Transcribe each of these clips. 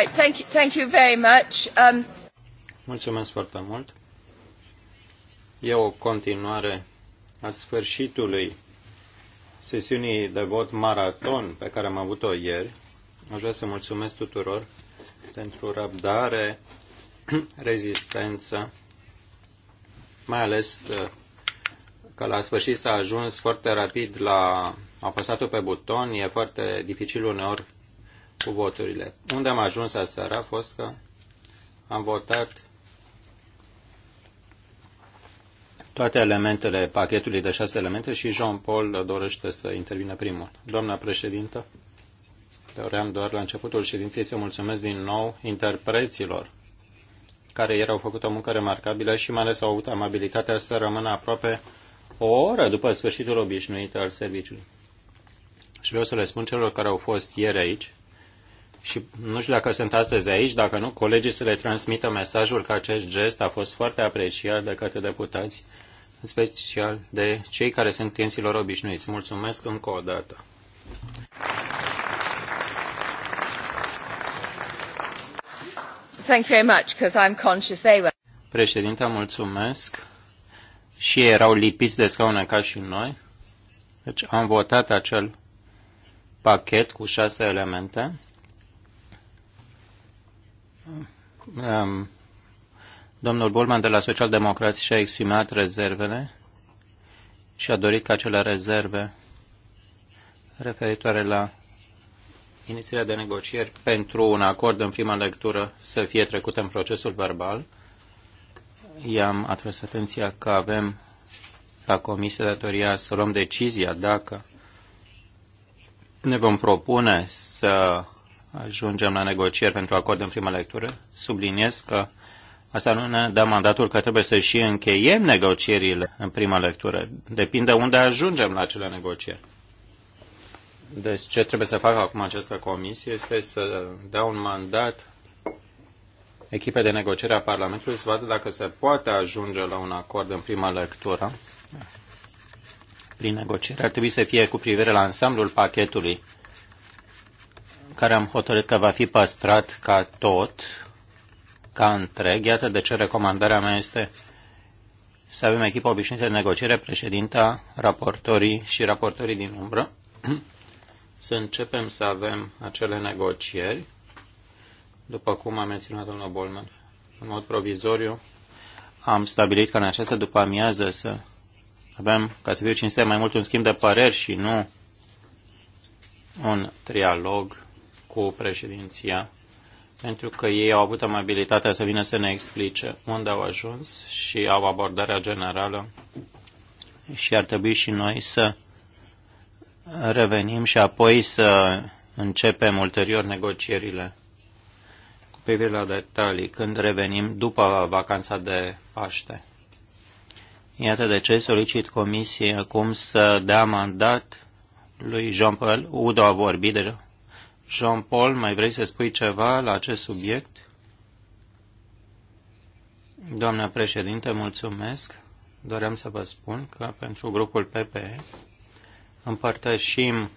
Right, thank you, thank you very much. Um... Mulțumesc foarte mult. E o continuare a sfârșitului sesiunii de vot maraton pe care am avut-o ieri. Aș vrea să mulțumesc tuturor pentru răbdare, rezistență, mai ales uh, că la sfârșit s-a ajuns foarte rapid la apăsatul pe buton. E foarte dificil uneori cu voturile. Unde am ajuns aseară a fost că am votat toate elementele pachetului de șase elemente și Jean-Paul dorește să intervină primul. Doamna președintă, doream doar la începutul ședinței să mulțumesc din nou interpreților care ieri au făcut o muncă remarcabilă și mai ales au avut amabilitatea să rămână aproape o oră după sfârșitul obișnuit al serviciului. Și vreau să le spun celor care au fost ieri aici și nu știu dacă sunt astăzi aici, dacă nu, colegii să le transmită mesajul că acest gest a fost foarte apreciat de către deputați, în special de cei care sunt clienților obișnuiți. Mulțumesc încă o dată. Thank you very much, I'm conscious they were. Președinte, mulțumesc. Și ei erau lipiți de scaune ca și noi. Deci am votat acel pachet cu șase elemente. Domnul Bulman de la Social Socialdemocrați și-a exprimat rezervele și a dorit ca acele rezerve referitoare la inițierea de negocieri pentru un acord în prima lectură să fie trecut în procesul verbal. I-am atras atenția că avem la Comisie datoria să luăm decizia dacă ne vom propune să ajungem la negocieri pentru acord în prima lectură. Subliniez că asta nu ne dă mandatul că trebuie să și încheiem negocierile în prima lectură. Depinde unde ajungem la acele negocieri. Deci ce trebuie să facă acum această comisie este să dea un mandat echipe de negociere a Parlamentului să vadă dacă se poate ajunge la un acord în prima lectură prin negociere. Ar trebui să fie cu privire la ansamblul pachetului care am hotărât că va fi păstrat ca tot, ca întreg. Iată de ce recomandarea mea este să avem echipă obișnuită de negociere, președinta, raportorii și raportorii din umbră, să începem să avem acele negocieri, după cum a menționat domnul Bolman. În mod provizoriu am stabilit că în această după amiază să avem, ca să fiu cinste, mai mult un schimb de păreri și nu un trialog cu președinția, pentru că ei au avut amabilitatea să vină să ne explice unde au ajuns și au abordarea generală și ar trebui și noi să revenim și apoi să începem ulterior negocierile cu privire la detalii când revenim după vacanța de Paște. Iată de ce solicit comisie acum să dea mandat lui Jean-Paul. Udo a vorbit deja. Jean-Paul, mai vrei să spui ceva la acest subiect? Doamna președinte, mulțumesc. Doream să vă spun că pentru grupul PPE împărtășim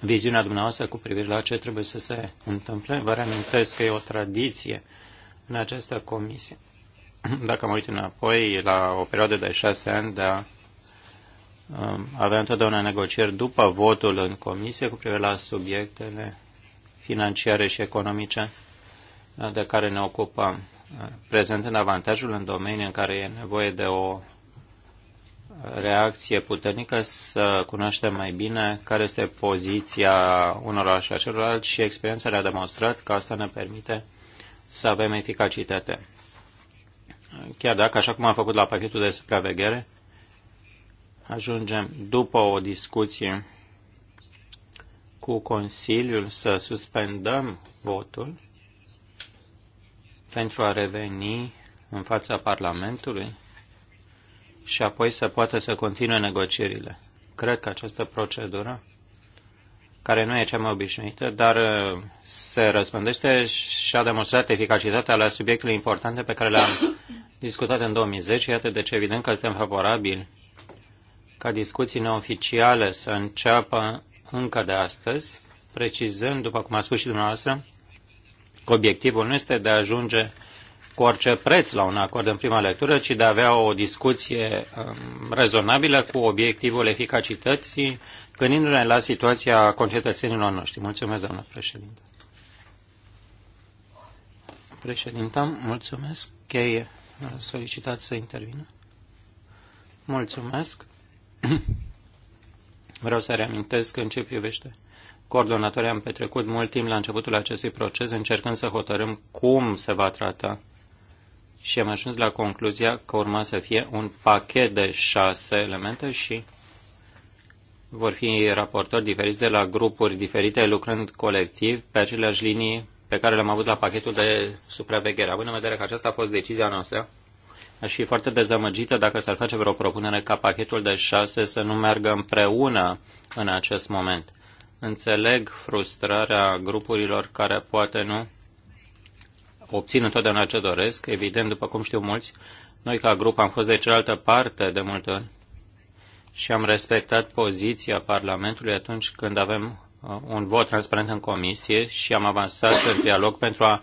viziunea dumneavoastră cu privire la ce trebuie să se întâmple. Vă reamintesc că e o tradiție în această comisie. Dacă mă uit înapoi la o perioadă de șase ani de a avea întotdeauna negocieri după votul în comisie cu privire la subiectele financiare și economice uh, de care ne ocupăm, uh, prezentând avantajul în domenii în care e nevoie de o uh, reacție puternică să cunoaștem mai bine care este poziția unora și a celorlalți și experiența le-a demonstrat că asta ne permite să avem eficacitate. Chiar dacă, așa cum am făcut la pachetul de supraveghere, ajungem după o discuție cu Consiliul să suspendăm votul pentru a reveni în fața Parlamentului și apoi să poată să continue negocierile. Cred că această procedură, care nu e cea mai obișnuită, dar uh, se răspândește și a demonstrat eficacitatea la subiectele importante pe care le-am discutat în 2010. Iată de ce evident că suntem favorabili ca discuții neoficiale să înceapă încă de astăzi, precizând, după cum a spus și dumneavoastră, că obiectivul nu este de a ajunge cu orice preț la un acord în prima lectură, ci de a avea o discuție um, rezonabilă cu obiectivul eficacității, gândindu-ne la situația concetățenilor noștri. Mulțumesc, doamnă președinte. Președinta, mulțumesc. Cheie, solicitat să intervină. Mulțumesc. Vreau să reamintesc în ce privește coordonatorii am petrecut mult timp la începutul acestui proces încercând să hotărâm cum se va trata și am ajuns la concluzia că urma să fie un pachet de șase elemente și vor fi raportori diferiți de la grupuri diferite lucrând colectiv pe aceleași linii pe care le-am avut la pachetul de supraveghere. Având în vedere că aceasta a fost decizia noastră, Aș fi foarte dezamăgită dacă s-ar face vreo propunere ca pachetul de șase să nu meargă împreună în acest moment. Înțeleg frustrarea grupurilor care poate nu obțin întotdeauna ce doresc. Evident, după cum știu mulți, noi ca grup am fost de cealaltă parte de multe ori și am respectat poziția Parlamentului atunci când avem uh, un vot transparent în comisie și am avansat în dialog pentru a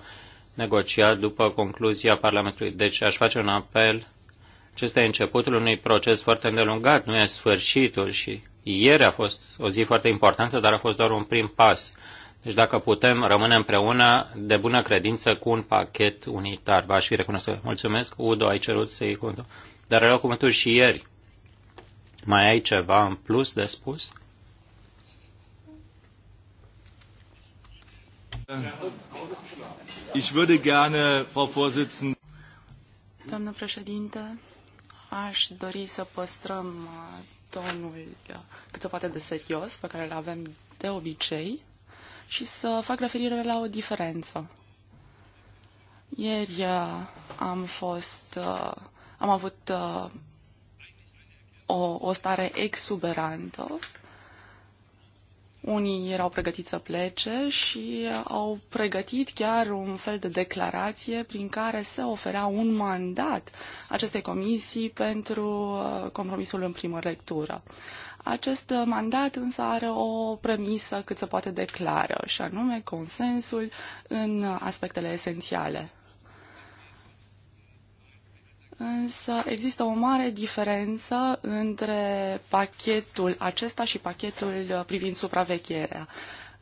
negociat după concluzia Parlamentului. Deci aș face un apel. Acesta e începutul unui proces foarte îndelungat, nu e sfârșitul și ieri a fost o zi foarte importantă, dar a fost doar un prim pas. Deci dacă putem rămâne împreună de bună credință cu un pachet unitar. V-aș fi recunoscut. Mulțumesc, Udo, ai cerut să iei cuvântul. Dar rău cuvântul și ieri. Mai ai ceva în plus de spus? Da. Ich würde gerne, Frau Vorsitzende. Doamnă președinte, aș dori să păstrăm uh, tonul uh, cât se poate de serios pe care îl avem de obicei și să fac referire la o diferență. Ieri uh, am fost, am avut o, o stare exuberantă unii erau pregătiți să plece și au pregătit chiar un fel de declarație prin care se oferea un mandat acestei comisii pentru uh, compromisul în primă lectură. Acest mandat însă are o premisă cât se poate declară, și anume consensul în aspectele esențiale Însă există o mare diferență între pachetul acesta și pachetul uh, privind supravegherea.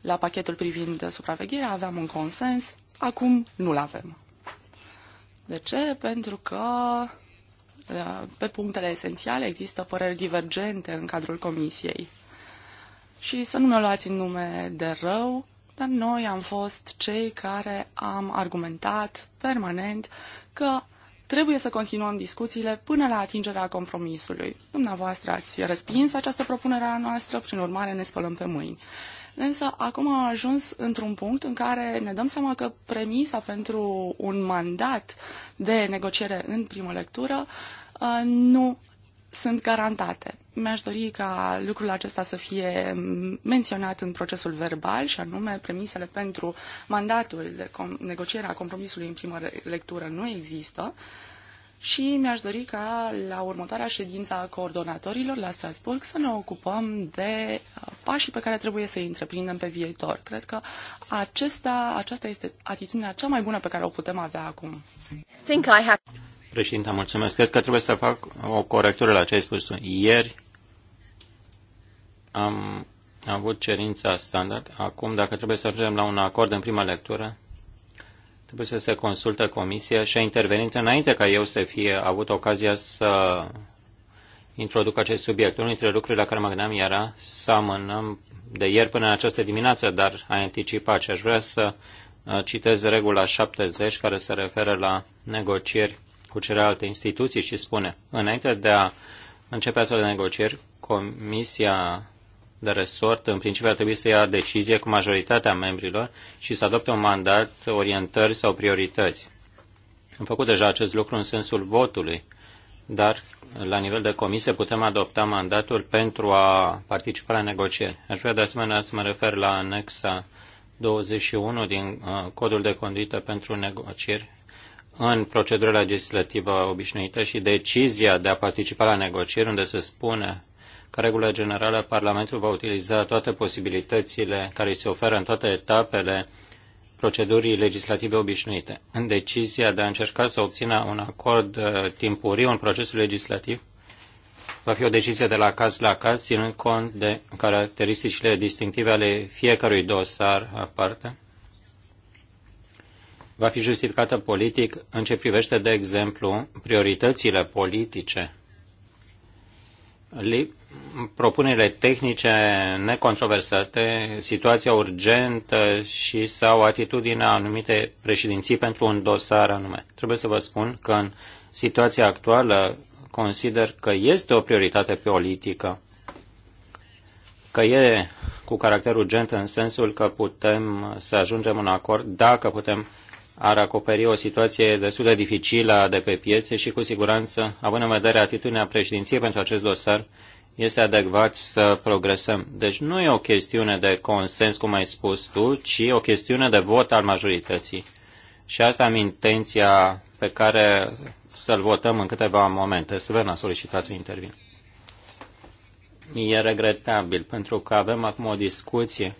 La pachetul privind supravegherea aveam un consens, acum nu-l avem. De ce? Pentru că uh, pe punctele esențiale există păreri divergente în cadrul comisiei. Și să nu mi-o luați în nume de rău, dar noi am fost cei care am argumentat permanent că Trebuie să continuăm discuțiile până la atingerea compromisului. Dumneavoastră ați respins această propunere a noastră, prin urmare ne spălăm pe mâini. Însă acum am ajuns într-un punct în care ne dăm seama că premisa pentru un mandat de negociere în primă lectură uh, nu sunt garantate mi-aș dori ca lucrul acesta să fie menționat în procesul verbal și anume premisele pentru mandatul de com- negociere a compromisului în primă lectură nu există și mi-aș dori ca la următoarea ședință a coordonatorilor la Strasburg să ne ocupăm de uh, pașii pe care trebuie să îi întreprindem pe viitor. Cred că acesta, aceasta este atitudinea cea mai bună pe care o putem avea acum. Think I have... Președinte, mulțumesc. Cred că trebuie să fac o corectură la ce ai spus tu. Ieri am avut cerința standard. Acum, dacă trebuie să ajungem la un acord în prima lectură, trebuie să se consultă comisia și a intervenit înainte ca eu să fie avut ocazia să introduc acest subiect. Unul dintre lucrurile la care mă gândeam era să amânăm de ieri până în această dimineață, dar a anticipat și aș vrea să uh, citez regula 70 care se referă la negocieri cu celelalte instituții și spune, înainte de a începe astfel de negocieri, Comisia de resort, în principiu, ar trebui să ia decizie cu majoritatea membrilor și să adopte un mandat, orientări sau priorități. Am făcut deja acest lucru în sensul votului, dar la nivel de comisie putem adopta mandatul pentru a participa la negocieri. Aș vrea de asemenea să mă refer la anexa 21 din uh, codul de conduită pentru negocieri în procedura legislativă obișnuită și decizia de a participa la negocieri, unde se spune ca regulă generală, Parlamentul va utiliza toate posibilitățile care îi se oferă în toate etapele procedurii legislative obișnuite. În decizia de a încerca să obțină un acord uh, timpuriu în procesul legislativ, va fi o decizie de la caz la caz, ținând cont de caracteristicile distinctive ale fiecărui dosar aparte va fi justificată politic în ce privește, de exemplu, prioritățile politice, propunerile tehnice necontroversate, situația urgentă și sau atitudinea anumite președinții pentru un dosar anume. Trebuie să vă spun că în situația actuală consider că este o prioritate politică, că e cu caracter urgent în sensul că putem să ajungem un acord dacă putem ar acoperi o situație destul de dificilă de pe piețe și, cu siguranță, având în vedere atitudinea președinției pentru acest dosar, este adecvat să progresăm. Deci nu e o chestiune de consens, cum ai spus tu, ci o chestiune de vot al majorității. Și asta am intenția pe care să-l votăm în câteva momente. Sven a solicitat să intervin. E regretabil, pentru că avem acum o discuție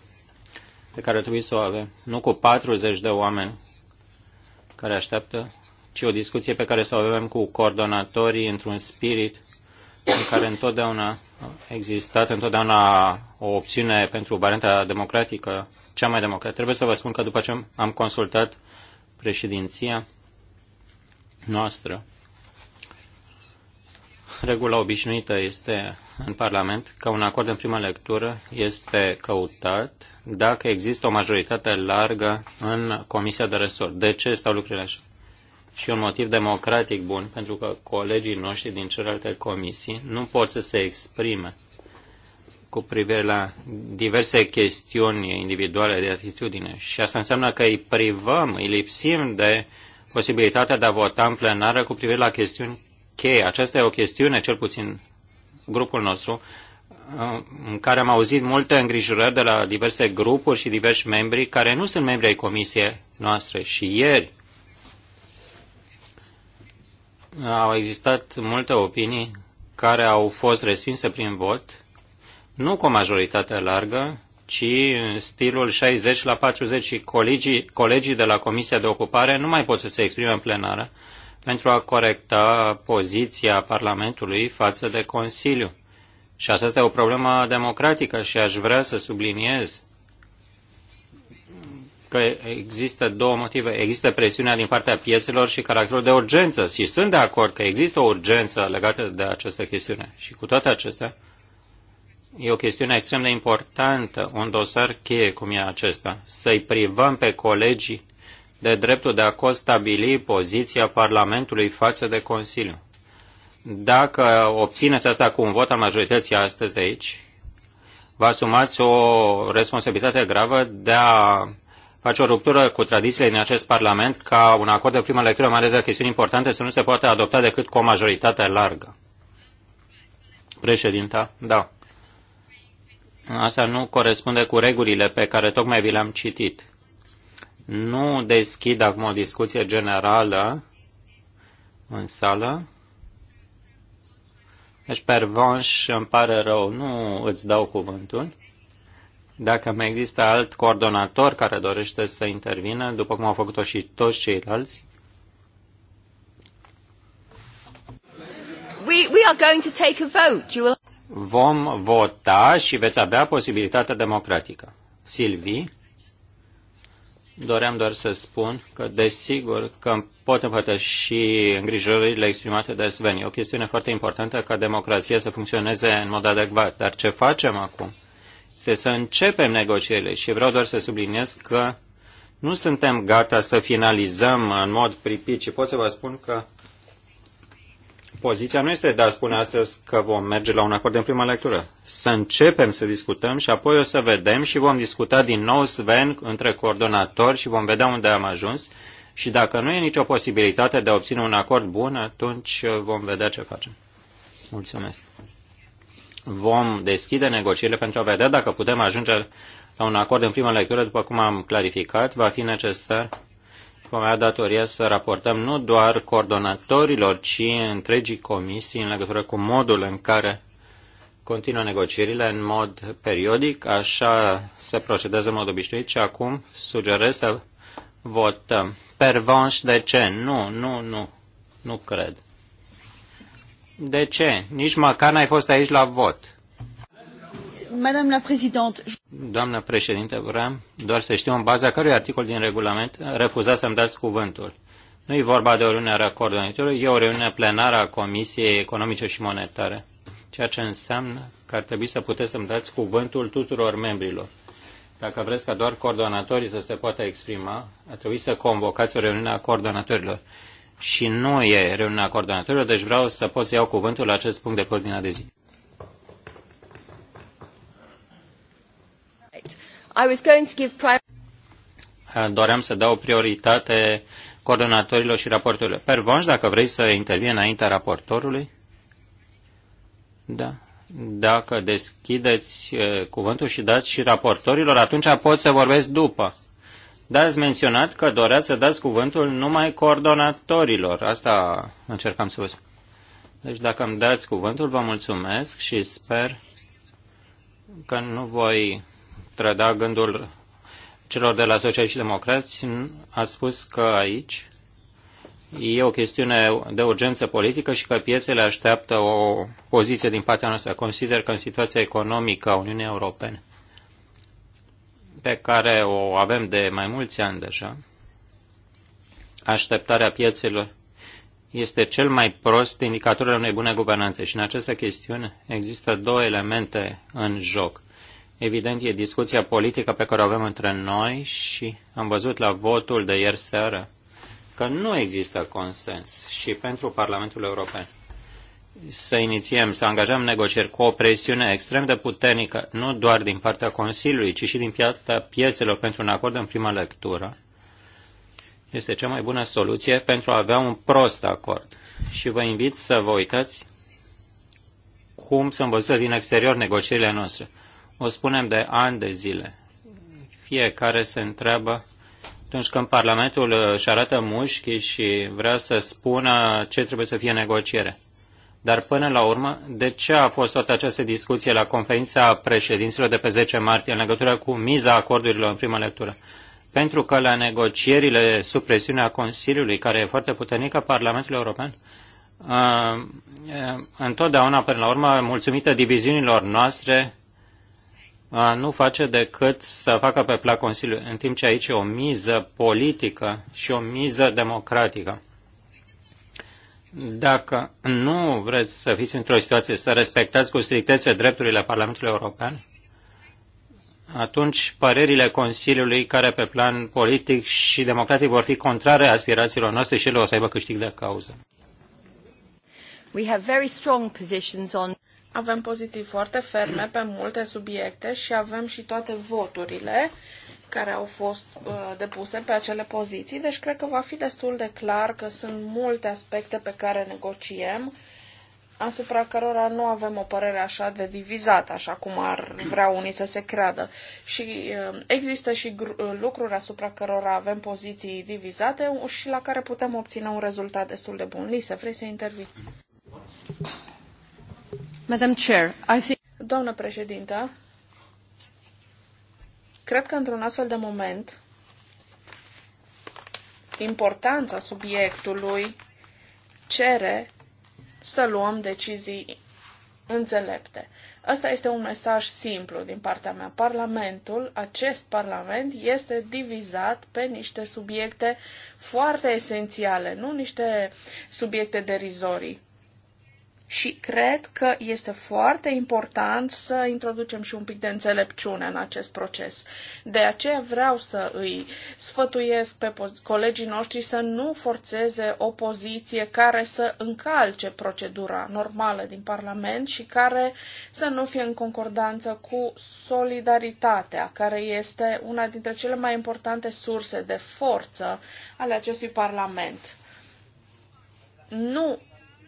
pe care trebuie să o avem, nu cu 40 de oameni care așteaptă, ci o discuție pe care să o avem cu coordonatorii într-un spirit în care întotdeauna a existat întotdeauna o opțiune pentru varianta democratică, cea mai democratică. Trebuie să vă spun că după ce am consultat președinția noastră, regula obișnuită este în Parlament că un acord în primă lectură este căutat dacă există o majoritate largă în Comisia de Resort. De ce stau lucrurile așa? Și un motiv democratic bun, pentru că colegii noștri din celelalte comisii nu pot să se exprime cu privire la diverse chestiuni individuale de atitudine. Și asta înseamnă că îi privăm, îi lipsim de posibilitatea de a vota în plenară cu privire la chestiuni cheie. Aceasta e o chestiune, cel puțin grupul nostru, uh, în care am auzit multe îngrijorări de la diverse grupuri și diversi membri care nu sunt membri ai comisiei noastre. Și ieri au existat multe opinii care au fost respinse prin vot, nu cu o majoritate largă, ci în stilul 60 la 40 și colegii, colegii de la Comisia de Ocupare nu mai pot să se exprime în plenară, pentru a corecta poziția Parlamentului față de Consiliu. Și asta este o problemă democratică și aș vrea să subliniez că există două motive. Există presiunea din partea piețelor și caracterul de urgență. Și sunt de acord că există o urgență legată de această chestiune. Și cu toate acestea, e o chestiune extrem de importantă, un dosar cheie cum e acesta. Să-i privăm pe colegii de dreptul de a constabili poziția Parlamentului față de Consiliu. Dacă obțineți asta cu un vot al majorității astăzi aici, vă asumați o responsabilitate gravă de a face o ruptură cu tradițiile din acest Parlament ca un acord de primă lectură, mai ales la chestiuni importante, să nu se poată adopta decât cu o majoritate largă. Președinta, da. Asta nu corespunde cu regulile pe care tocmai vi le-am citit. Nu deschid acum o discuție generală în sală. Deci, pervanș, îmi pare rău, nu îți dau cuvântul. Dacă mai există alt coordonator care dorește să intervină, după cum au făcut-o și toți ceilalți, We, we are going to take a vote. You will... Vom vota și veți avea posibilitatea democratică. Silvi, Doream doar să spun că, desigur, că pot împărtăși îngrijorările exprimate de Sven. E o chestiune foarte importantă ca democrația să funcționeze în mod adecvat. Dar ce facem acum? Este să începem negocierile și vreau doar să subliniez că nu suntem gata să finalizăm în mod pripit, ci pot să vă spun că Poziția nu este de a spune astăzi că vom merge la un acord în prima lectură. Să începem să discutăm și apoi o să vedem și vom discuta din nou, Sven, între coordonatori și vom vedea unde am ajuns. Și dacă nu e nicio posibilitate de a obține un acord bun, atunci uh, vom vedea ce facem. Mulțumesc. Vom deschide negocierile pentru a vedea dacă putem ajunge la un acord în prima lectură, după cum am clarificat, va fi necesar vom avea datoria să raportăm nu doar coordonatorilor, ci întregii comisii în legătură cu modul în care continuă negocierile în mod periodic. Așa se procedează în mod obișnuit și acum sugerez să votăm. Pervanș, de ce? Nu, nu, nu. Nu cred. De ce? Nici măcar n-ai fost aici la vot. Doamnă președintă, președinte, vreau doar să știu în baza cărui articol din regulament refuzați să-mi dați cuvântul. Nu e vorba de o reuniune a coordonatorilor, e o reuniune plenară a Comisiei Economice și Monetare, ceea ce înseamnă că ar trebui să puteți să-mi dați cuvântul tuturor membrilor. Dacă vreți ca doar coordonatorii să se poată exprima, ar trebui să convocați o reuniune a coordonatorilor. Și nu e reuniunea coordonatorilor, deci vreau să pot să iau cuvântul la acest punct de pe ordinea de zi. Eh, doream să dau prioritate coordonatorilor și raportorilor. Pervonș, dacă vrei să intervii înaintea raportorului? Da. Dacă deschideți eh, cuvântul și dați și raportorilor, atunci pot să vorbesc după. Dar ați menționat că doreați să dați cuvântul numai coordonatorilor. Asta încercam să vă spun. Deci dacă îmi dați cuvântul, vă mulțumesc și sper că nu voi trăda gândul celor de la Socialiști Democrați. A spus că aici e o chestiune de urgență politică și că piețele așteaptă o poziție din partea noastră. Consider că în situația economică a Uniunii Europene, pe care o avem de mai mulți ani deja, așteptarea piețelor este cel mai prost indicator al unei bune guvernanțe. Și în această chestiune există două elemente în joc. Evident, e discuția politică pe care o avem între noi și am văzut la votul de ieri seară că nu există consens și pentru Parlamentul European să inițiem, să angajăm negocieri cu o presiune extrem de puternică, nu doar din partea Consiliului, ci și din piața piețelor pentru un acord în prima lectură, este cea mai bună soluție pentru a avea un prost acord. Și vă invit să vă uitați cum sunt văzute din exterior negocierile noastre. O spunem de ani de zile. Fiecare se întreabă atunci când Parlamentul își arată mușchii și vrea să spună ce trebuie să fie negociere. Dar până la urmă, de ce a fost toată această discuție la conferința președinților de pe 10 martie în legătură cu miza acordurilor în prima lectură? Pentru că la negocierile sub presiunea Consiliului, care e foarte puternică, Parlamentul European, uh, uh, întotdeauna, până la urmă, mulțumită diviziunilor noastre, nu face decât să facă pe plac Consiliul, în timp ce aici e o miză politică și o miză democratică. Dacă nu vreți să fiți într-o situație să respectați cu strictețe drepturile Parlamentului European, atunci părerile Consiliului, care pe plan politic și democratic vor fi contrare aspirațiilor noastre și ele o să aibă câștig de cauză. We have very strong positions on avem poziții foarte ferme pe multe subiecte și avem și toate voturile care au fost uh, depuse pe acele poziții, deci cred că va fi destul de clar că sunt multe aspecte pe care negociem, asupra cărora nu avem o părere așa de divizată, așa cum ar vrea unii să se creadă. Și uh, există și uh, lucruri asupra cărora avem poziții divizate și la care putem obține un rezultat destul de bun. Lise, vrei să intervii? Doamnă președintă, cred că într-un astfel de moment importanța subiectului cere să luăm decizii înțelepte. Ăsta este un mesaj simplu din partea mea. Parlamentul, acest parlament, este divizat pe niște subiecte foarte esențiale, nu niște subiecte derizorii și cred că este foarte important să introducem și un pic de înțelepciune în acest proces. De aceea vreau să îi sfătuiesc pe colegii noștri să nu forțeze o poziție care să încalce procedura normală din Parlament și care să nu fie în concordanță cu solidaritatea, care este una dintre cele mai importante surse de forță ale acestui Parlament. Nu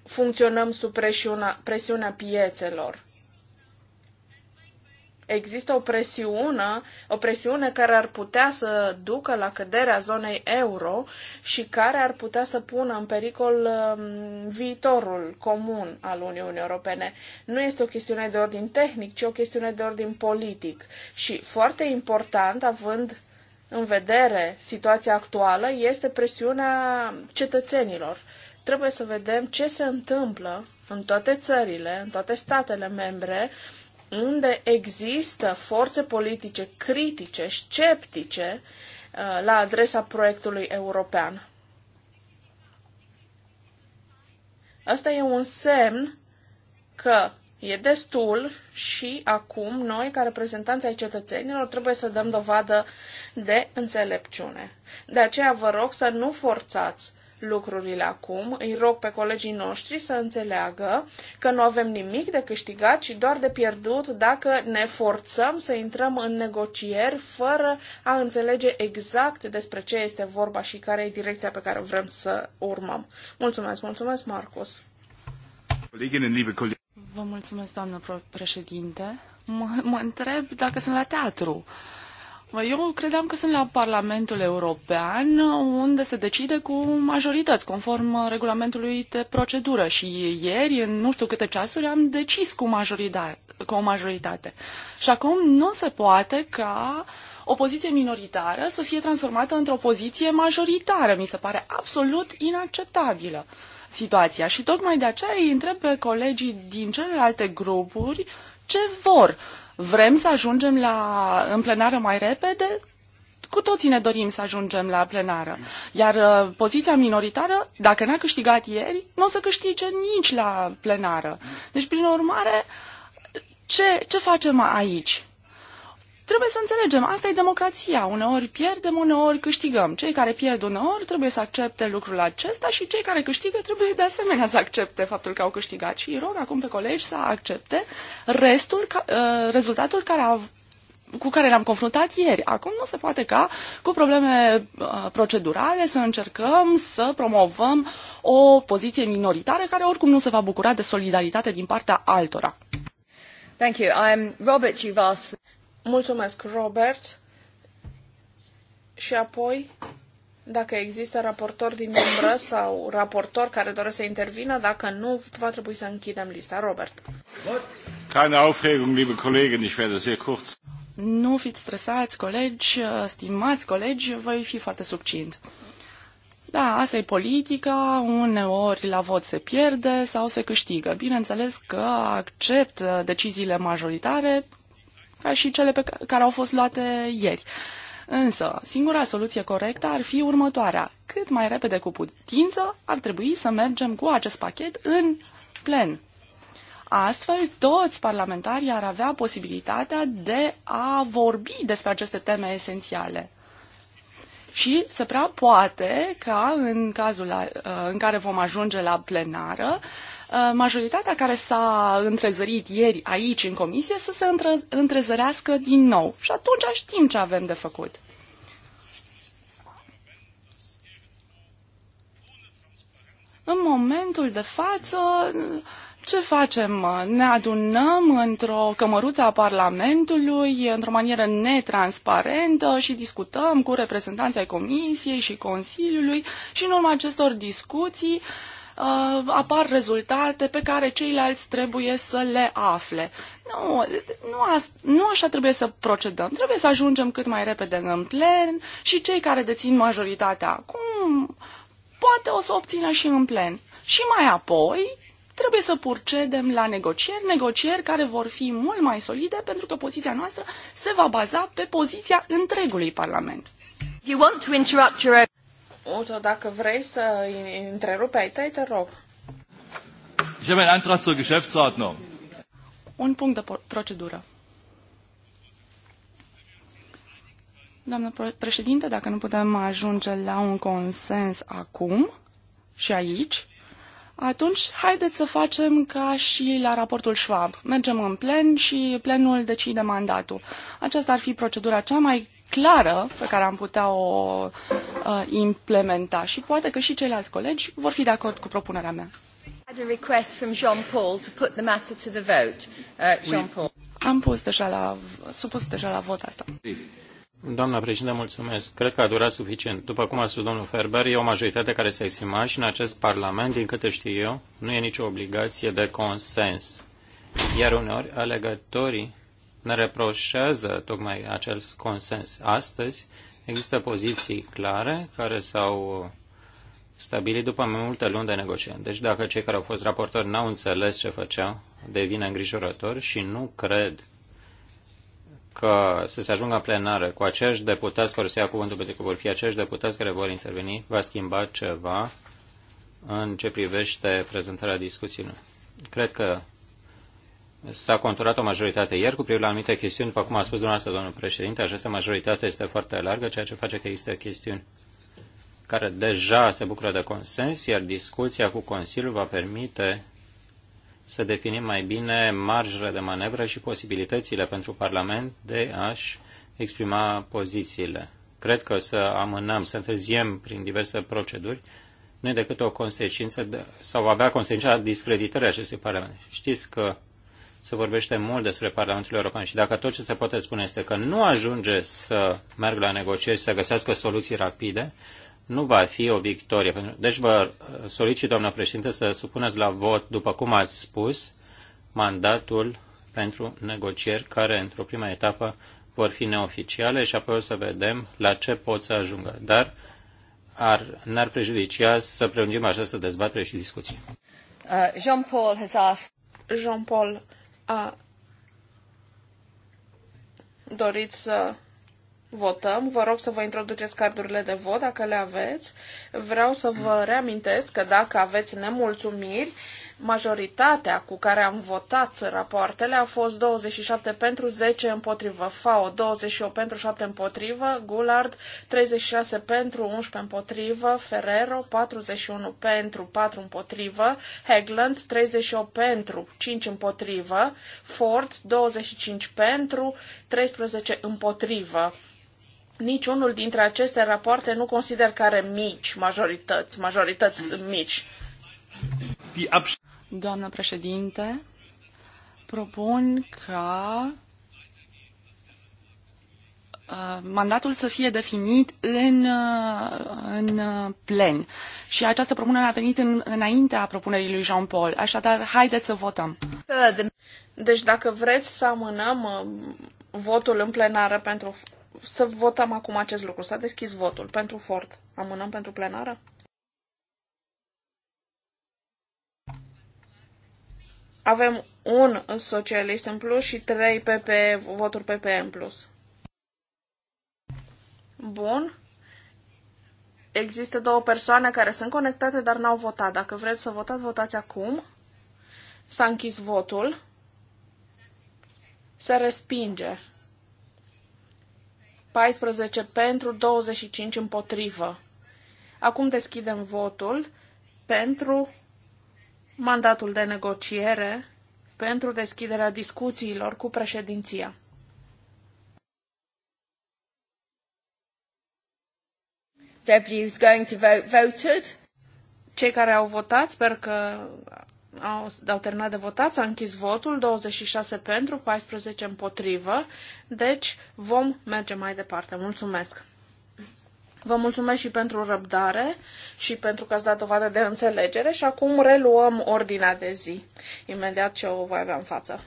funcționăm sub presiunea, presiunea piețelor. Există o presiune, o presiune care ar putea să ducă la căderea zonei euro și care ar putea să pună în pericol um, viitorul comun al Uniunii Europene. Nu este o chestiune de ordin tehnic, ci o chestiune de ordin politic. Și foarte important, având în vedere situația actuală, este presiunea cetățenilor trebuie să vedem ce se întâmplă în toate țările, în toate statele membre, unde există forțe politice critice, sceptice uh, la adresa proiectului european. Asta e un semn că e destul și acum noi, ca reprezentanți ai cetățenilor, trebuie să dăm dovadă de înțelepciune. De aceea vă rog să nu forțați lucrurile acum. Îi rog pe colegii noștri să înțeleagă că nu avem nimic de câștigat, ci doar de pierdut dacă ne forțăm să intrăm în negocieri fără a înțelege exact despre ce este vorba și care e direcția pe care vrem să urmăm. Mulțumesc, mulțumesc, Marcus. Vă mulțumesc, doamnă președinte. Mă, mă întreb dacă sunt la teatru. Uh, eu credeam că sunt la Parlamentul European, unde se decide cu majorități, conform regulamentului de procedură. Și ieri, în nu știu câte ceasuri, am decis cu, cu o majoritate. Și acum nu se poate ca o poziție minoritară să fie transformată într-o poziție majoritară. Mi se pare absolut inacceptabilă situația. Și tocmai de aceea îi întreb pe colegii din celelalte grupuri ce vor Vrem să ajungem la, în plenară mai repede? Cu toții ne dorim să ajungem la plenară. Iar uh, poziția minoritară, dacă n-a câștigat ieri, nu o să câștige nici la plenară. Deci, prin urmare, ce, ce facem aici? Trebuie să înțelegem, asta e democrația. Uneori pierdem, uneori câștigăm. Cei care pierd uneori trebuie să accepte lucrul acesta și cei care câștigă trebuie de asemenea să accepte faptul că au câștigat. Și rog acum pe colegi să accepte restul, ă, rezultatul care a cu care ne-am confruntat ieri. Acum nu se poate ca cu probleme ă, procedurale să încercăm să promovăm o poziție minoritară care oricum nu se va bucura de solidaritate din partea altora. Thank you. I'm Robert, you've asked for... Mulțumesc, Robert. Și apoi, dacă există raportori din umbră sau raportori care doresc să intervină, dacă nu, va trebui să închidem lista. Robert. Keine Aufregung, liebe Kollegen, ich werde sehr kurz. Nu fiți stresați, colegi, stimați colegi, voi fi foarte succint. Da, asta e politica, uneori la vot se pierde sau se câștigă. Bineînțeles că accept deciziile majoritare ca și cele pe care au fost luate ieri. Însă, singura soluție corectă ar fi următoarea. Cât mai repede cu putință ar trebui să mergem cu acest pachet în plen. Astfel, toți parlamentarii ar avea posibilitatea de a vorbi despre aceste teme esențiale. Și se prea poate ca în cazul în care vom ajunge la plenară Uh, majoritatea care s-a întrezărit ieri aici în comisie să se între- întrezărească din nou. Și atunci știm ce avem de făcut. În momentul de față, ce facem? Ne adunăm într-o cămăruță a Parlamentului, într-o manieră netransparentă și discutăm cu reprezentanții ai Comisiei și Consiliului și în urma acestor discuții uh, uh, apar rezultate pe care ceilalți trebuie să le afle. Nu, nu, a, nu așa trebuie să procedăm. Trebuie să ajungem cât mai repede în plen și cei care dețin majoritatea acum poate o să obțină și în plen. Și mai apoi trebuie să procedem la negocieri, negocieri care vor fi mult mai solide pentru că poziția noastră se va baza pe poziția întregului Parlament. You want to interrupt your... Uto, dacă vrei să întrerupe ai tăi, te rog. Ich habe einen Antrag zur Geschäftsordnung. Un punct de procedură. Doamnă președinte, dacă nu putem ajunge la un consens acum și aici, atunci haideți să facem ca și la raportul Schwab. Mergem în plen și plenul decide mandatul. Aceasta ar fi procedura cea mai clară pe care am putea o uh, implementa și poate că și ceilalți colegi vor fi de acord cu propunerea mea. Uh, am pus deja la, supus deja la vot asta. Doamna președinte, mulțumesc. Cred că a durat suficient. După cum a spus domnul Ferber, e o majoritate care se exprimat și în acest Parlament, din câte știu eu, nu e nicio obligație de consens. Iar uneori alegătorii ne reproșează tocmai acel consens. Astăzi există poziții clare care s-au stabilit după mai multe luni de negocieri. Deci dacă cei care au fost raportori n-au înțeles ce făceau, devine îngrijorător și nu cred că să se ajungă în plenară cu acești deputați care se ia cuvântul pentru că vor fi acești deputați care vor interveni, va schimba ceva în ce privește prezentarea discuțiilor. Cred că S-a conturat o majoritate ieri cu privire la anumite chestiuni, după cum a spus dumneavoastră, domnul președinte, această majoritate este foarte largă, ceea ce face că există chestiuni care deja se bucură de consens, iar discuția cu Consiliul va permite să definim mai bine marjele de manevră și posibilitățile pentru Parlament de a-și exprima pozițiile. Cred că să amânăm, să întârziem prin diverse proceduri, nu e decât o consecință de, sau avea consecința discreditării acestui Parlament. Știți că se vorbește mult despre Parlamentul European și dacă tot ce se poate spune este că nu ajunge să meargă la negocieri și să găsească soluții rapide, nu va fi o victorie. Deci vă uh, solicit, doamnă președinte, să supuneți la vot, după cum ați spus, mandatul pentru negocieri care, într-o prima etapă, vor fi neoficiale și apoi o să vedem la ce pot să ajungă. Dar ar, n-ar prejudicia să prelungim această dezbatere și discuție. Uh, Jean-Paul has asked... Jean-Paul a dorit să votăm. Vă rog să vă introduceți cardurile de vot dacă le aveți. Vreau să vă reamintesc că dacă aveți nemulțumiri, Majoritatea cu care am votat rapoartele a fost 27 pentru 10 împotrivă, FAO 28 pentru 7 împotrivă, Gulard 36 pentru 11 împotrivă, Ferrero 41 pentru 4 împotrivă, Hegland 38 pentru 5 împotrivă, Ford 25 pentru 13 împotrivă. Niciunul dintre aceste rapoarte nu consider că are mici majorități, majorități mici. Doamnă președinte, propun ca uh, mandatul să fie definit în, uh, în uh, plen. Și această propunere a venit în, înaintea propunerii lui Jean-Paul. Așadar, haideți să votăm. Deci dacă vreți să amânăm votul în plenară pentru... Să votăm acum acest lucru. S-a deschis votul pentru Ford. Amânăm pentru plenară? avem un socialist în plus și trei PP, voturi PP în plus. Bun. Există două persoane care sunt conectate, dar n-au votat. Dacă vreți să votați, votați acum. S-a închis votul. Se respinge. 14 pentru, 25 împotrivă. Acum deschidem votul pentru mandatul de negociere pentru deschiderea discuțiilor cu președinția. Who's going to vote voted. Cei care au votat, sper că au, au terminat de votat, s-a închis votul, 26 pentru, 14 împotrivă, deci vom merge mai departe. Mulțumesc! Vă mulțumesc și pentru răbdare și pentru că ați dat dovadă de înțelegere și acum reluăm ordinea de zi, imediat ce o voi avea în față.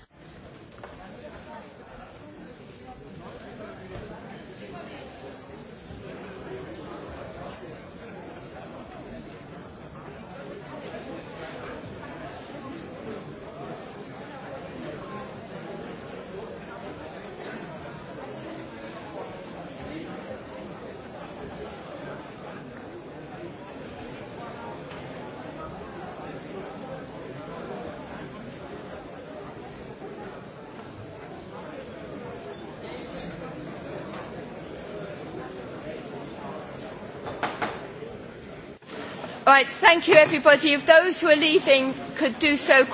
Thank you everybody. If those who are leaving could do so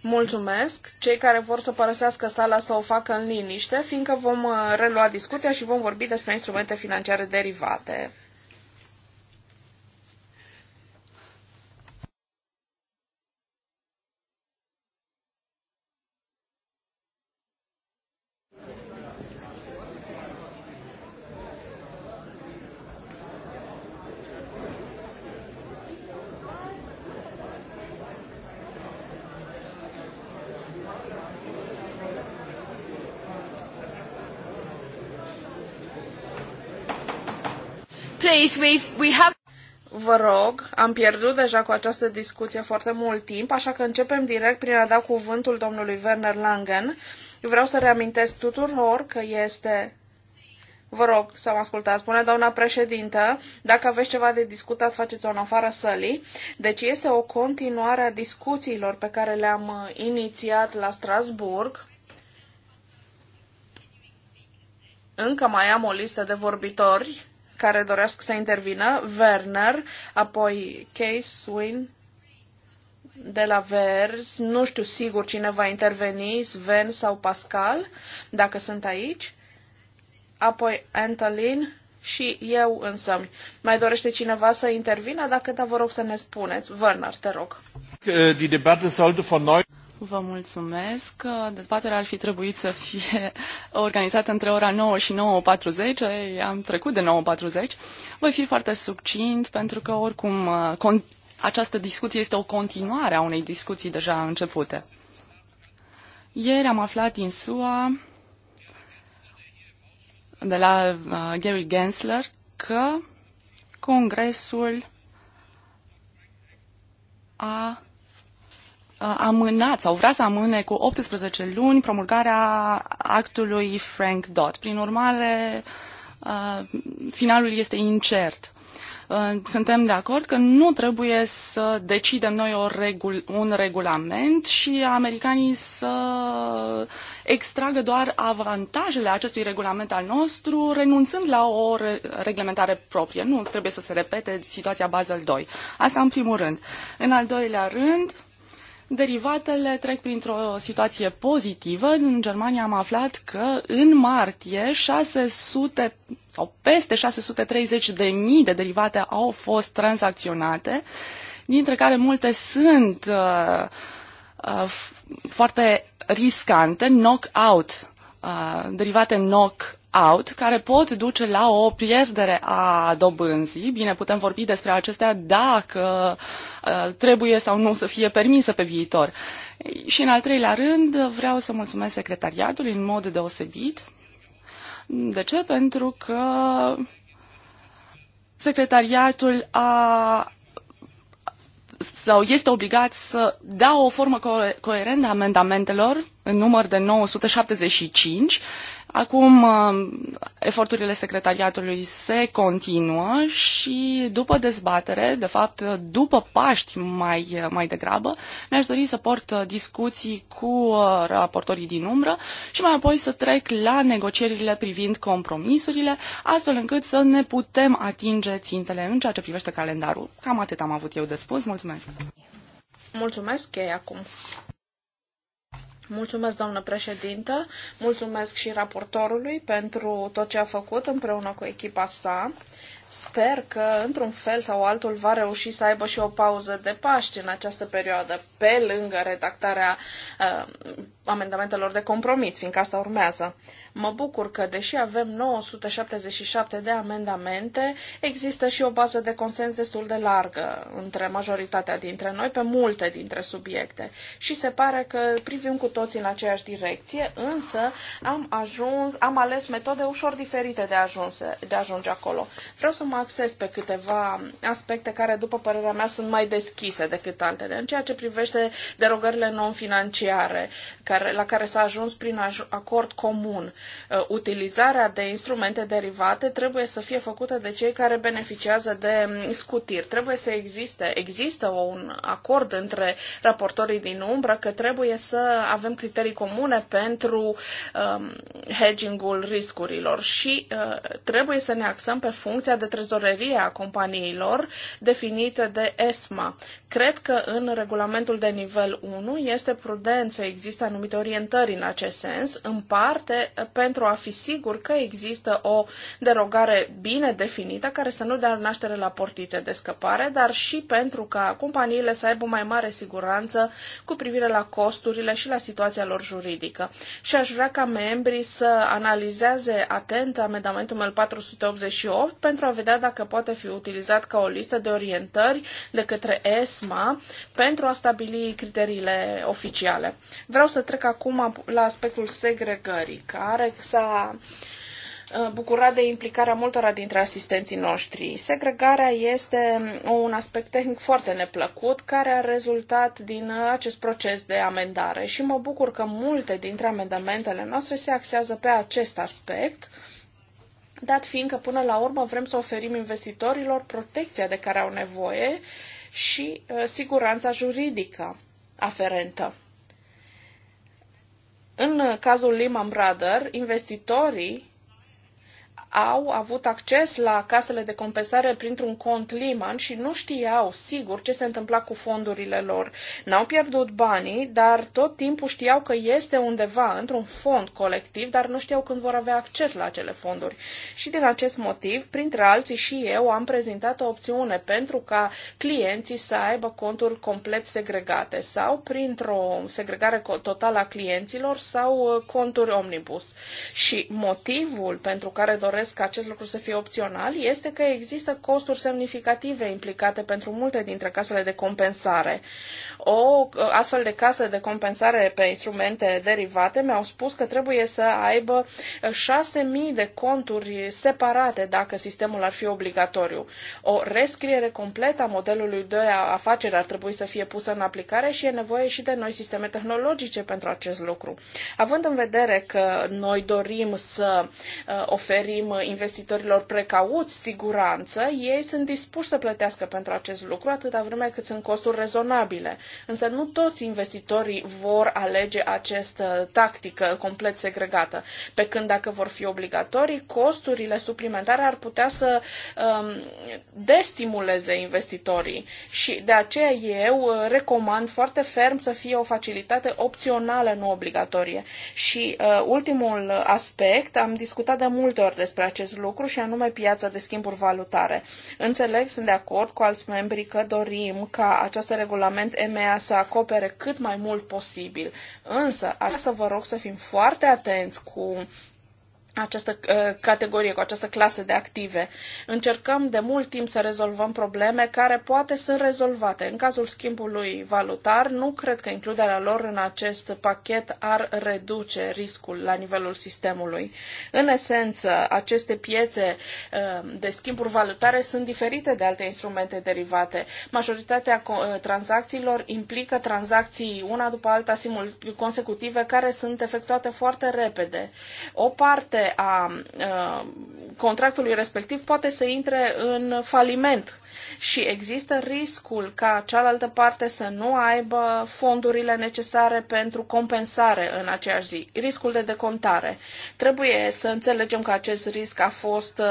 Mulțumesc. Cei care vor să părăsească sala să o facă în liniște, fiindcă vom uh, relua discuția și vom vorbi despre instrumente financiare derivate. place we we have... Vă rog, am pierdut deja cu această discuție foarte mult timp, așa că începem direct prin a da cuvântul domnului Werner Langen. vreau să reamintesc tuturor că este Vă rog să mă ascultați. Spune doamna președintă, dacă aveți ceva de discutat, faceți-o în afară sălii. Deci este o continuare a discuțiilor pe care le-am uh, inițiat la Strasburg. Încă mai am o listă de vorbitori care doresc să intervină, Werner, apoi Case, Win, de la Vers, nu știu sigur cine va interveni, Sven sau Pascal, dacă sunt aici, apoi Antolin și eu însă. Mai dorește cineva să intervină? Dacă da, vă rog să ne spuneți. Werner, te rog. Die Debatte sollte von neu Vă mulțumesc. Dezbaterea ar fi trebuit să fie organizată între ora 9 și 9.40. Am trecut de 9.40. Voi fi foarte succint pentru că oricum această discuție este o continuare a unei discuții deja începute. Ieri am aflat din SUA de la uh, Gary Gensler că Congresul a Uh, amânat sau vrea să amâne cu 18 luni promulgarea actului Frank Dodd. Prin urmare, uh, finalul este incert. Uh, suntem de acord că nu trebuie să decidem noi o regul, un regulament și americanii să extragă doar avantajele acestui regulament al nostru, renunțând la o re- reglementare proprie. Nu trebuie să se repete situația Basel II. Asta în primul rând. În al doilea rând, Derivatele trec printr-o situație pozitivă. În Germania am aflat că în martie 600 sau peste 630 de mii de derivate au fost tranzacționate, dintre care multe sunt uh, uh, foarte riscante, knock-out derivate knock-out, care pot duce la o pierdere a dobânzii. Bine, putem vorbi despre acestea dacă trebuie sau nu să fie permisă pe viitor. Și în al treilea rând, vreau să mulțumesc secretariatului în mod deosebit. De ce? Pentru că secretariatul a sau este obligat să dea o formă co- coerentă amendamentelor în număr de 975 Acum uh, eforturile secretariatului se continuă și după dezbatere, de fapt după Paști mai, mai degrabă, mi-aș dori să port discuții cu uh, raportorii din umbră și mai apoi să trec la negocierile privind compromisurile, astfel încât să ne putem atinge țintele în ceea ce privește calendarul. Cam atât am avut eu de spus. Mulțumesc! Mulțumesc, e acum. Mulțumesc, doamnă președintă, mulțumesc și raportorului pentru tot ce a făcut împreună cu echipa sa. Sper că, într-un fel sau altul, va reuși să aibă și o pauză de Paște în această perioadă, pe lângă redactarea uh, amendamentelor de compromis, fiindcă asta urmează. Mă bucur că, deși avem 977 de amendamente, există și o bază de consens destul de largă între majoritatea dintre noi pe multe dintre subiecte și se pare că privim cu toții în aceeași direcție, însă am ajuns, am ales metode ușor diferite de, ajunse, de a ajunge acolo. Vreau să mă acces pe câteva aspecte care, după părerea mea, sunt mai deschise decât altele, în ceea ce privește derogările non-financiare, care, la care s-a ajuns prin acord comun. Uh, utilizarea de instrumente derivate trebuie să fie făcută de cei care beneficiază de um, scutiri. Trebuie să existe, există un acord între raportorii din umbră că trebuie să avem criterii comune pentru um, hedging-ul riscurilor și uh, trebuie să ne axăm pe funcția de trezorerie a companiilor definită de ESMA. Cred că în regulamentul de nivel 1 este prudent să există anumite anumite orientări în acest sens, în parte pentru a fi sigur că există o derogare bine definită care să nu dea naștere la portițe de scăpare, dar și pentru ca companiile să aibă mai mare siguranță cu privire la costurile și la situația lor juridică. Și aș vrea ca membrii să analizeze atent amendamentul meu 488 pentru a vedea dacă poate fi utilizat ca o listă de orientări de către ESMA pentru a stabili criteriile oficiale. Vreau să Trec acum la aspectul segregării, care s-a uh, bucurat de implicarea multora dintre asistenții noștri. Segregarea este un aspect tehnic foarte neplăcut care a rezultat din uh, acest proces de amendare și mă bucur că multe dintre amendamentele noastre se axează pe acest aspect, dat fiindcă până la urmă vrem să oferim investitorilor protecția de care au nevoie și uh, siguranța juridică aferentă. În cazul Lehman Brothers, investitorii au avut acces la casele de compensare printr-un cont Liman și nu știau sigur ce se întâmpla cu fondurile lor. N-au pierdut banii, dar tot timpul știau că este undeva într-un fond colectiv, dar nu știau când vor avea acces la acele fonduri. Și din acest motiv, printre alții și eu, am prezentat o opțiune pentru ca clienții să aibă conturi complet segregate sau printr-o segregare totală a clienților sau uh, conturi omnibus. Și motivul pentru care doresc doresc ca acest lucru să fie opțional este că există costuri semnificative implicate pentru multe dintre casele de compensare o uh, astfel de casă de compensare pe instrumente derivate, mi-au spus că trebuie să aibă 6.000 uh, de conturi separate dacă sistemul ar fi obligatoriu. O rescriere completă a modelului de afaceri ar trebui să fie pusă în aplicare și e nevoie și de noi sisteme tehnologice pentru acest lucru. Având în vedere că noi dorim să uh, oferim investitorilor precauți siguranță, ei sunt dispuși să plătească pentru acest lucru atâta vreme cât sunt costuri rezonabile. Însă nu toți investitorii vor alege această tactică complet segregată, pe când dacă vor fi obligatorii, costurile suplimentare ar putea să um, destimuleze investitorii și de aceea eu recomand foarte ferm să fie o facilitate opțională, nu obligatorie. Și uh, ultimul aspect, am discutat de multe ori despre acest lucru și anume piața de schimburi valutare. Înțeleg, sunt de acord cu alți membri că dorim ca acest regulament M mea să acopere cât mai mult posibil. Însă, aș să vă rog să fim foarte atenți cu această uh, categorie, cu această clasă de active. Încercăm de mult timp să rezolvăm probleme care poate sunt rezolvate. În cazul schimbului valutar, nu cred că includerea lor în acest pachet ar reduce riscul la nivelul sistemului. În esență, aceste piețe uh, de schimburi valutare sunt diferite de alte instrumente derivate. Majoritatea uh, tranzacțiilor implică tranzacții una după alta simul, consecutive care sunt efectuate foarte repede. O parte încălcare a contractului respectiv poate să intre în faliment și există riscul ca cealaltă parte să nu aibă fondurile necesare pentru compensare în aceeași zi, riscul de decontare. Trebuie să înțelegem că acest risc a fost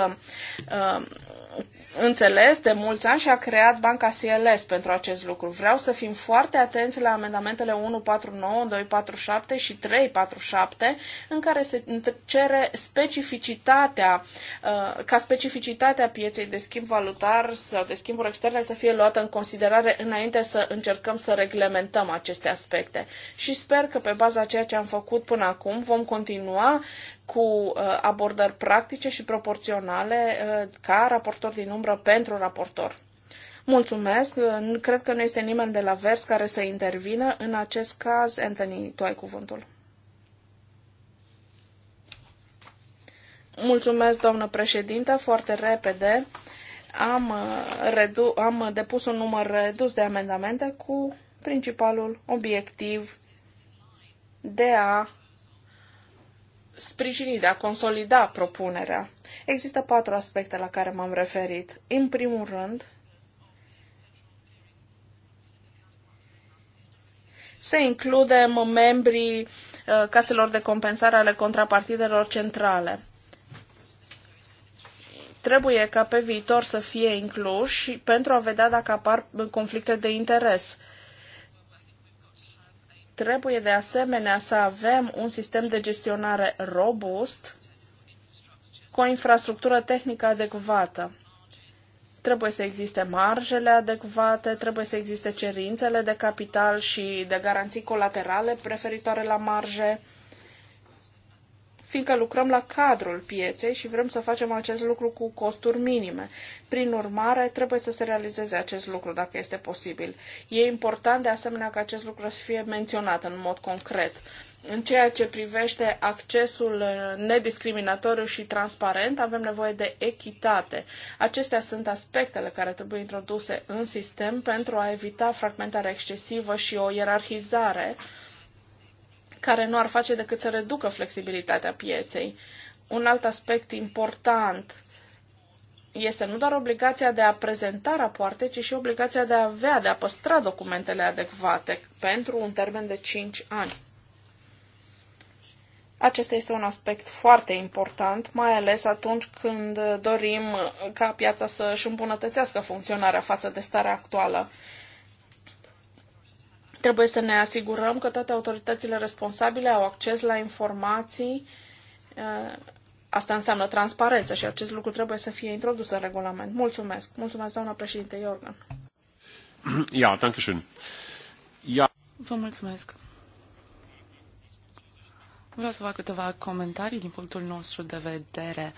înțeles de mulți ani și a creat banca CLS pentru acest lucru. Vreau să fim foarte atenți la amendamentele 149, 247 și 347 în care se cere specificitatea, uh, ca specificitatea pieței de schimb valutar sau de schimburi externe să fie luată în considerare înainte să încercăm să reglementăm aceste aspecte. Și sper că pe baza ceea ce am făcut până acum vom continua cu uh, abordări practice și proporționale uh, ca raportor din umbră pentru raportor. Mulțumesc. Uh, cred că nu este nimeni de la vers care să intervină. În acest caz, Anthony, tu ai cuvântul. Mulțumesc, doamnă președintă. foarte repede. Am, redu- am depus un număr redus de amendamente cu principalul obiectiv de a sprijini, de a consolida propunerea. Există patru aspecte la care m-am referit. În primul rând, să includem membrii uh, caselor de compensare ale contrapartidelor centrale. Trebuie ca pe viitor să fie incluși pentru a vedea dacă apar conflicte de interes Trebuie de asemenea să avem un sistem de gestionare robust cu o infrastructură tehnică adecvată. Trebuie să existe marjele adecvate, trebuie să existe cerințele de capital și de garanții colaterale preferitoare la marje fiindcă lucrăm la cadrul pieței și vrem să facem acest lucru cu costuri minime. Prin urmare, trebuie să se realizeze acest lucru dacă este posibil. E important de asemenea ca acest lucru să fie menționat în mod concret. În ceea ce privește accesul nediscriminatoriu și transparent, avem nevoie de echitate. Acestea sunt aspectele care trebuie introduse în sistem pentru a evita fragmentarea excesivă și o ierarhizare uh, care nu ar face decât să reducă flexibilitatea pieței. Un alt aspect important este nu doar obligația de a prezenta rapoarte, ci și obligația de a avea, de a păstra documentele adecvate pentru un termen de 5 ani. Acesta este un aspect foarte important, mai ales atunci când dorim ca piața să își îmbunătățească funcționarea față de starea actuală. Trebuie să ne asigurăm că toate autoritățile responsabile au acces la informații. Uh, asta înseamnă transparență și acest lucru trebuie să fie introdus în regulament. Mulțumesc. Mulțumesc, doamna președinte Iorgan. Ja, danke schön. Ja. Vă mulțumesc. Vreau să fac câteva comentarii din punctul nostru de vedere.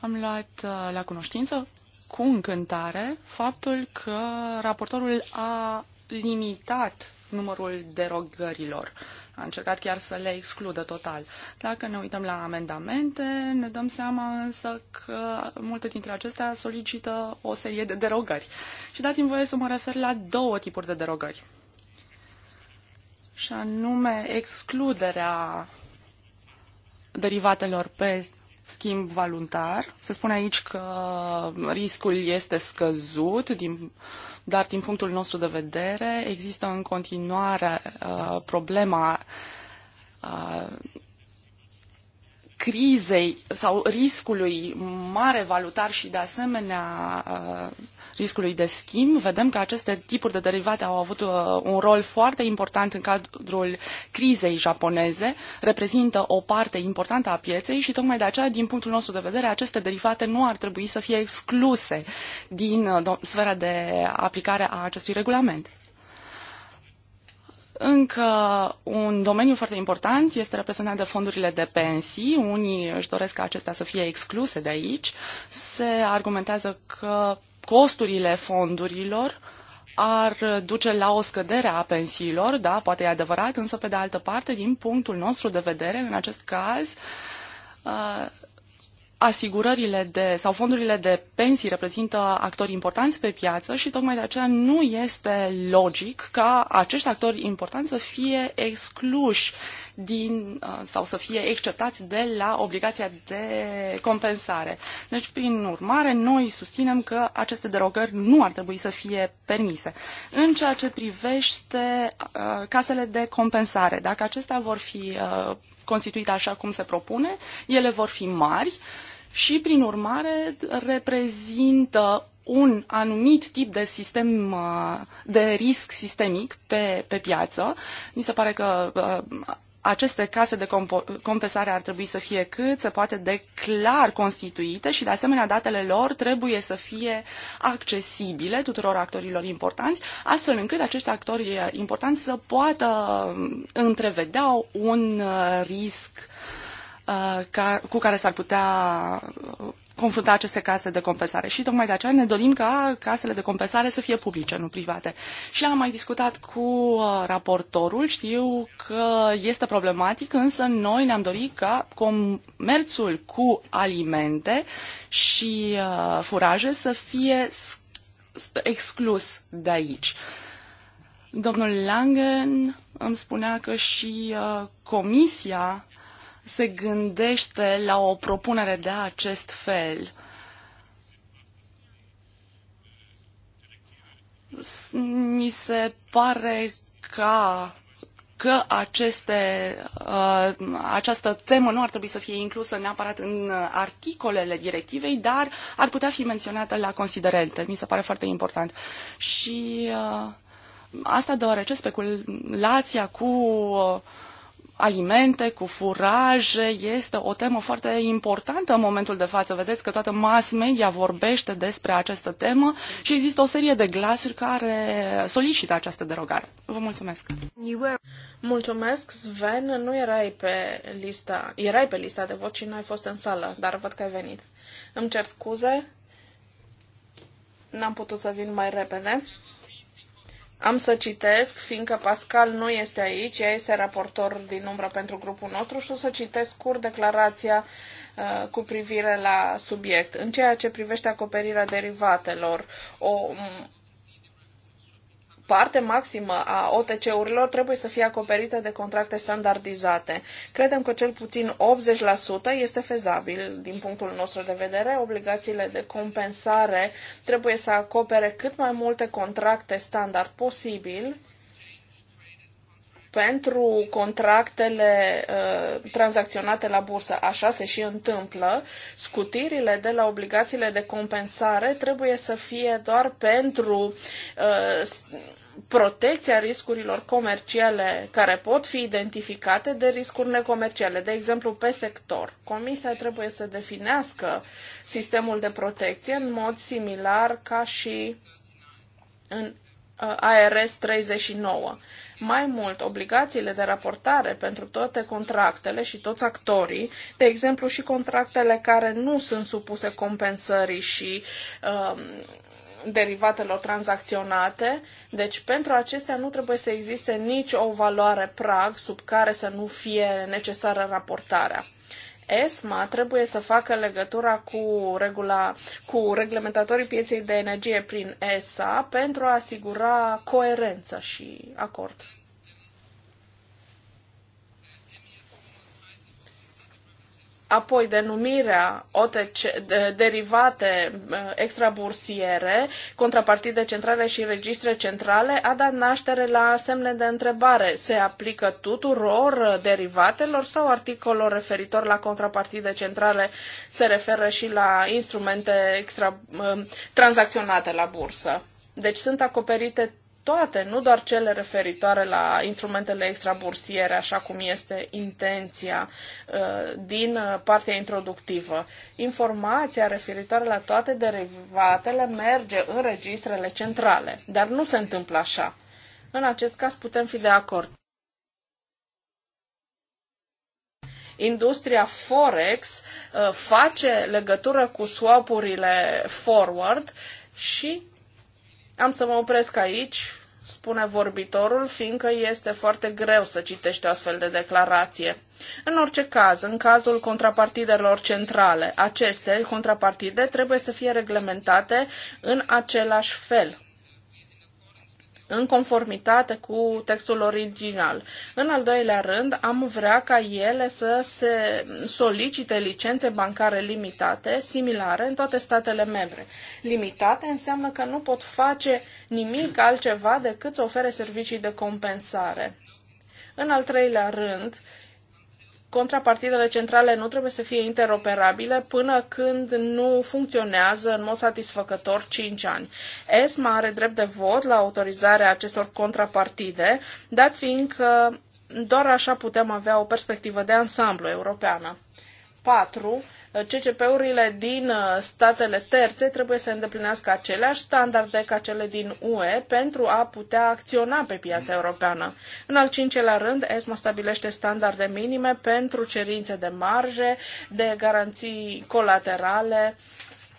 Am luat uh, la cunoștință cu încântare faptul că raportorul a limitat numărul derogărilor. A încercat chiar să le excludă total. Dacă ne uităm la amendamente, ne dăm seama însă că multe dintre acestea solicită o serie de derogări. Și dați-mi voie să mă refer la două tipuri de derogări. Și anume excluderea derivatelor pe schimb voluntar. Se spune aici că riscul este scăzut din uh, dar din punctul nostru de vedere există în continuare uh, problema uh, crizei sau riscului mare valutar și de asemenea uh, riscului de schimb, vedem că aceste tipuri de derivate au avut uh, un rol foarte important în cadrul crizei japoneze, reprezintă o parte importantă a pieței și tocmai de aceea, din punctul nostru de vedere, aceste derivate nu ar trebui să fie excluse din uh, sfera de aplicare a acestui regulament. Încă un domeniu foarte important este reprezentat de fondurile de pensii. Unii își doresc ca acestea să fie excluse de aici. Se argumentează că costurile fondurilor ar duce la o scădere a pensiilor, da, poate e adevărat, însă pe de altă parte, din punctul nostru de vedere, în acest caz, asigurările de, sau fondurile de pensii reprezintă actori importanți pe piață și tocmai de aceea nu este logic ca acești actori importanți să fie excluși din, uh, sau să fie exceptați de la obligația de compensare. Deci, prin urmare, noi susținem că aceste derogări nu ar trebui să fie permise. În ceea ce privește uh, casele de compensare, dacă acestea vor fi uh, constituite așa cum se propune, ele vor fi mari și, prin urmare, reprezintă un anumit tip de sistem uh, de risc sistemic pe, pe piață. Mi se pare că uh, aceste case de compensare ar trebui să fie cât se poate de clar constituite și, de asemenea, datele lor trebuie să fie accesibile tuturor actorilor importanți, astfel încât acești actori importanți să poată um, întrevedea un uh, risc uh, ca, cu care s-ar putea uh, confrunta aceste case de compensare. Și tocmai de aceea ne dorim ca casele de compensare să fie publice, nu private. Și am mai discutat cu uh, raportorul, știu că este problematic, însă noi ne-am dorit ca comerțul cu alimente și uh, furaje să fie exclus de aici. Domnul Langen îmi spunea că și uh, comisia se gândește la o propunere de acest fel. Mi se pare ca că aceste, uh, această temă nu ar trebui să fie inclusă neapărat în articolele directivei, dar ar putea fi menționată la considerente. Mi se pare foarte important. Și uh, asta deoarece speculația cu uh, alimente, cu furaje, este o temă foarte importantă în momentul de față. Vedeți că toată mass media vorbește despre această temă și există o serie de glasuri care solicită această derogare. Vă mulțumesc! Mulțumesc, Sven, nu erai pe lista, erai pe lista de vot și nu ai fost în sală, dar văd că ai venit. Îmi cer scuze, n-am putut să vin mai repede. Am să citesc, fiindcă Pascal nu este aici, ea este raportor din umbră pentru grupul nostru și o să citesc scurt declarația uh, cu privire la subiect. În ceea ce privește acoperirea derivatelor, o parte maximă a OTC-urilor trebuie să fie acoperită de contracte standardizate. Credem că cel puțin 80% este fezabil din punctul nostru de vedere. Obligațiile de compensare trebuie să acopere cât mai multe contracte standard posibil pentru contractele uh, tranzacționate la bursă. Așa se și întâmplă. Scutirile de la obligațiile de compensare trebuie să fie doar pentru uh, protecția riscurilor comerciale care pot fi identificate de riscuri necomerciale, de exemplu pe sector. Comisia trebuie să definească sistemul de protecție în mod similar ca și în uh, ARS 39. Mai mult, obligațiile de raportare pentru toate contractele și toți actorii, de exemplu și contractele care nu sunt supuse compensării și uh, derivatelor tranzacționate, deci pentru acestea nu trebuie să existe nici o valoare prag sub care să nu fie necesară raportarea. ESMA trebuie să facă legătura cu, regula, cu reglementatorii pieței de energie prin ESA pentru a asigura coerență și acord. apoi denumirea OTC, de, derivate uh, extrabursiere, contrapartide centrale și registre centrale a dat naștere la semne de întrebare. Se aplică tuturor uh, derivatelor sau articolul referitor la contrapartide centrale se referă și la instrumente extra, uh, tranzacționate la bursă? Deci sunt acoperite toate, nu doar cele referitoare la instrumentele extrabursiere, așa cum este intenția uh, din uh, partea introductivă. Informația referitoare la toate derivatele merge în registrele centrale, dar nu se întâmplă așa. În acest caz putem fi de acord. industria Forex uh, face legătură cu swapurile forward și am să mă opresc aici spune vorbitorul, fiindcă este foarte greu să citești o astfel de declarație. În orice caz, în cazul contrapartidelor centrale, aceste contrapartide trebuie să fie reglementate în același fel în conformitate cu textul original. În al doilea rând, am vrea ca ele să se solicite licențe bancare limitate, similare în toate statele membre. Limitate înseamnă că nu pot face nimic altceva decât să ofere servicii de compensare. În al treilea rând, contrapartidele centrale nu trebuie să fie interoperabile până când nu funcționează în mod satisfăcător 5 ani. ESMA are drept de vot la autorizarea acestor contrapartide, dat fiind că doar așa putem avea o perspectivă de ansamblu europeană. 4. CCP-urile din uh, statele terțe trebuie să îndeplinească aceleași standarde ca cele din UE pentru a putea acționa pe piața europeană. În al cincelea rând, ESMA stabilește standarde minime pentru cerințe de marje, de garanții colaterale,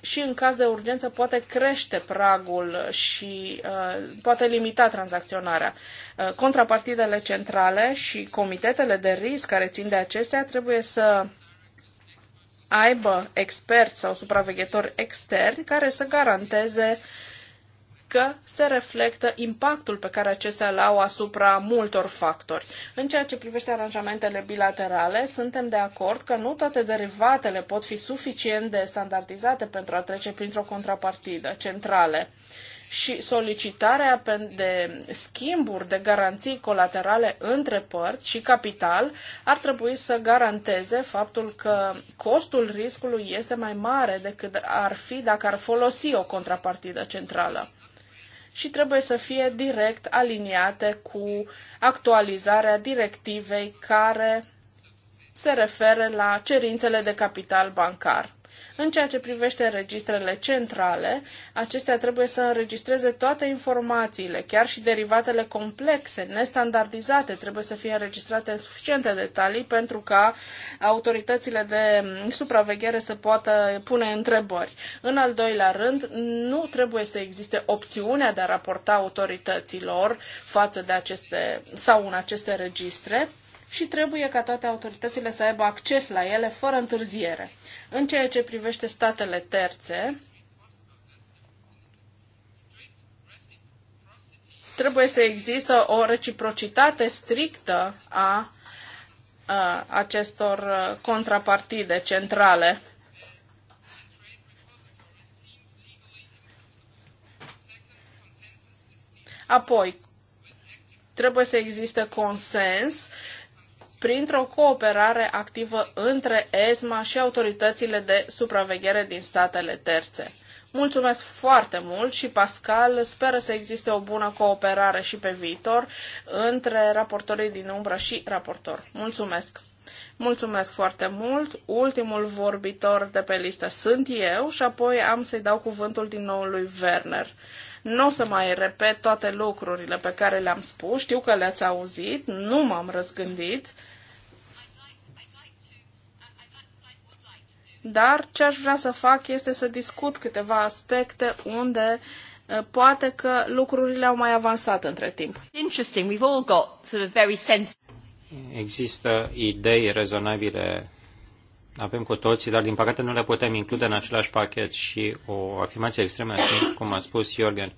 și în caz de urgență poate crește pragul și uh, poate limita tranzacționarea. Uh, contrapartidele centrale și comitetele de risc care țin de acestea trebuie să aibă experți sau supraveghetori externi care să garanteze că se reflectă impactul pe care acestea îl au asupra multor factori. În ceea ce privește aranjamentele bilaterale, suntem de acord că nu toate derivatele pot fi suficient de standardizate pentru a trece printr-o contrapartidă centrale și solicitarea de schimburi de garanții colaterale între părți și capital ar trebui să garanteze faptul că costul riscului este mai mare decât ar fi dacă ar folosi o contrapartidă centrală și trebuie să fie direct aliniate cu actualizarea directivei care se referă la cerințele de capital bancar. În ceea ce privește registrele centrale, acestea trebuie să înregistreze toate informațiile, chiar și derivatele complexe, nestandardizate, trebuie să fie înregistrate în suficiente detalii pentru ca autoritățile de supraveghere să poată pune întrebări. În al doilea rând, nu trebuie să existe opțiunea de a raporta autorităților față de aceste sau în aceste registre și trebuie ca toate autoritățile să aibă acces la ele fără întârziere. În ceea ce privește statele terțe, trebuie să există o reciprocitate strictă a, a acestor contrapartide centrale. Apoi, trebuie să existe consens printr-o cooperare activă între ESMA și autoritățile de supraveghere din statele terțe. Mulțumesc foarte mult și Pascal speră să existe o bună cooperare și pe viitor între raportorii din umbră și raportor. Mulțumesc! Mulțumesc foarte mult. Ultimul vorbitor de pe listă sunt eu și apoi am să-i dau cuvântul din nou lui Werner. Nu o să mai repet toate lucrurile pe care le-am spus, știu că le-ați auzit, nu m-am răzgândit. dar ce aș vrea să fac este să discut câteva aspecte unde uh, poate că lucrurile au mai avansat între timp. Interesting, we've all got sort of very sensitive. Există idei rezonabile avem cu toții, dar din păcate nu le putem include în același pachet și o afirmație extremă, cum a spus Jorgen,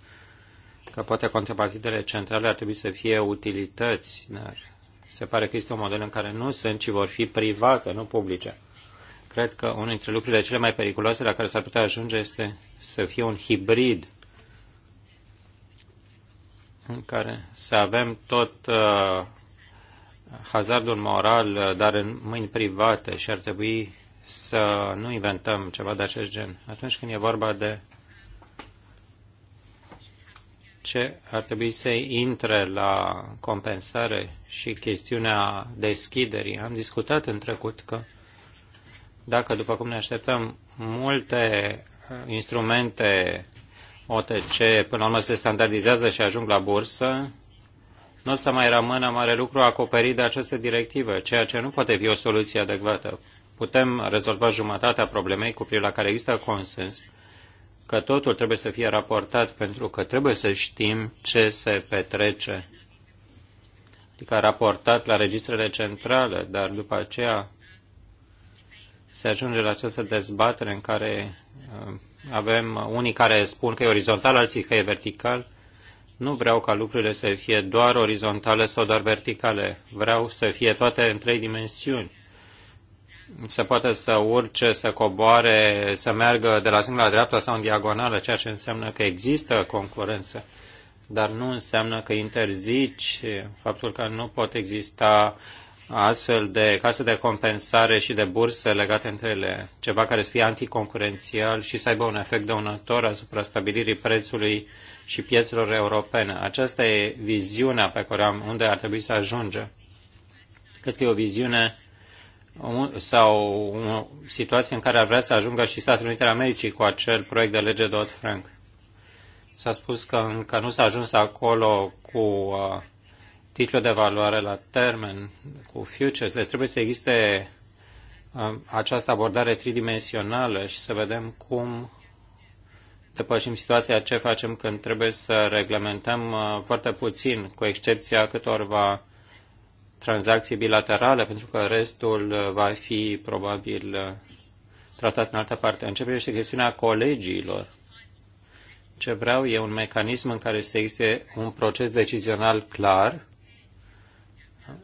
că poate contrapartidele centrale ar trebui să fie utilități, dar se pare că este un model în care nu sunt, ci vor fi private, nu publice. Cred că unul dintre lucrurile cele mai periculoase la care s-ar putea ajunge este să fie un hibrid în care să avem tot uh, hazardul moral, uh, dar în mâini private și ar trebui să nu inventăm ceva de acest gen. Atunci când e vorba de ce ar trebui să intre la compensare și chestiunea deschiderii. Am discutat în trecut că dacă, după cum ne așteptăm, multe uh, instrumente OTC până la urmă se standardizează și ajung la bursă, nu o să mai rămână mare lucru acoperit de această directivă, ceea ce nu poate fi o soluție adecvată. Putem rezolva jumătatea problemei cu privire la care există consens, că totul trebuie să fie raportat pentru că trebuie să știm ce se petrece. Adică raportat la registrele centrale, dar după aceea se ajunge la această dezbatere în care uh, avem unii care spun că e orizontal, alții că e vertical. Nu vreau ca lucrurile să fie doar orizontale sau doar verticale. Vreau să fie toate în trei dimensiuni. Se poate să urce, să coboare, să meargă de la stânga la dreapta sau în diagonală, ceea ce înseamnă că există concurență. Dar nu înseamnă că interzici faptul că nu pot exista uh, astfel de case de compensare și de burse legate între ele, ceva care să fie anticoncurențial și să aibă un efect dăunător asupra stabilirii prețului și piețelor europene. Aceasta e viziunea pe care am, unde ar trebui să ajunge. Cred că e o viziune sau o situație în care ar vrea să ajungă și Statele Unite Americii cu acel proiect de lege Dodd-Frank. S-a spus că încă nu s-a ajuns acolo cu uh, titlul de valoare la termen cu futures, deci trebuie să existe um, această abordare tridimensională și să vedem cum depășim situația, ce facem când trebuie să reglementăm uh, foarte puțin, cu excepția câtorva tranzacții bilaterale, pentru că restul uh, va fi probabil uh, tratat în altă parte. În ce privește chestiunea colegiilor, ce vreau e un mecanism în care să existe un proces decizional clar,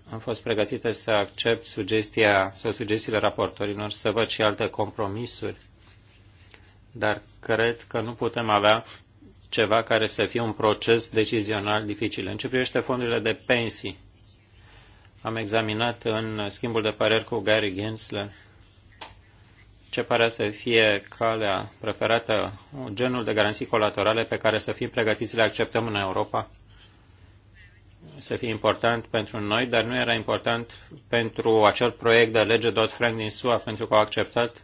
am fost pregătită să accept sugestia sau sugestiile raportorilor, să văd și alte compromisuri, dar cred că nu putem avea ceva care să fie un proces decizional dificil. În ce privește fondurile de pensii, am examinat în schimbul de păreri cu Gary Gensler ce pare să fie calea preferată, genul de garanții colaterale pe care să fim pregătiți să le acceptăm în Europa să fie important pentru noi, dar nu era important pentru acel proiect de lege Dodd-Frank din SUA, pentru că au acceptat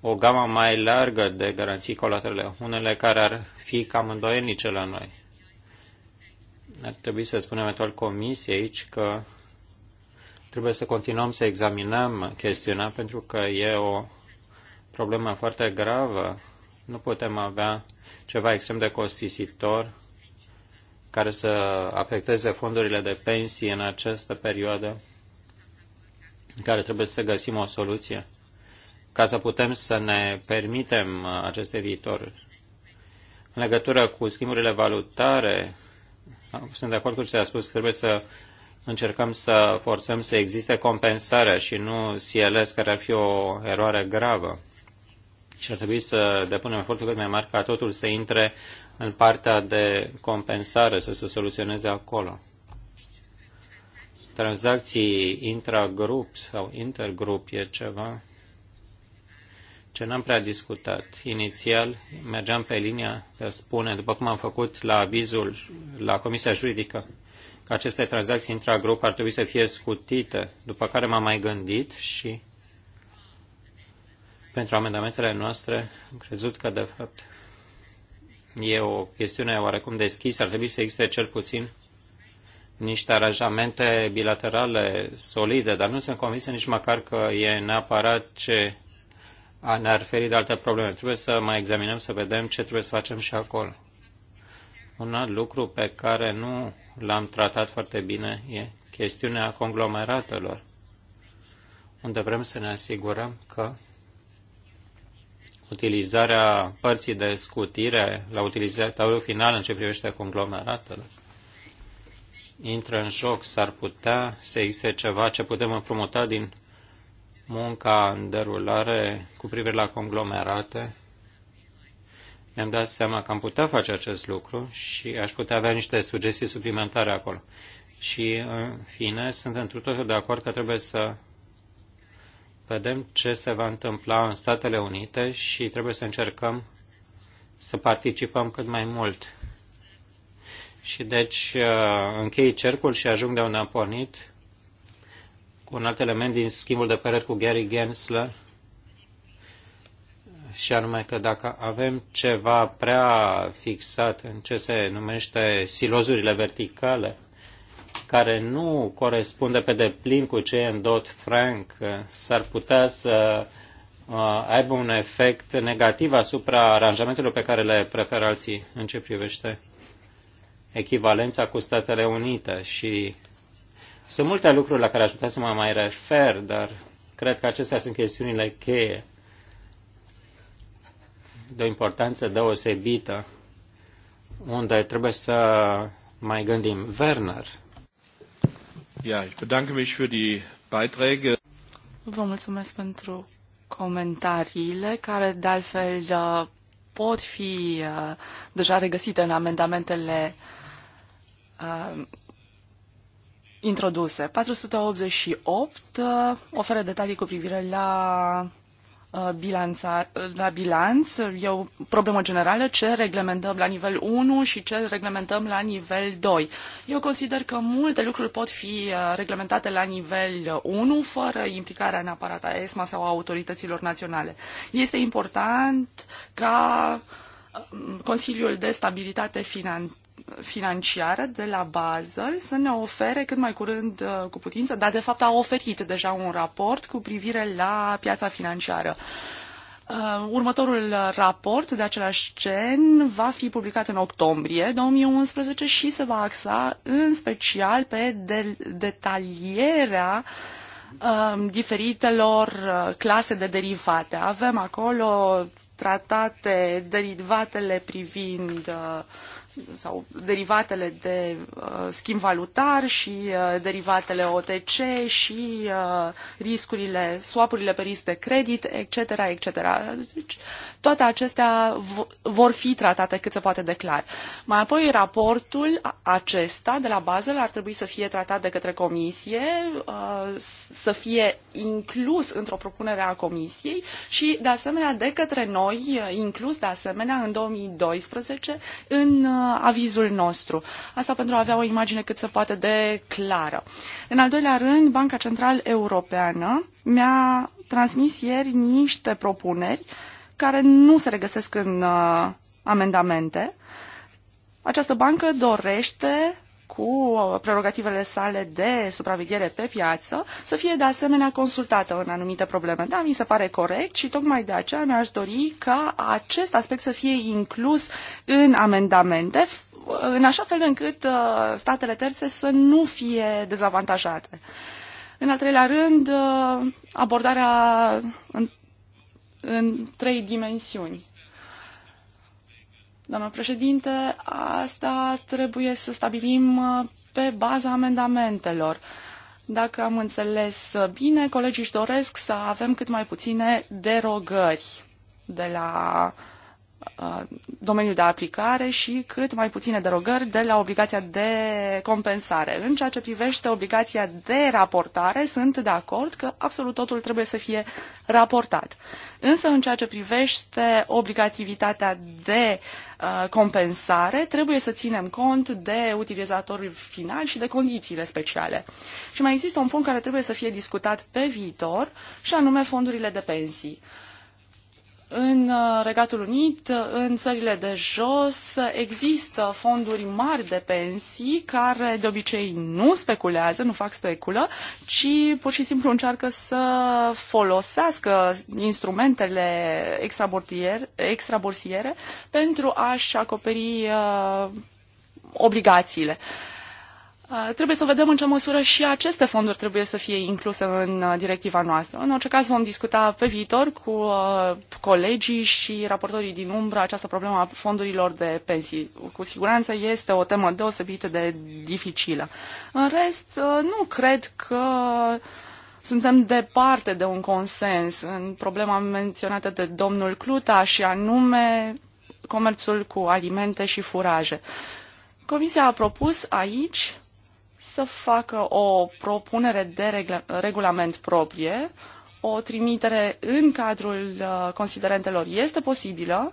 o gamă mai largă de garanții colaterale, unele care ar fi cam îndoielnice la noi. Ar trebui să spunem eventual comisiei aici că trebuie să continuăm să examinăm chestiunea pentru că e o problemă foarte gravă. Nu putem avea ceva extrem de costisitor care să afecteze fondurile de pensii în această perioadă în care trebuie să găsim o soluție ca să putem să ne permitem aceste viitoruri. În legătură cu schimburile valutare, sunt de acord cu ce a spus, că trebuie să încercăm să forțăm să existe compensarea și nu CLS, care ar fi o eroare gravă și ar trebui să depunem efortul cât mai mari ca totul să intre în partea de compensare, să se soluționeze acolo. Tranzacții intragrup sau intergrup e ceva ce n-am prea discutat. Inițial mergeam pe linia de a spune, după cum am făcut la avizul la Comisia Juridică, că aceste tranzacții intragrup ar trebui să fie scutite, după care m-am mai gândit și pentru amendamentele noastre. Am crezut că, de fapt, e o chestiune oarecum deschisă. Ar trebui să existe cel puțin niște aranjamente bilaterale solide, dar nu sunt convinsă nici măcar că e neapărat ce ne-ar feri de alte probleme. Trebuie să mai examinăm, să vedem ce trebuie să facem și acolo. Un alt lucru pe care nu l-am tratat foarte bine e chestiunea conglomeratelor, unde vrem să ne asigurăm că utilizarea părții de scutire la utilizatorul final în ce privește conglomeratele intră în joc, s-ar putea să existe ceva ce putem împrumuta din munca în derulare cu privire la conglomerate. Mi-am dat seama că am putea face acest lucru și aș putea avea niște sugestii suplimentare acolo. Și, în fine, sunt într totul de acord că trebuie să vedem ce se va întâmpla în Statele Unite și trebuie să încercăm să participăm cât mai mult. Și deci uh, închei cercul și ajung de unde am pornit cu un alt element din schimbul de păreri cu Gary Gensler și anume că dacă avem ceva prea fixat în ce se numește silozurile verticale, care nu corespunde pe deplin cu ce e în dot frank s-ar putea să uh, aibă un efect negativ asupra aranjamentelor pe care le preferă alții în ce privește echivalența cu Statele Unite și sunt multe lucruri la care aș putea să mă mai refer, dar cred că acestea sunt chestiunile cheie de o importanță deosebită unde trebuie să mai gândim. Werner Ja, ich bedanke mich für die Beiträge. Vă mulțumesc pentru comentariile care, de altfel, uh, pot fi uh, deja regăsite în amendamentele uh, introduse. 488 oferă detalii cu privire la Uh, bilanța, uh, la bilanț. E o problemă generală ce reglementăm la nivel 1 și ce reglementăm la nivel 2. Eu consider că multe lucruri pot fi uh, reglementate la nivel 1 fără implicarea neapărat a ESMA sau a autorităților naționale. Este important ca Consiliul de Stabilitate Financiară financiară de la Basel să ne ofere cât mai curând uh, cu putință, dar de fapt a oferit deja un raport cu privire la piața financiară. Uh, următorul raport de același gen va fi publicat în octombrie 2011 și se va axa în special pe de- detalierea um, diferitelor uh, clase de derivate. Avem acolo tratate derivatele privind uh, sau derivatele de uh, schimb valutar și uh, derivatele OTC și uh, riscurile, swapurile pe risc de credit, etc., etc. Deci, toate acestea vor fi tratate cât se poate de clar. Mai apoi, raportul acesta de la Basel ar trebui să fie tratat de către comisie, uh, să fie inclus într-o propunere a comisiei și, de asemenea, de către noi, uh, inclus, de asemenea, în 2012, în uh, avizul nostru. Asta pentru a avea o imagine cât se poate de clară. În al doilea rând, Banca Central Europeană mi-a transmis ieri niște propuneri uh, care nu se regăsesc în uh, amendamente. Această bancă dorește cu uh, prerogativele sale de supraveghere pe piață, să fie de asemenea consultată în anumite probleme. Da, mi se pare corect și tocmai de aceea mi-aș dori ca acest aspect să fie inclus în amendamente, în așa fel încât uh, statele terțe să nu fie dezavantajate. În al treilea rând, uh, abordarea în trei dimensiuni. Doamna președinte, asta trebuie să stabilim uh, pe baza amendamentelor. Dacă am înțeles uh, bine, colegii își doresc să avem cât mai puține derogări de la uh, Uh, domeniul de aplicare și cât mai puține derogări de la obligația de compensare. În ceea ce privește obligația de raportare, sunt de acord că absolut totul trebuie să fie raportat. Însă, în ceea ce privește obligativitatea de uh, compensare, trebuie să ținem cont de utilizatorul final și de condițiile speciale. Și mai există un punct care trebuie să fie discutat pe viitor, și anume fondurile de pensii. În uh, Regatul Unit, uh, în țările de jos, uh, există fonduri mari de pensii care de obicei nu speculează, nu fac speculă, ci pur și simplu încearcă să folosească instrumentele extrabursiere pentru a-și acoperi obligațiile. Uh, Uh, trebuie să vedem în ce măsură și aceste fonduri trebuie să fie incluse în uh, directiva noastră. În orice caz vom discuta pe viitor cu uh, colegii și raportorii din umbră această problemă a fondurilor de pensii. Cu siguranță este o temă deosebită de dificilă. În rest, nu cred că suntem departe de un consens în problema menționată de domnul Cluta și anume comerțul cu alimente și furaje. Comisia a propus aici să facă o propunere de regla, regulament proprie, o trimitere în cadrul uh, considerentelor este posibilă,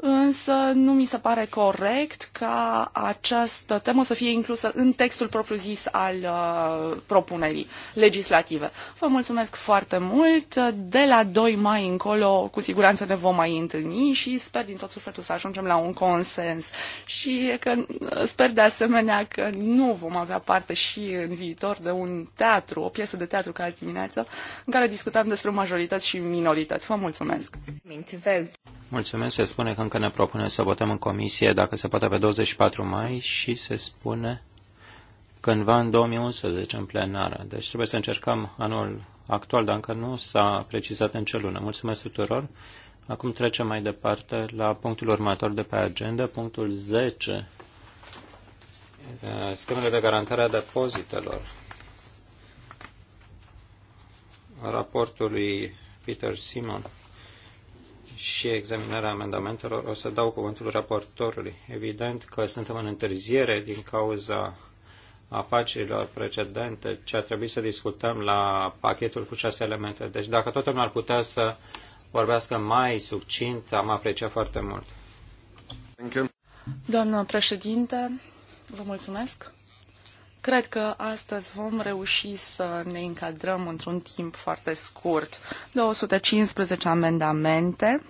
însă nu mi se pare corect ca această temă să fie inclusă în textul propriu-zis al uh, propunerii legislative. Vă mulțumesc foarte mult. De la 2 mai încolo, cu siguranță ne vom mai întâlni și sper din tot sufletul să ajungem la un consens. Și că uh, sper de asemenea că nu vom avea parte și în viitor de un teatru, o piesă de teatru ca azi dimineață, în care discutăm despre majorități și minorități. Vă mulțumesc! Mulțumesc, se spune că Că ne propune să votăm în comisie, dacă se poate, pe 24 mai și se spune cândva în 2011 în plenară. Deci trebuie să încercăm anul actual, dar încă nu s-a precizat în ce lună. Mulțumesc tuturor! Acum trecem mai departe la punctul următor de pe agenda, punctul 10, schemele de garantare a depozitelor. Raportului Peter Simon și examinarea amendamentelor, o să dau cuvântul raportorului. Evident că suntem în întârziere din cauza afacerilor precedente, ce a trebuit să discutăm la pachetul cu șase elemente. Deci dacă totul nu ar putea să vorbească mai succint, am apreciat foarte mult. Doamnă președinte, vă mulțumesc. Cred că astăzi vom reuși să ne încadrăm într-un timp foarte scurt. 215 amendamente,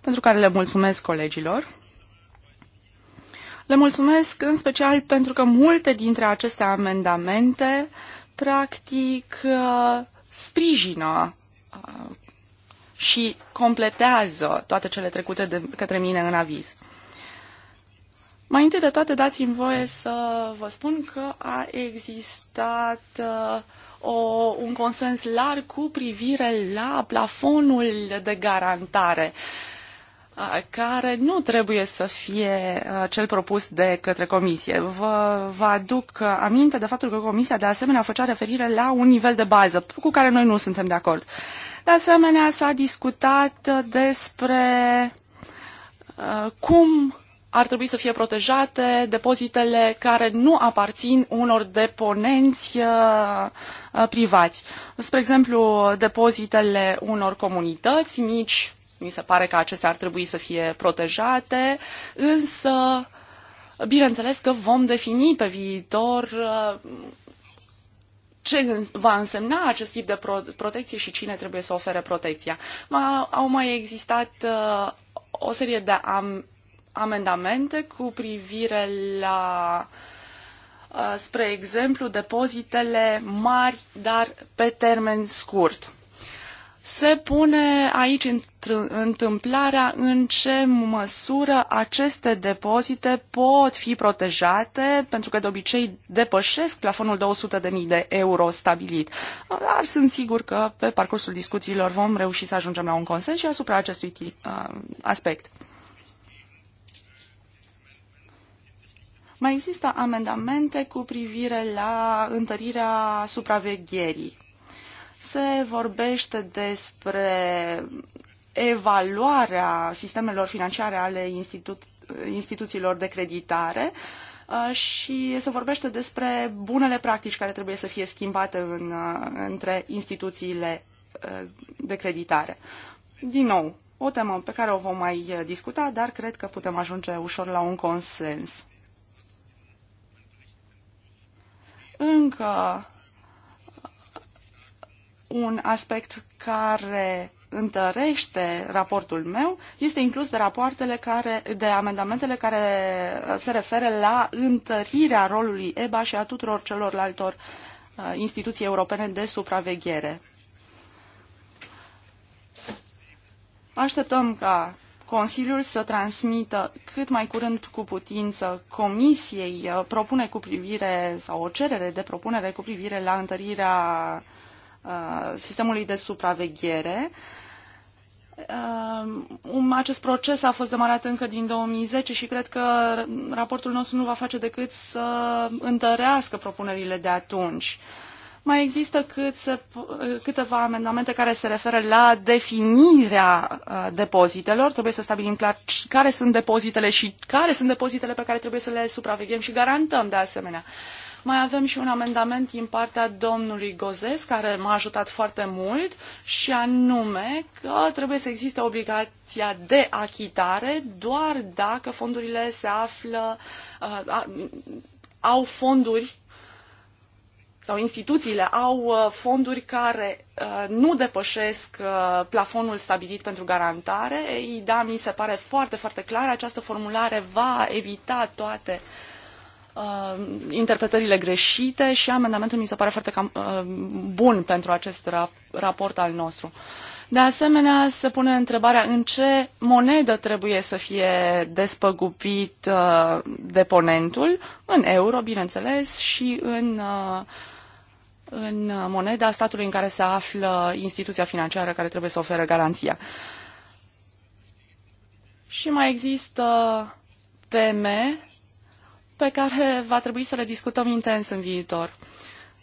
pentru care le mulțumesc colegilor. Le mulțumesc în special pentru că multe dintre aceste amendamente, practic, sprijină uh, și completează toate cele trecute de către mine în aviz. Mai întâi de toate dați-mi voie să vă spun că a existat uh, o, un consens larg cu privire la plafonul de garantare uh, care nu trebuie să fie uh, cel propus de către comisie. Vă, vă aduc aminte de faptul că comisia de asemenea făcea referire la un nivel de bază cu care noi nu suntem de acord. De asemenea, s-a discutat despre cum ar trebui să fie protejate depozitele care nu aparțin unor deponenți uh, uh, privați. Spre exemplu, depozitele unor comunități mici, mi se pare că acestea ar trebui să fie protejate, însă, bineînțeles că vom defini pe viitor uh, ce va însemna acest tip de protecție și cine trebuie să ofere protecția. Au mai existat o serie de am amendamente cu privire la, uh, spre exemplu, depozitele mari, dar pe termen scurt. Se pune aici întâmplarea în ce măsură aceste depozite pot fi protejate, pentru că de obicei depășesc plafonul 200.000 de euro stabilit. Dar sunt sigur că pe parcursul discuțiilor vom reuși să ajungem la un consens și asupra acestui uh, aspect. Mai există amendamente cu privire la întărirea supravegherii. Se vorbește despre evaluarea sistemelor financiare ale institu- instituțiilor de creditare uh, și se vorbește despre bunele practici care trebuie să fie schimbate în, uh, între instituțiile uh, de creditare. Din nou, o temă pe care o vom mai discuta, dar cred că putem ajunge ușor la un consens. încă un aspect care întărește raportul meu este inclus de rapoartele care, de amendamentele care se referă la întărirea rolului EBA și a tuturor celorlaltor uh, instituții europene de supraveghere. Așteptăm ca Consiliul să transmită cât mai curând cu putință Comisiei uh, propune cu privire sau o cerere de propunere cu privire la întărirea uh, sistemului de supraveghere. Uh, um, acest proces a fost demarat încă din 2010 și cred că raportul nostru nu va face decât să întărească propunerile de atunci. Uh, mai există cât să, câteva amendamente care se referă la definirea uh, depozitelor. Trebuie să stabilim clar care sunt depozitele și care sunt depozitele pe care trebuie să le supraveghem și garantăm de asemenea. Mai avem și un amendament din partea domnului Gozes, care m-a ajutat foarte mult, și anume că trebuie să existe obligația de achitare doar dacă fondurile se află, uh, au fonduri sau instituțiile au uh, fonduri care uh, nu depășesc uh, plafonul stabilit pentru garantare. Da, mi se pare foarte, foarte clar, această formulare va evita toate uh, interpretările greșite și amendamentul mi se pare foarte cam, uh, bun pentru acest raport al nostru. De asemenea, se pune întrebarea în ce monedă trebuie să fie despăgubit uh, deponentul, în euro, bineînțeles, și în uh, în moneda statului în care se află instituția financiară care trebuie să ofere garanția. Și mai există teme pe care va trebui să le discutăm intens în viitor.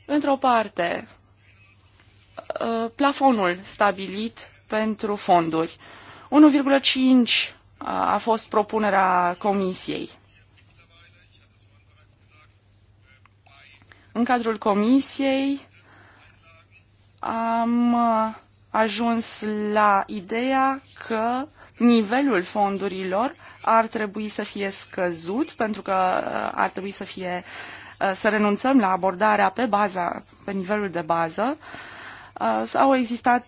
Într-o parte, uh, plafonul stabilit pentru fonduri. 1,5 uh, a fost propunerea comisiei. În cadrul comisiei am uh, ajuns la ideea că nivelul fondurilor ar trebui să fie scăzut pentru că uh, ar trebui să fie uh, să renunțăm la abordarea pe baza, pe nivelul de bază. Au existat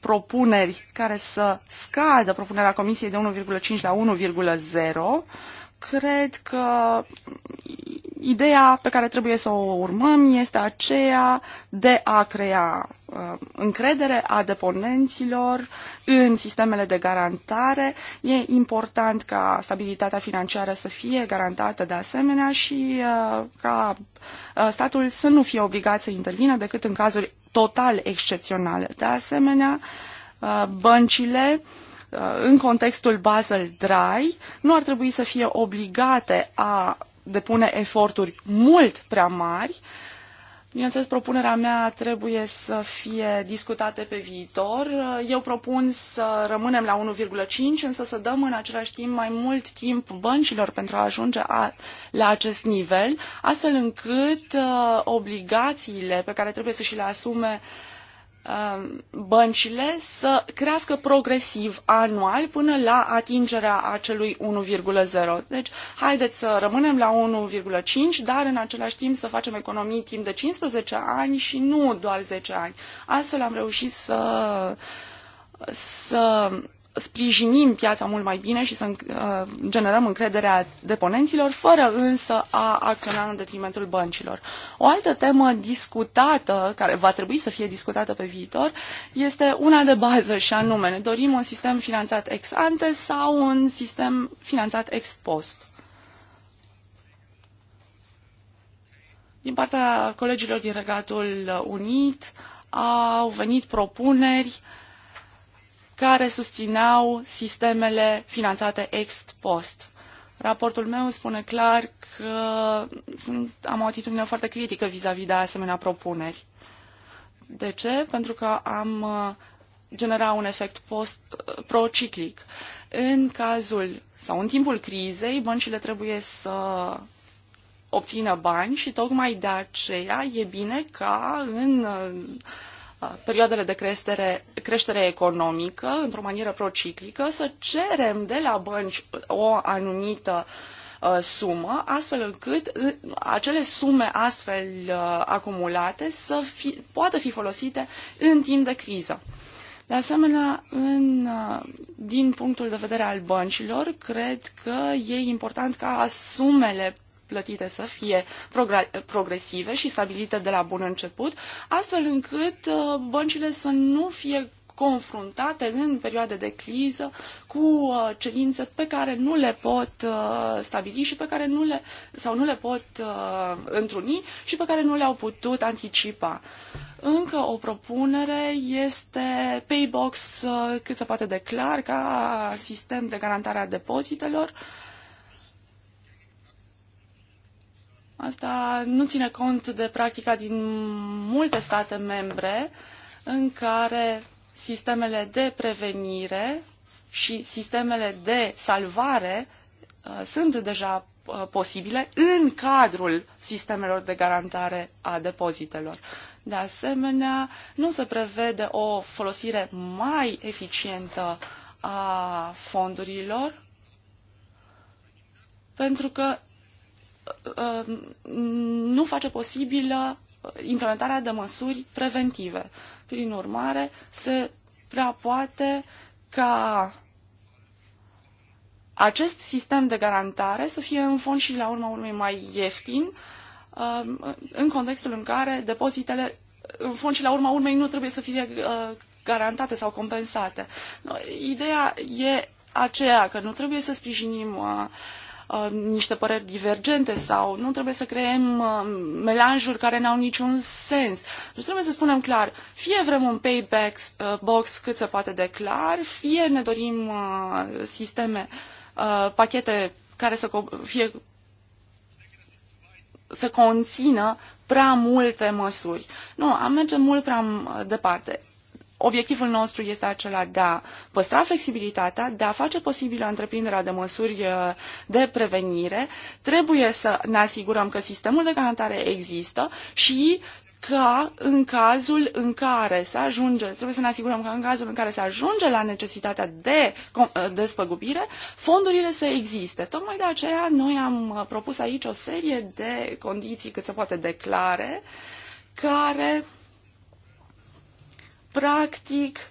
propuneri care să scadă propunerea Comisiei de 1,5 la 1,0. Cred că ideea pe care trebuie să o urmăm este aceea de a crea uh, încredere a deponenților în sistemele de garantare. E important ca stabilitatea financiară să fie garantată de asemenea și uh, ca uh, statul să nu fie obligat să intervină decât în cazuri total excepționale. De asemenea, băncile în contextul Basel Dry, nu ar trebui să fie obligate a depune eforturi mult prea mari. Bineînțeles, propunerea mea trebuie să fie discutată pe viitor. Eu propun să rămânem la 1,5, însă să dăm în același timp mai mult timp băncilor pentru a ajunge a, la acest nivel, astfel încât uh, obligațiile pe care trebuie să și le asume uh, Um, băncile să crească progresiv anual până la atingerea acelui 1,0. Deci, haideți să rămânem la 1,5, dar în același timp să facem economii timp de 15 ani și nu doar 10 ani. Astfel am reușit să, să sprijinim piața mult mai bine și să uh, generăm încrederea deponenților, fără însă a acționa în detrimentul băncilor. O altă temă discutată, care va trebui să fie discutată pe viitor, este una de bază și anume, ne dorim un sistem finanțat ex ante sau un sistem finanțat ex post. Din partea colegilor din Regatul Unit au venit propuneri care susțineau sistemele finanțate ex post. Raportul meu spune clar că sunt, am o atitudine foarte critică vis-a-vis -vis de asemenea propuneri. De ce? Pentru că am uh, genera un efect post, uh, prociclic. În cazul sau în timpul crizei, băncile trebuie să obțină bani și tocmai de aceea e bine ca în uh, perioadele de creștere, creștere economică într-o manieră prociclică, să cerem de la bănci o anumită uh, sumă, astfel încât uh, acele sume astfel uh, acumulate să fi, poată fi folosite în timp de criză. De asemenea, în, din punctul de vedere al băncilor, cred că e important ca sumele plătite să fie progresive și stabilite de la bun început, astfel încât uh, băncile să nu fie confruntate în perioade de criză cu uh, cerințe pe care nu le pot uh, stabili și pe care nu le, sau nu le pot întruni și pe care nu le-au putut anticipa. Încă o propunere este Paybox cât se poate declar ca sistem de garantare a depozitelor Asta nu ține cont de practica din multe state membre în care sistemele de prevenire și sistemele de salvare uh, sunt deja uh, posibile în cadrul sistemelor de garantare a depozitelor. De asemenea, nu se prevede o folosire mai eficientă a fondurilor pentru că Uh, nu face posibilă implementarea de măsuri preventive. Prin urmare, se prea poate ca acest sistem de garantare să fie în fond și la urma urmei mai ieftin uh, în contextul în care depozitele în fond și la urma urmei nu trebuie să fie uh, garantate sau compensate. Ideea e aceea că nu trebuie să sprijinim uh, Uh, niște păreri divergente sau nu trebuie să creăm uh, melanjuri care n-au niciun sens. Deci trebuie să spunem clar, fie vrem un payback uh, box cât se poate de clar, fie ne dorim uh, sisteme, uh, pachete care să fie să conțină prea multe măsuri. Nu, am merge mult prea uh, departe obiectivul nostru este acela de a păstra flexibilitatea, de a face posibilă întreprinderea de măsuri uh, de prevenire. Trebuie să ne asigurăm că sistemul de garantare există și ca în cazul în care se ajunge, trebuie să ne asigurăm că în cazul în care se ajunge la necesitatea de uh, despăgubire, fondurile să existe. Tocmai de aceea noi am uh, propus aici o serie de condiții cât se poate declare care practic,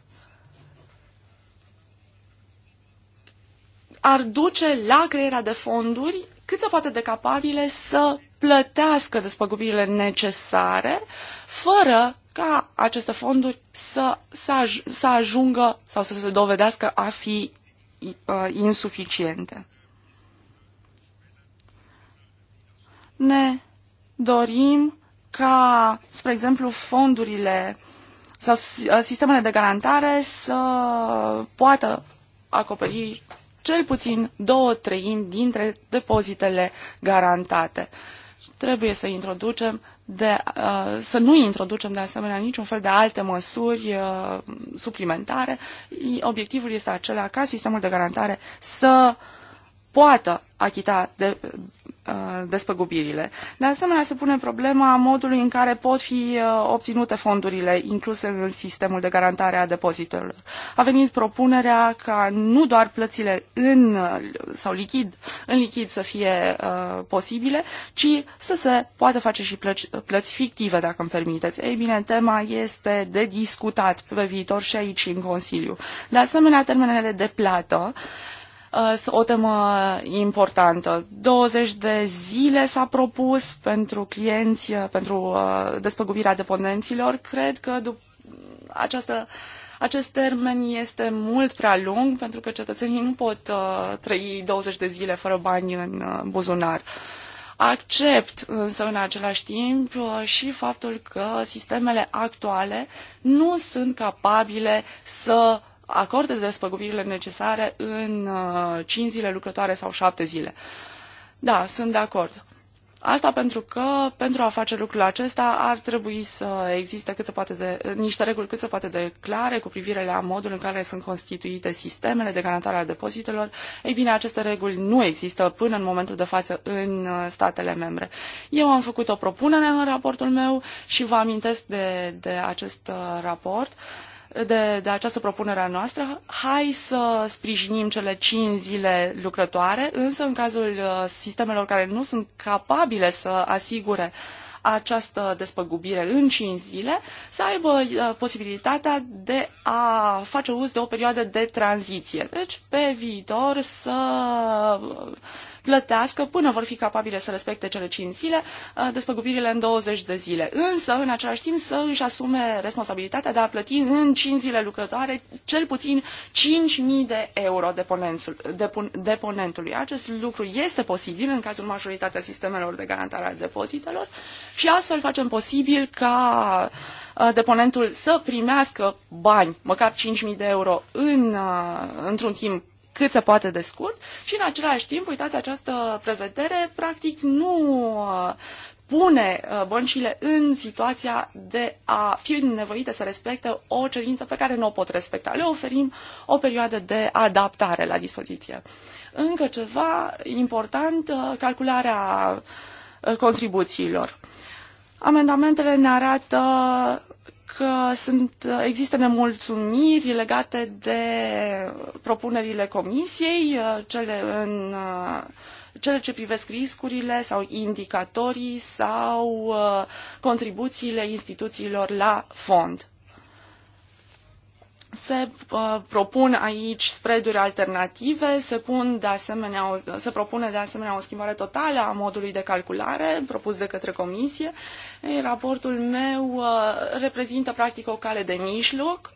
ar duce la crearea de fonduri cât se poate de capabile să plătească despăgubirile necesare, fără ca aceste fonduri să, să, aj- să ajungă sau să se dovedească a fi uh, insuficiente. Ne dorim ca, spre exemplu, fondurile uh, sau uh, sistemele de garantare să poată acoperi cel puțin două treimi dintre depozitele garantate. Trebuie să introducem de, uh, să nu introducem de asemenea niciun fel de alte măsuri uh, suplimentare. Obiectivul este acela ca sistemul de garantare să poată achita de, Uh, despăgubirile. De asemenea, se pune problema modului în care pot fi uh, obținute fondurile incluse în sistemul de garantare a depozitelor. A venit propunerea ca nu doar plățile în, uh, sau lichid, în lichid să fie uh, posibile, ci să se poată face și plăci, plăți fictive, dacă îmi permiteți. Ei bine, tema este de discutat pe viitor și aici în Consiliu. De asemenea, termenele de plată uh, Uh, o temă importantă. 20 de zile s-a propus pentru clienți, uh, pentru uh, despăgubirea deponenților. Cred că această, acest termen este mult prea lung pentru că cetățenii nu pot uh, trăi 20 de zile fără bani în uh, buzunar. Accept însă în același timp și faptul că sistemele actuale nu sunt capabile să acorde despăgubirile necesare în 5 uh, zile lucrătoare sau 7 zile. Da, sunt de acord. Asta pentru că, pentru a face lucrul acesta, ar trebui să existe cât se poate de, niște reguli cât se poate de clare cu privire la modul în care sunt constituite sistemele de garantare a depozitelor. Ei bine, aceste reguli nu există până în momentul de față în uh, statele membre. Eu am făcut o propunere în raportul meu și vă amintesc de, de acest uh, raport. Uh, de, de această propunere a noastră, hai să sprijinim cele 5 zile lucrătoare, însă în cazul uh, sistemelor care nu sunt capabile să asigure această despăgubire în 5 zile, să aibă uh, posibilitatea de a face uz de o perioadă de tranziție. Deci, pe viitor, să plătească până vor fi capabile să respecte cele 5 zile, uh, despăgubirile în 20 de zile. Însă, în același timp, să își asume responsabilitatea de a plăti în 5 zile lucrătoare cel puțin 5.000 de euro deponentului. Acest lucru este posibil în cazul majoritatea sistemelor de garantare a depozitelor și astfel facem posibil ca uh, deponentul să primească bani, măcar 5.000 de euro, în, uh, într-un timp cât se poate de scurt și în același timp, uitați, această prevedere practic nu uh, pune uh, băncile în situația de a fi nevoite să respecte o cerință pe care nu o pot respecta. Le oferim o perioadă de adaptare la dispoziție. Încă ceva important, uh, calcularea contribuțiilor. Amendamentele ne arată că sunt, există nemulțumiri legate de propunerile comisiei, uh, cele, în, uh, cele ce privesc riscurile sau indicatorii sau uh, contribuțiile instituțiilor la fond. Se uh, propun aici spreaduri alternative, se, pun de asemenea o, se propune de asemenea o schimbare totală a modului de calculare propus de către comisie. Ei, raportul meu uh, reprezintă practic o cale de mijloc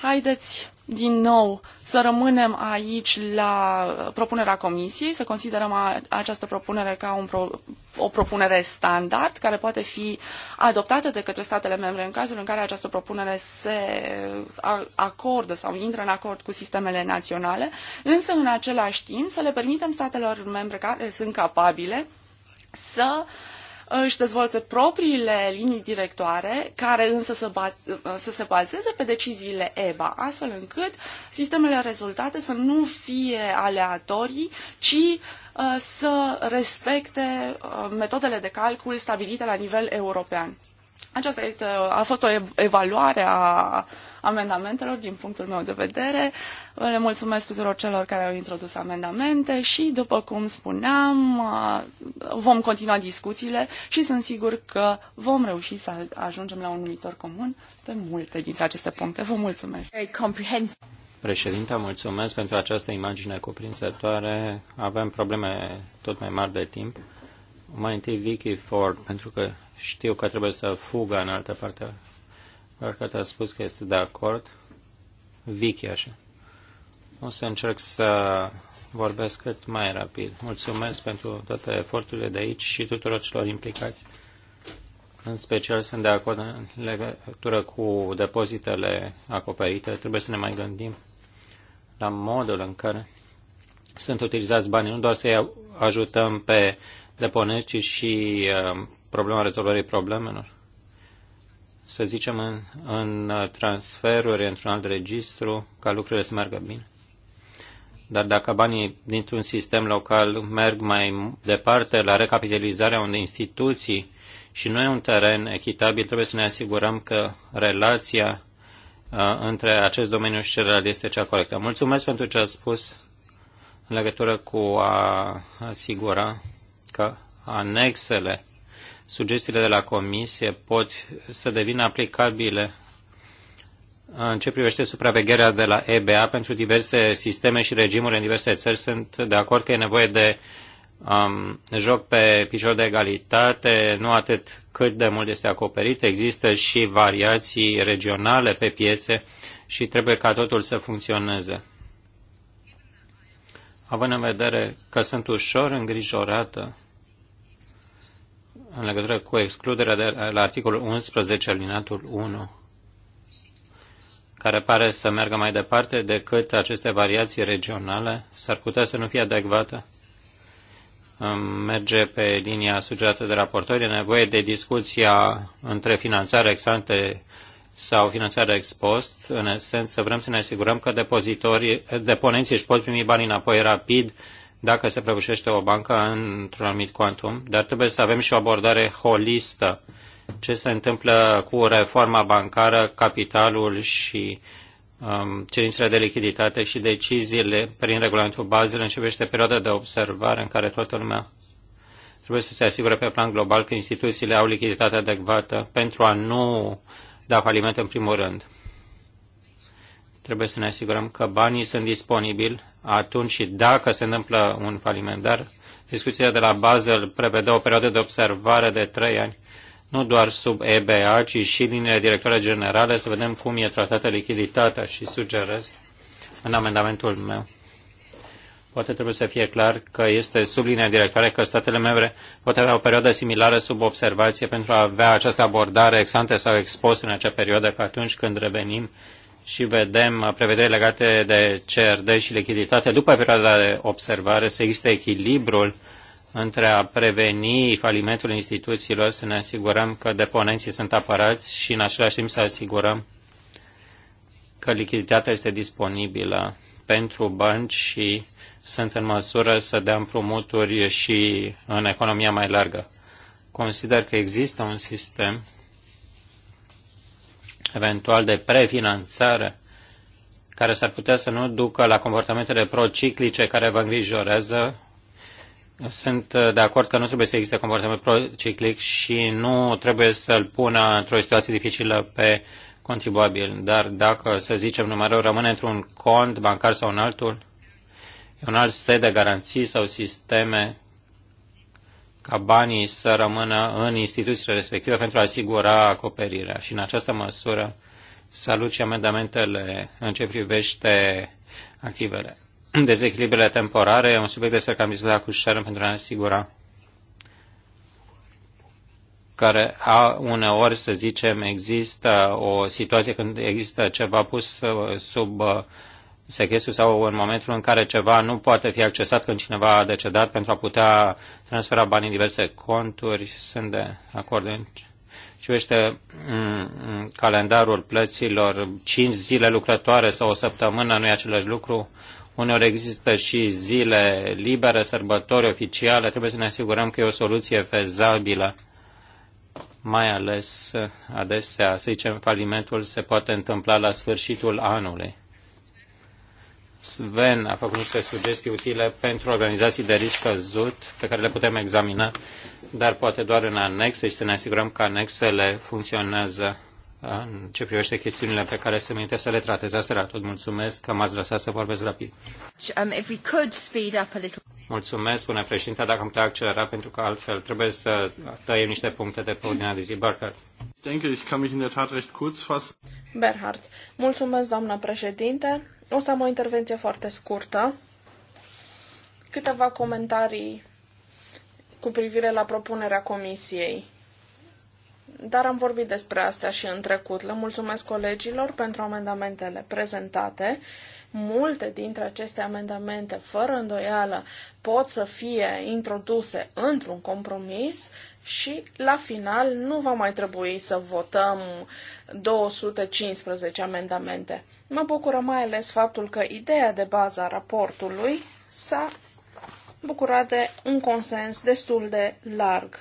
Haideți din nou să rămânem aici la propunerea comisiei, să considerăm a, această propunere ca un pro, o propunere standard care poate fi adoptată de către statele membre în cazul în care această propunere se acordă sau intră în acord cu sistemele naționale, însă în același timp să le permitem statelor membre care sunt capabile să uh, își dezvoltă propriile linii directoare, care însă să, să se bazeze pe deciziile EBA, astfel încât sistemele rezultate să nu fie aleatorii, ci uh, să respecte uh, metodele de calcul stabilite la nivel european. Aceasta este, a fost o evaluare a amendamentelor din punctul meu de vedere. Le mulțumesc tuturor celor care au introdus amendamente și, după cum spuneam, vom continua discuțiile și sunt sigur că vom reuși să ajungem la un numitor comun pe multe dintre aceste puncte. Vă mulțumesc! Președinte, mulțumesc pentru această imagine cuprinsătoare. Avem probleme tot mai mari de timp. Mai întâi Vicky Ford, pentru că știu că trebuie să fugă în altă parte. te a spus că este de acord. Vicky, așa. O să încerc să vorbesc cât mai rapid. Mulțumesc pentru toate eforturile de aici și tuturor celor implicați. În special sunt de acord în legătură cu depozitele acoperite. Trebuie să ne mai gândim la modul în care sunt utilizați banii, nu doar să-i ajutăm pe deponenți, ci și uh, problema rezolvării problemelor. Să zicem în, în transferuri, într-un alt registru, ca lucrurile să meargă bine. Dar dacă banii dintr-un sistem local merg mai departe la recapitalizarea unei instituții și nu e un teren echitabil, trebuie să ne asigurăm că relația uh, între acest domeniu și celălalt este cea corectă. Mulțumesc pentru ce ați spus în legătură cu a asigura că anexele sugestiile de la comisie pot să devină aplicabile în ce privește supravegherea de la EBA pentru diverse sisteme și regimuri în diverse țări, sunt de acord că e nevoie de um, joc pe picior de egalitate, nu atât cât de mult este acoperit, există și variații regionale pe piețe și trebuie ca totul să funcționeze. Având în vedere că sunt ușor îngrijorată în legătură cu excluderea de la articolul 11 alineatul 1, care pare să meargă mai departe decât aceste variații regionale, s-ar putea să nu fie adecvată. Merge pe linia sugerată de raportori, e nevoie de discuția între finanțare exante sau finanțare ex post. În esență, vrem să ne asigurăm că depozitorii, deponenții își pot primi banii înapoi rapid dacă se prăbușește o bancă într-un anumit cuantum, dar trebuie să avem și o abordare holistă. Ce se întâmplă cu reforma bancară, capitalul și um, cerințele de lichiditate și deciziile prin regulamentul bazelor începește perioada de observare în care toată lumea trebuie să se asigure pe plan global că instituțiile au lichiditate adecvată pentru a nu da faliment în primul rând. Trebuie să ne asigurăm că banii sunt disponibili atunci și dacă se întâmplă un faliment. Dar discuția de la Basel prevede o perioadă de observare de trei ani, nu doar sub EBA, ci și liniile directoare generale, să vedem cum e tratată lichiditatea și sugerez în amendamentul meu poate trebuie să fie clar că este sub linia directoare că statele membre pot avea o perioadă similară sub observație pentru a avea această abordare ex ante sau expusă în acea perioadă, că atunci când revenim și vedem prevederi legate de CRD și lichiditate, după perioada de observare să existe echilibrul între a preveni falimentul instituțiilor, să ne asigurăm că deponenții sunt apărați și în același timp să asigurăm că lichiditatea este disponibilă pentru bănci și sunt în măsură să dea împrumuturi și în economia mai largă. Consider că există un sistem eventual de prefinanțare, care s-ar putea să nu ducă la comportamentele prociclice care vă îngrijorează. Sunt uh, de acord că nu trebuie să existe comportament prociclic și nu trebuie să-l pună într-o situație dificilă pe contribuabil. Dar dacă, să zicem, numărul rămâne într-un cont bancar sau în altul, e un alt set de garanții sau sisteme ca banii să rămână în instituțiile respective pentru a asigura acoperirea. Și în această măsură salut și amendamentele în ce privește activele. Dezechilibrele temporare e un subiect despre care am discutat cu Sharon pentru a ne asigura care a, uneori, să zicem, există o situație când există ceva pus sub sechestru sau în momentul în care ceva nu poate fi accesat când cineva a decedat pentru a putea transfera bani în diverse conturi, sunt de acord. Și vește mm, mm, calendarul plăților, 5 zile lucrătoare sau o săptămână nu e același lucru. Uneori există și zile libere, sărbători oficiale, trebuie să ne asigurăm că e o soluție fezabilă mai ales adesea, să zicem, falimentul se poate întâmpla la sfârșitul anului. Sven a făcut niște sugestii utile pentru organizații de risc căzut pe care le putem examina, dar poate doar în anexe și să ne asigurăm că anexele funcționează în ce privește chestiunile pe care se minte să le trateze. Asta era tot. Mulțumesc că m-ați lăsat să vorbesc rapid. Um, mulțumesc, spune președinte, dacă am putea accelera, pentru că altfel trebuie să tăiem niște puncte de pe ordinea de zi. Barcard. Denke, ich kann mich in der Tat recht kurz fassen. Berhard, mulțumesc, doamnă președinte. O să am o intervenție foarte scurtă. Câteva comentarii cu privire la propunerea comisiei. Dar am vorbit despre asta și în trecut. Le mulțumesc colegilor pentru amendamentele prezentate. Multe dintre aceste amendamente, fără îndoială, pot să fie introduse într-un compromis și, la final, nu va mai trebui să votăm 215 amendamente. Mă bucură mai ales faptul că ideea de bază a raportului s-a bucurat de un consens destul de larg.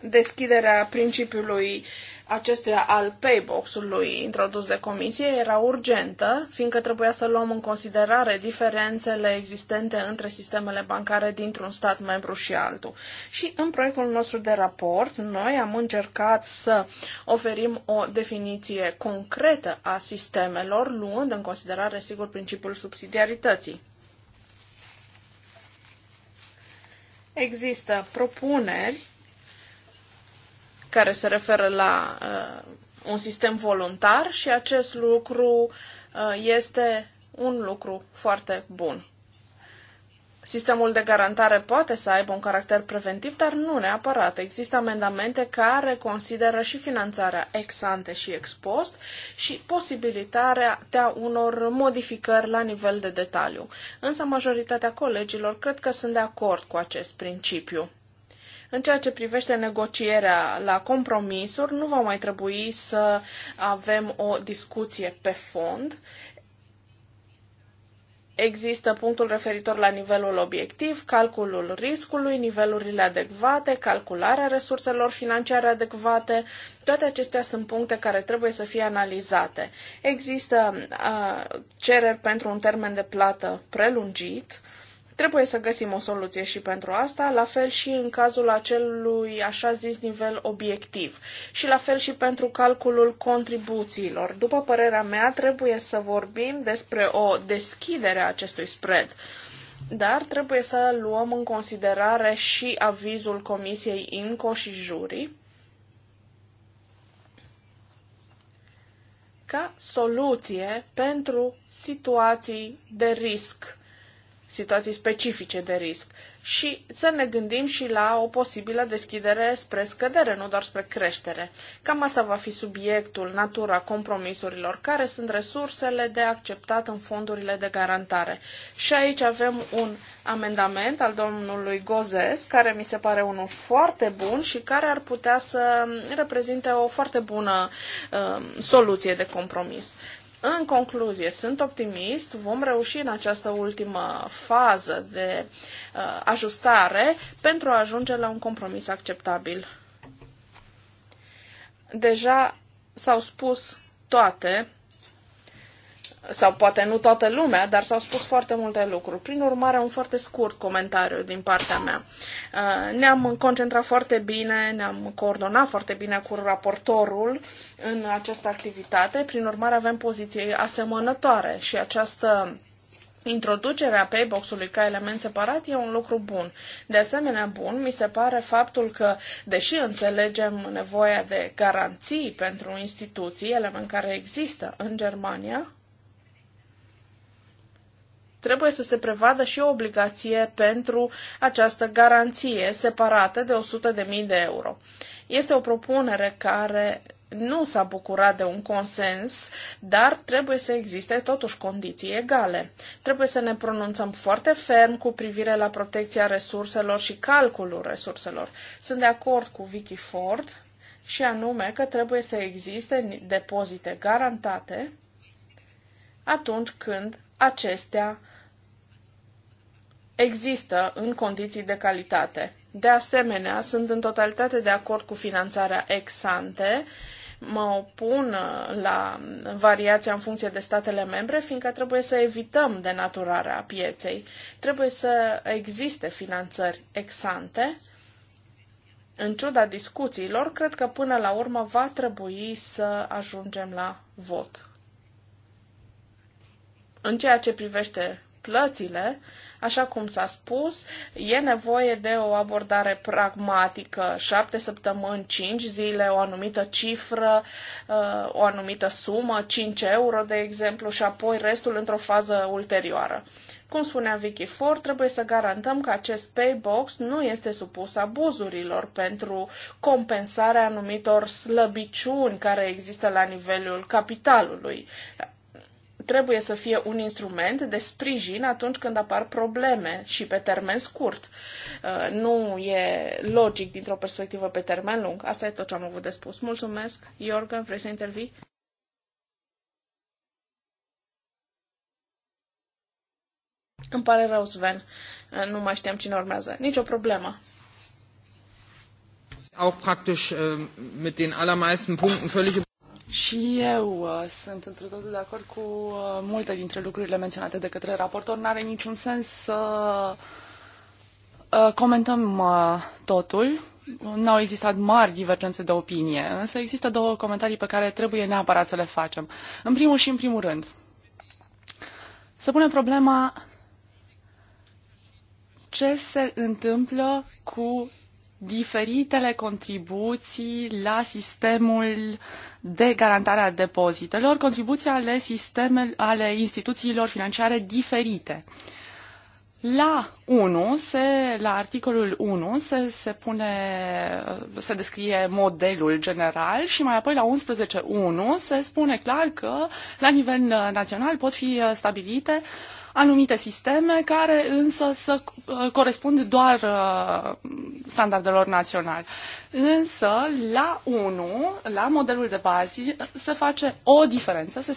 Deschiderea principiului acestuia al paybox-ului introdus de comisie era urgentă, fiindcă trebuia să luăm în considerare diferențele existente între sistemele bancare dintr-un stat membru și altul. Și în proiectul nostru de raport, noi am încercat să oferim o definiție concretă a sistemelor, luând în considerare, sigur, principiul subsidiarității. Există propuneri care se referă la uh, un sistem voluntar și acest lucru uh, este un lucru foarte bun. Sistemul de garantare poate să aibă un caracter preventiv, dar nu neapărat. Există amendamente care consideră și finanțarea ex ante și ex post și posibilitatea unor modificări la nivel de detaliu. Însă majoritatea colegilor cred că sunt de acord cu acest principiu. În ceea ce privește negocierea la compromisuri, nu va mai trebui să avem o discuție pe fond. Există punctul referitor la nivelul obiectiv, calculul riscului, nivelurile adecvate, calcularea resurselor financiare adecvate. Toate acestea sunt puncte care trebuie să fie analizate. Există uh, cereri pentru un termen de plată prelungit Trebuie să găsim o soluție și pentru asta, la fel și în cazul acelui așa zis nivel obiectiv și la fel și pentru calculul contribuțiilor. După părerea mea, trebuie să vorbim despre o deschidere a acestui spread dar trebuie să luăm în considerare și avizul Comisiei INCO și jurii ca soluție pentru situații de risc situații specifice de risc și să ne gândim și la o posibilă deschidere spre scădere, nu doar spre creștere. Cam asta va fi subiectul, natura compromisurilor, care sunt resursele de acceptat în fondurile de garantare. Și aici avem un amendament al domnului Gozes, care mi se pare unul foarte bun și care ar putea să reprezinte o foarte bună uh, soluție de compromis. În concluzie, sunt optimist, vom reuși în această ultimă fază de uh, ajustare pentru a ajunge la un compromis acceptabil. Deja s-au spus toate sau poate nu toată lumea, dar s-au spus foarte multe lucruri. Prin urmare, un foarte scurt comentariu din partea mea. Uh, ne-am concentrat foarte bine, ne-am coordonat foarte bine cu raportorul în această activitate, prin urmare avem poziții asemănătoare și această Introducerea Paybox-ului ca element separat e un lucru bun. De asemenea, bun mi se pare faptul că, deși înțelegem nevoia de garanții pentru instituții, element care există în Germania, trebuie să se prevadă și o obligație pentru această garanție separată de 100.000 de euro. Este o propunere care nu s-a bucurat de un consens, dar trebuie să existe totuși condiții egale. Trebuie să ne pronunțăm foarte ferm cu privire la protecția resurselor și calculul resurselor. Sunt de acord cu Vicky Ford și anume că trebuie să existe depozite garantate atunci când acestea există în condiții de calitate. De asemenea, sunt în totalitate de acord cu finanțarea ex ante, mă opun uh, la variația în funcție de statele membre, fiindcă trebuie să evităm denaturarea pieței. Trebuie să existe finanțări ex ante. În ciuda discuțiilor, cred că până la urmă va trebui să ajungem la vot în ceea ce privește plățile, așa cum s-a spus, e nevoie de o abordare pragmatică, șapte săptămâni, cinci zile, o anumită cifră, uh, o anumită sumă, 5 euro, de exemplu, și apoi restul într-o fază ulterioară. Cum spunea Vicky Ford, trebuie să garantăm că acest paybox nu este supus abuzurilor pentru compensarea anumitor slăbiciuni care există la nivelul capitalului trebuie să fie un instrument de sprijin atunci când apar probleme și pe termen scurt. Uh, nu e logic dintr-o perspectivă pe termen lung. Asta e tot ce am avut de spus. Mulțumesc. Iorgen, vrei să intervii? Îmi pare rău, Sven. Uh, nu mai știam cine urmează. Nicio problemă. Auch praktisch äh, mit den allermeisten Punkten völlig și eu uh, sunt într totul de acord cu uh, multe dintre lucrurile menționate de către raportor. N-are niciun sens să uh, comentăm totul. Nu au existat mari divergențe de opinie, însă există două comentarii pe care trebuie neapărat să le facem. În primul și în primul rând, Să punem problema ce se întâmplă cu diferitele contribuții la sistemul de garantare a depozitelor, contribuții ale, sistemel, ale instituțiilor financiare diferite. La 1, se, la articolul 1 se, se pune, se descrie modelul general și mai apoi la 11.1 se spune clar că la nivel național pot fi stabilite uh, anumite sisteme care însă să uh, corespund doar uh, standardelor naționale. Însă, la 1, la modelul de bază, se face o diferență, se,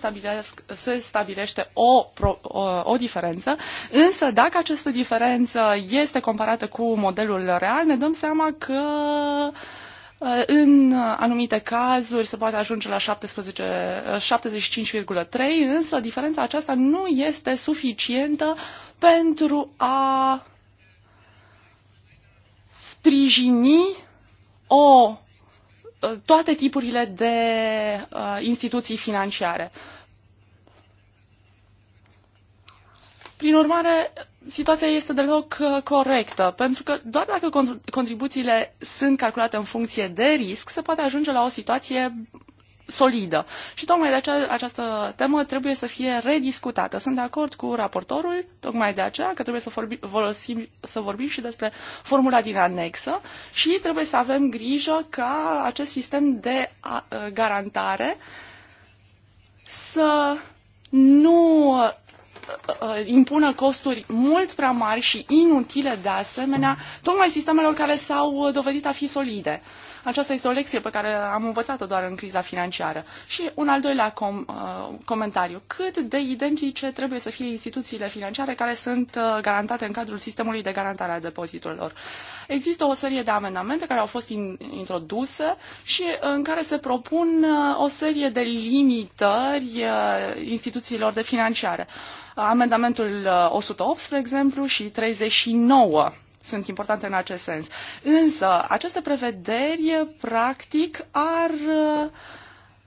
se stabilește o, pro, o, o diferență, însă dacă această diferență este comparată cu modelul real, ne dăm seama că uh, Uh, în uh, anumite cazuri se poate ajunge la 17, 75,3, uh, însă diferența aceasta nu este suficientă pentru a sprijini o, toate tipurile de uh, instituții financiare. Uh, Prin urmare, situația este deloc uh, corectă, pentru că doar dacă contribuțiile sunt calculate în funcție de risc, se poate ajunge la o situație solidă. Și tocmai de aceea această temă trebuie să fie rediscutată. Sunt de acord cu raportorul, tocmai de aceea că trebuie să, vorbi, folosim, să vorbim și despre formula din anexă și trebuie să avem grijă ca acest sistem de uh, garantare să nu Uh, impună costuri mult prea mari și inutile de asemenea, tocmai sistemelor care s-au uh, dovedit a fi solide. Aceasta este o lecție pe care am învățat-o doar în criza financiară. Și un al doilea com, uh, comentariu. Cât de identice trebuie să fie instituțiile financiare care sunt uh, garantate în cadrul sistemului de garantare a depozitelor? Există o serie de amendamente care au fost in, introduse și uh, în care se propun uh, o serie de limitări uh, instituțiilor de financiare. Amendamentul 108, uh, spre exemplu, și 39 sunt importante în acest sens. Însă, aceste prevederi, practic, ar uh,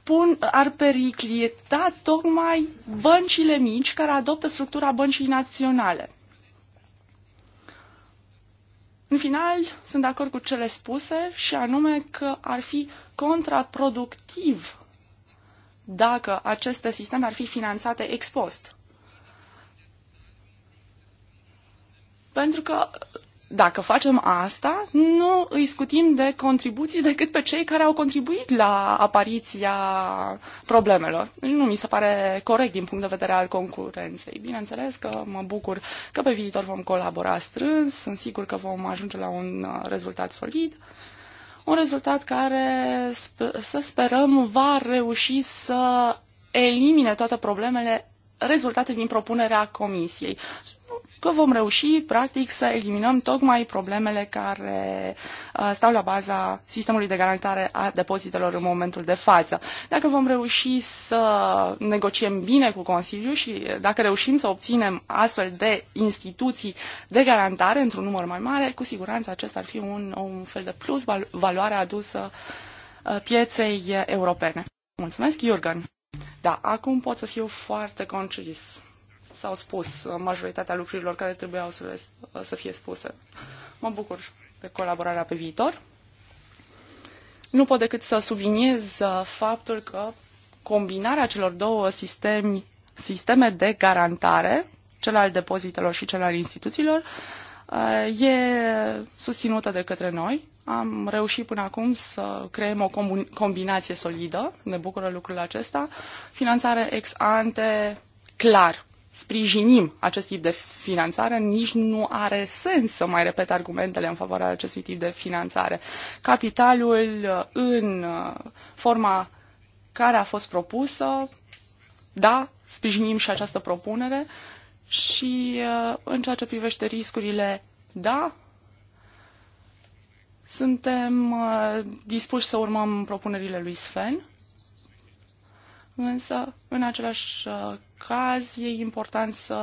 pun, ar periclita tocmai băncile mici care adoptă structura băncii naționale. În final, sunt de acord cu cele spuse și anume că ar fi contraproductiv dacă aceste sisteme ar fi finanțate ex post. Pentru că dacă facem asta, nu îi scutim de contribuții decât pe cei care au contribuit la apariția problemelor. Deci nu mi se pare corect din punct de vedere al concurenței. Bineînțeles că mă bucur că pe viitor vom colabora strâns, sunt sigur că vom ajunge la un uh, rezultat solid un rezultat care, să sperăm, va reuși să elimine toate problemele rezultate din propunerea comisiei că vom reuși, practic, să eliminăm tocmai problemele care uh, stau la baza sistemului de garantare a depozitelor în momentul de față. Dacă vom reuși să negociem bine cu Consiliul și dacă reușim să obținem astfel de instituții de garantare într-un număr mai mare, cu siguranță acesta ar fi un, un fel de plus valoare adusă uh, pieței europene. Mulțumesc, Jurgen! Da, acum pot să fiu foarte concis s-au spus uh, majoritatea lucrurilor care trebuiau să, le, uh, să fie spuse. Mă bucur de colaborarea pe viitor. Nu pot decât să subliniez uh, faptul că combinarea celor două sistemi, sisteme de garantare, cel al depozitelor și cel al instituțiilor, e susținută de către noi. Am reușit până acum să creăm o combinație solidă, ne bucură lucrul acesta, finanțare ex ante clar sprijinim acest tip de finanțare, nici nu are sens să mai repet argumentele în favoarea acestui tip de finanțare. Capitalul uh, în uh, forma care a fost propusă, da, sprijinim și această propunere și uh, în ceea ce privește riscurile, da, suntem dispuși să urmăm propunerile lui Sven însă, în același uh, caz, e important să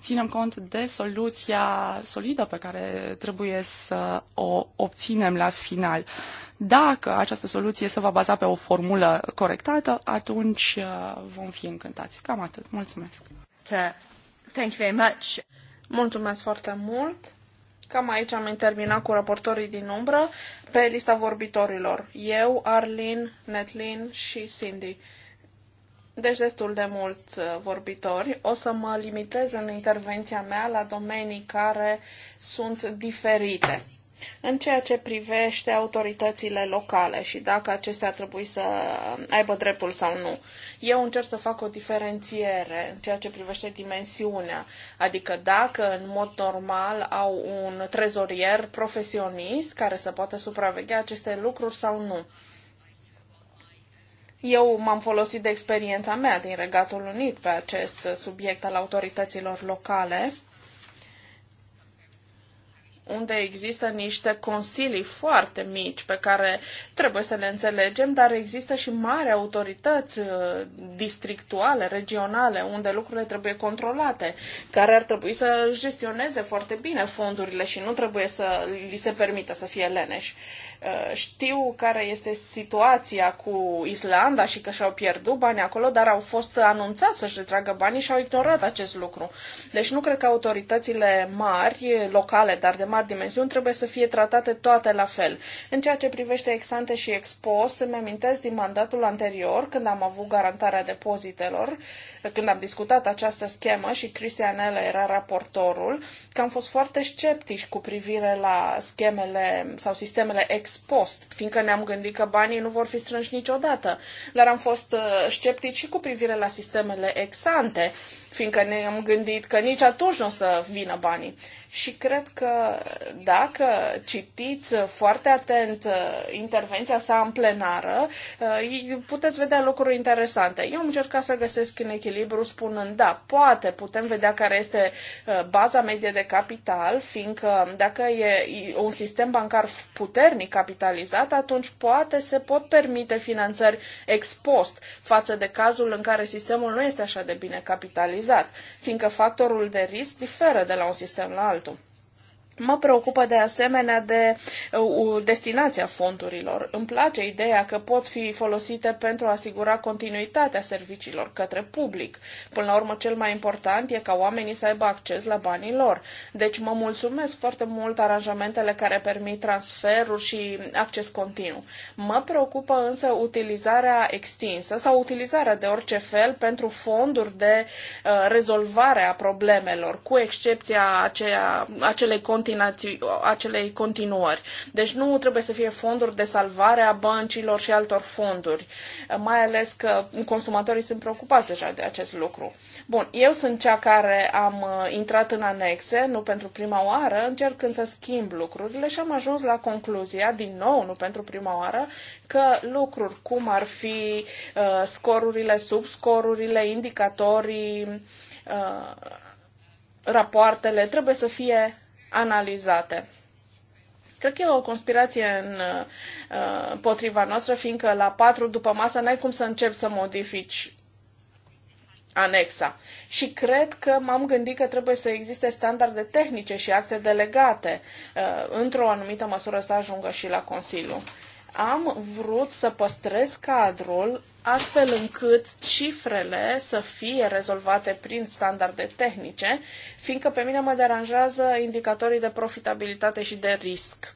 ținem cont de soluția solidă pe care trebuie să o obținem la final. Dacă această soluție se va baza pe o formulă corectată, atunci uh, vom fi încântați. Cam atât. Mulțumesc! Thank you very much. Mulțumesc foarte mult! Cam aici am terminat cu raportorii din umbră pe lista vorbitorilor. Eu, Arlin, Netlin și Cindy deci destul de mulți uh, vorbitori. O să mă limitez în intervenția mea la domenii care sunt diferite. În ceea ce privește autoritățile locale și dacă acestea trebuie să aibă dreptul sau nu, eu încerc să fac o diferențiere în ceea ce privește dimensiunea. Adică dacă în mod normal au un trezorier profesionist care să poată supraveghea aceste lucruri sau nu. Eu m-am folosit de experiența mea din Regatul Unit pe acest subiect al autorităților locale, unde există niște consilii foarte mici pe care trebuie să le înțelegem, dar există și mari autorități uh, districtuale, regionale, unde lucrurile trebuie controlate, care ar trebui să gestioneze foarte bine fondurile și nu trebuie să li se permită să fie leneși. Eh, știu care este situația cu Islanda și că și-au pierdut banii acolo, dar au fost anunțați să-și retragă banii și au ignorat acest lucru. Deci nu cred că autoritățile mari, locale, dar de mari dimensiuni, trebuie să fie tratate toate la fel. În ceea ce privește exante și expost, îmi amintesc din mandatul anterior, când am avut garantarea depozitelor, eh, când am discutat această schemă și Cristian Ele era raportorul, că am fost foarte sceptici cu privire la schemele sau sistemele ex post, fiindcă ne-am gândit că banii nu vor fi strânși niciodată. Dar am fost uh, sceptici și cu privire la sistemele ex ante, fiindcă ne-am gândit că nici atunci nu o să vină banii. Și cred că dacă citiți foarte atent uh, intervenția sa în plenară, uh, puteți vedea lucruri interesante. Eu am încercat să găsesc în echilibru spunând, da, poate putem vedea care este uh, baza medie de capital, fiindcă dacă e un sistem bancar puternic capitalizat, atunci poate se pot permite finanțări ex post față de cazul în care sistemul nu este așa de bine capitalizat, fiindcă factorul de risc diferă de la un sistem la altul raportul. Mă preocupă de asemenea de uh, destinația fondurilor. Îmi place ideea că pot fi folosite pentru a asigura continuitatea serviciilor către public. Până la urmă, cel mai important e ca oamenii să aibă acces la banii lor. Deci mă mulțumesc foarte mult aranjamentele care permit transferuri și acces continuu. Mă preocupă însă utilizarea extinsă sau utilizarea de orice fel pentru fonduri de uh, rezolvare a problemelor, cu excepția aceea, acelei cont acelei continuări. Deci nu trebuie să fie fonduri de salvare a băncilor și altor fonduri, mai ales că consumatorii sunt preocupați deja de acest lucru. Bun, eu sunt cea care am uh, intrat în anexe, nu pentru prima oară, încercând să schimb lucrurile și am ajuns la concluzia, din nou, nu pentru prima oară, că lucruri cum ar fi uh, scorurile, subscorurile, indicatorii, uh, rapoartele trebuie să fie analizate. Cred că e o conspirație în, împotriva uh, noastră, fiindcă la 4 după masă n-ai cum să începi să modifici anexa. Și cred că m-am gândit că trebuie să existe standarde tehnice și acte delegate, uh, într-o anumită măsură să ajungă și la Consiliu am vrut să păstrez cadrul astfel încât cifrele să fie rezolvate prin standarde tehnice, fiindcă pe mine mă deranjează indicatorii de profitabilitate și de risc.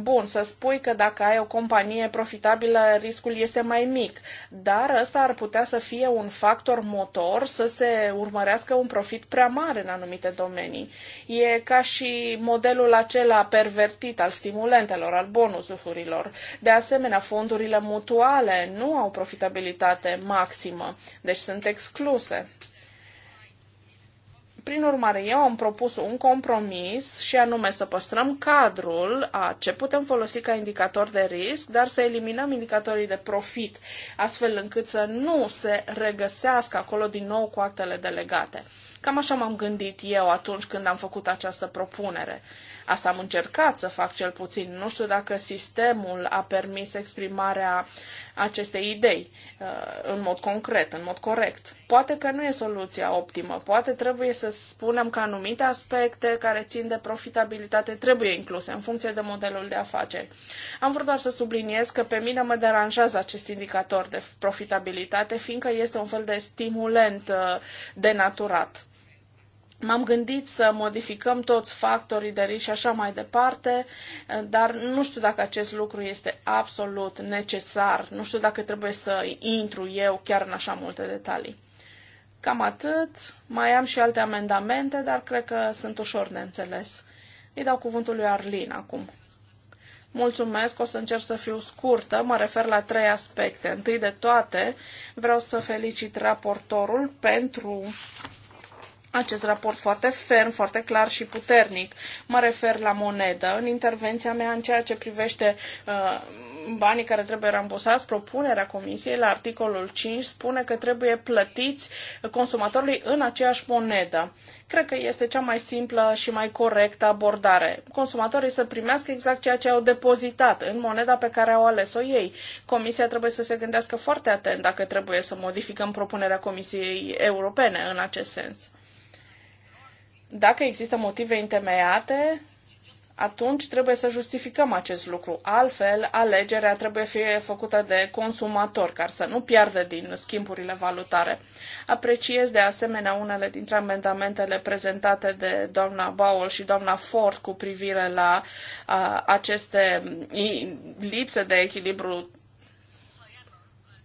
Bun, să spui că dacă ai o companie profitabilă, riscul este mai mic, dar ăsta ar putea să fie un factor motor să se urmărească un profit prea mare în anumite domenii. E ca și modelul acela pervertit al stimulentelor, al bonusurilor. De asemenea, fondurile mutuale nu au profitabilitate maximă, deci sunt excluse. Prin urmare, eu am propus un compromis și anume să păstrăm cadrul a ce putem folosi ca indicator de risc, dar să eliminăm indicatorii de profit, astfel încât să nu se regăsească acolo din nou cu actele delegate. Cam așa m-am gândit eu atunci când am făcut această propunere. Asta am încercat să fac cel puțin. Nu știu dacă sistemul a permis exprimarea acestei idei uh, în mod concret, în mod corect. Poate că nu e soluția optimă. Poate trebuie să spunem că anumite aspecte care țin de profitabilitate trebuie incluse în funcție de modelul de afaceri. Am vrut doar să subliniez că pe mine mă deranjează acest indicator de profitabilitate, fiindcă este un fel de stimulent uh, denaturat. M-am gândit să modificăm toți factorii de risc și așa mai departe, dar nu știu dacă acest lucru este absolut necesar, nu știu dacă trebuie să intru eu chiar în așa multe detalii. Cam atât, mai am și alte amendamente, dar cred că sunt ușor de înțeles. Îi dau cuvântul lui Arlin acum. Mulțumesc, o să încerc să fiu scurtă, mă refer la trei aspecte. Întâi de toate, vreau să felicit raportorul pentru acest raport foarte ferm, foarte clar și puternic. Mă refer la monedă. În intervenția mea în ceea ce privește uh, banii care trebuie rambursați, propunerea Comisiei la articolul 5 spune că trebuie plătiți consumatorului în aceeași monedă. Cred că este cea mai simplă și mai corectă abordare. Consumatorii să primească exact ceea ce au depozitat în moneda pe care au ales-o ei. Comisia trebuie să se gândească foarte atent dacă trebuie să modificăm propunerea Comisiei Europene în acest sens. Dacă există motive întemeiate, atunci trebuie să justificăm acest lucru. Altfel, alegerea trebuie fie făcută de consumator, ca să nu piardă din schimburile valutare. Apreciez de asemenea unele dintre amendamentele prezentate de doamna Bowell și doamna Ford cu privire la a, aceste lipse de echilibru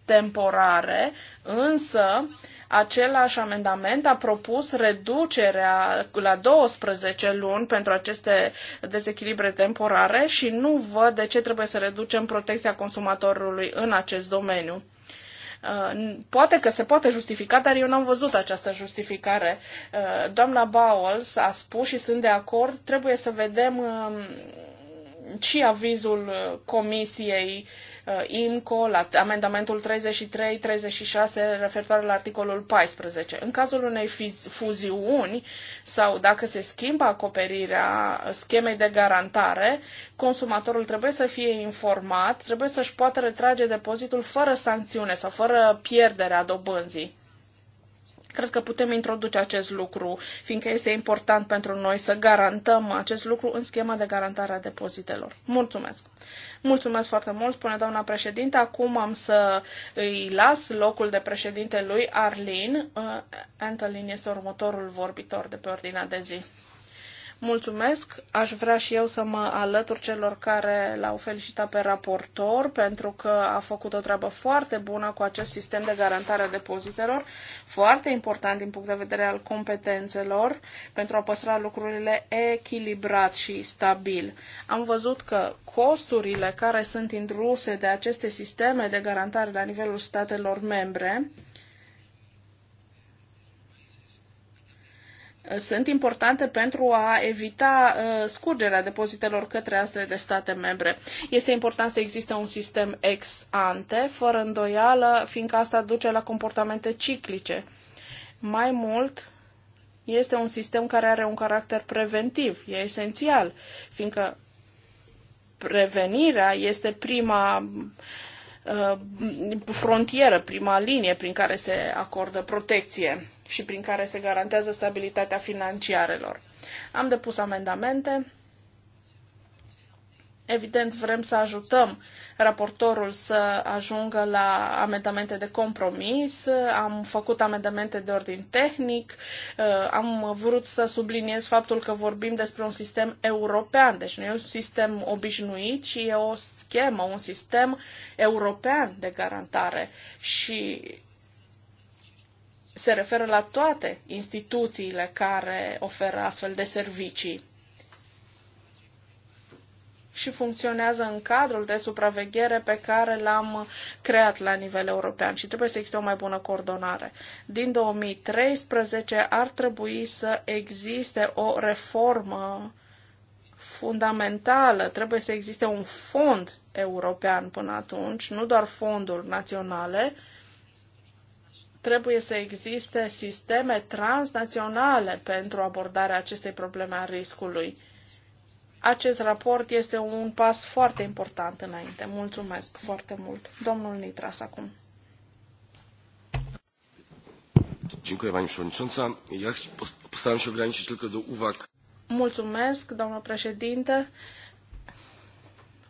temporare, însă uh, Același amendament a propus reducerea la 12 luni pentru aceste dezechilibre temporare și nu văd de ce trebuie să reducem protecția consumatorului în acest domeniu. Uh, poate că se poate justifica, dar eu n-am văzut această justificare. Uh, doamna Bowles a spus și sunt de acord, trebuie să vedem um, și avizul uh, Comisiei uh, IMCO la amendamentul 33-36 referitoare la articolul 14. În cazul unei fuziuni sau dacă se schimbă acoperirea schemei de garantare, consumatorul trebuie să fie informat, trebuie să-și poată retrage depozitul fără sancțiune sau fără pierderea dobânzii. Cred că putem introduce acest lucru, fiindcă este important pentru noi să garantăm acest lucru în schema de garantare a depozitelor. Mulțumesc! Mulțumesc foarte mult, spune doamna președinte. Acum am să îi las locul de președinte lui Arlin. Uh, Antolin este următorul vorbitor de pe ordinea de zi. Mulțumesc! Aș vrea și eu să mă alătur celor care l-au felicitat pe raportor pentru că a făcut o treabă foarte bună cu acest sistem de garantare a depozitelor, foarte important din punct de vedere al competențelor, pentru a păstra lucrurile echilibrat și stabil. Am văzut că costurile care sunt indruse de aceste sisteme de garantare la nivelul statelor membre, sunt importante pentru a evita uh, scurgerea depozitelor către astfel de state membre. Este important să existe un sistem ex ante, fără îndoială, fiindcă asta duce la comportamente ciclice. Mai mult, este un sistem care are un caracter preventiv, e esențial, fiindcă prevenirea este prima Uh, frontieră, prima linie prin care se acordă protecție și prin care se garantează stabilitatea financiarelor. Am depus amendamente Evident, vrem să ajutăm raportorul să ajungă la amendamente de compromis. Am făcut amendamente de ordin tehnic. Uh, am vrut să subliniez faptul că vorbim despre un sistem european, deci nu e un sistem obișnuit, ci e o schemă, un sistem european de garantare. Și se referă la toate instituțiile care oferă astfel de servicii și funcționează în cadrul de supraveghere pe care l-am creat la nivel european și trebuie să existe o mai bună coordonare. Din 2013 ar trebui să existe o reformă fundamentală, trebuie să existe un fond european până atunci, nu doar fonduri naționale, trebuie să existe sisteme transnaționale pentru abordarea acestei probleme a riscului acest raport este un pas foarte important înainte. Mulțumesc foarte mult. Domnul Nitras acum. Dziękuję Pani Przewodnicząca. Ja postaram się ograniczyć tylko do uwag. Mulțumesc, doamnă președinte.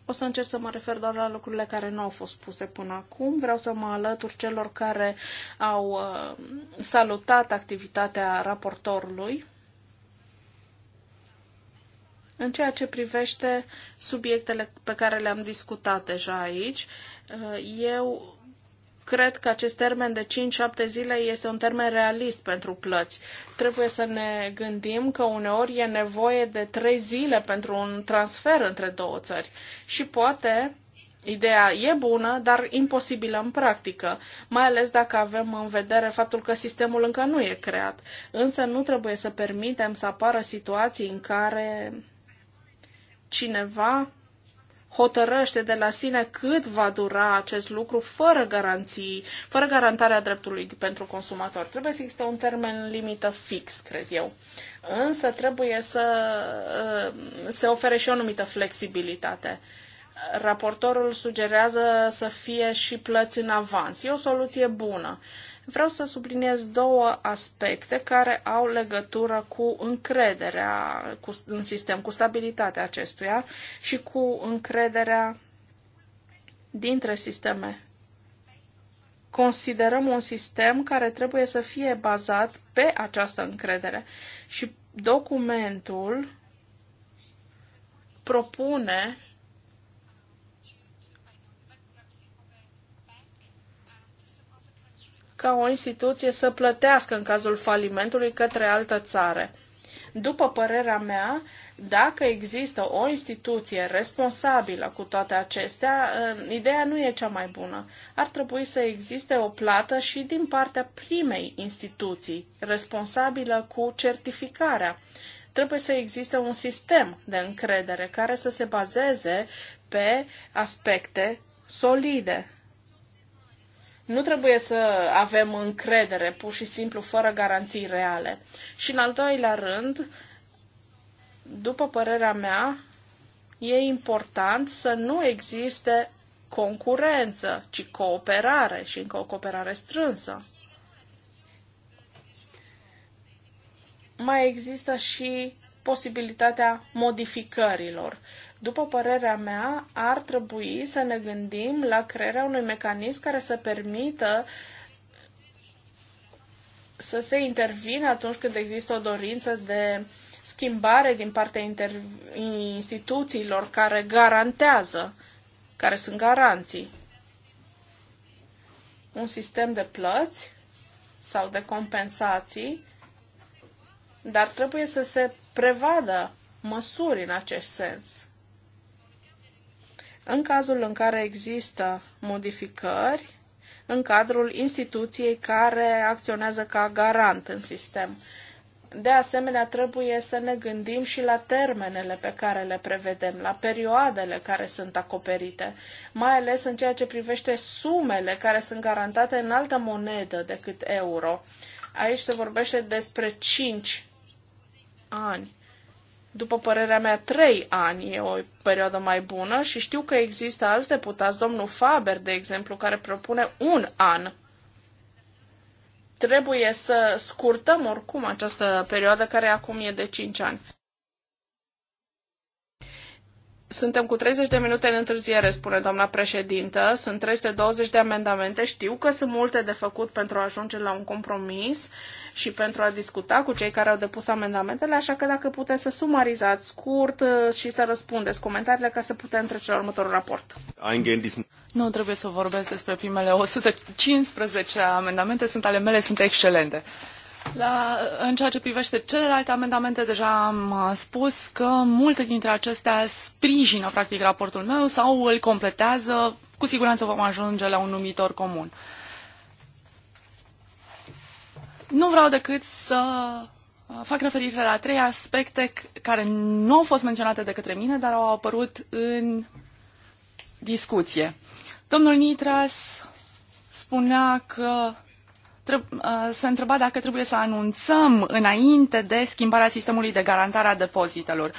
O să încerc să mă refer doar la lucrurile care nu au fost puse până acum. Vreau să mă alătur celor care au uh, salutat activitatea raportorului în ceea ce privește subiectele pe care le-am discutat deja aici, uh, eu cred că acest termen de 5-7 zile este un termen realist pentru plăți. Trebuie să ne gândim că uneori e nevoie de 3 zile pentru un transfer între două țări și poate Ideea e bună, dar imposibilă în practică, mai ales dacă avem în vedere faptul că sistemul încă nu e creat. Însă nu trebuie să permitem să apară situații în care cineva hotărăște de la sine cât va dura acest lucru fără garanții, fără garantarea dreptului pentru consumator. Trebuie să existe un termen limită fix, cred eu. Însă trebuie să uh, se ofere și o anumită flexibilitate. Raportorul sugerează să fie și plăți în avans. E o soluție bună. Vreau să subliniez două aspecte care au legătură cu încrederea cu, în sistem, cu stabilitatea acestuia și cu încrederea dintre sisteme. Considerăm un sistem care trebuie să fie bazat pe această încredere și documentul propune ca o instituție să plătească în cazul falimentului către altă țară. După părerea mea, dacă există o instituție responsabilă cu toate acestea, eh, ideea nu e cea mai bună. Ar trebui să existe o plată și din partea primei instituții responsabilă cu certificarea. Trebuie să existe un sistem de încredere care să se bazeze pe aspecte solide nu trebuie să avem încredere, pur și simplu, fără garanții reale. Și în al doilea rând, după părerea mea, e important să nu existe concurență, ci cooperare și încă o cooperare strânsă. Mai există și posibilitatea modificărilor. După părerea mea, ar trebui să ne gândim la crearea unui mecanism care să permită să se intervină atunci când există o dorință de schimbare din partea inter- instituțiilor care garantează, care sunt garanții. Un sistem de plăți sau de compensații, dar trebuie să se prevadă măsuri în acest sens în cazul în care există modificări în cadrul instituției care acționează ca garant în sistem. De asemenea, trebuie să ne gândim și la termenele pe care le prevedem, la perioadele care sunt acoperite, mai ales în ceea ce privește sumele care sunt garantate în altă monedă decât euro. Aici se vorbește despre 5 ani după părerea mea, trei ani e o perioadă mai bună și știu că există alți deputați, domnul Faber, de exemplu, care propune un an. Trebuie să scurtăm oricum această perioadă care acum e de cinci ani. Suntem cu 30 de minute în întârziere, spune doamna președintă. Sunt 320 de amendamente. Știu că sunt multe de făcut pentru a ajunge la un compromis și pentru a discuta cu cei care au depus amendamentele, așa că dacă puteți să sumarizați scurt uh, și să răspundeți comentariile ca să putem trece la următorul raport. Nu trebuie să vorbesc despre primele 115 amendamente, sunt ale mele, sunt excelente. La, în ceea ce privește celelalte amendamente, deja am uh, spus că multe dintre acestea sprijină practic raportul meu sau îl completează. Cu siguranță vom ajunge la un numitor comun. Nu vreau decât să uh, fac referire la trei aspecte care nu au fost menționate de către mine, dar au apărut în discuție. Domnul Nitras spunea că Uh, se întreba dacă trebuie să anunțăm înainte de schimbarea sistemului de garantare a depozitelor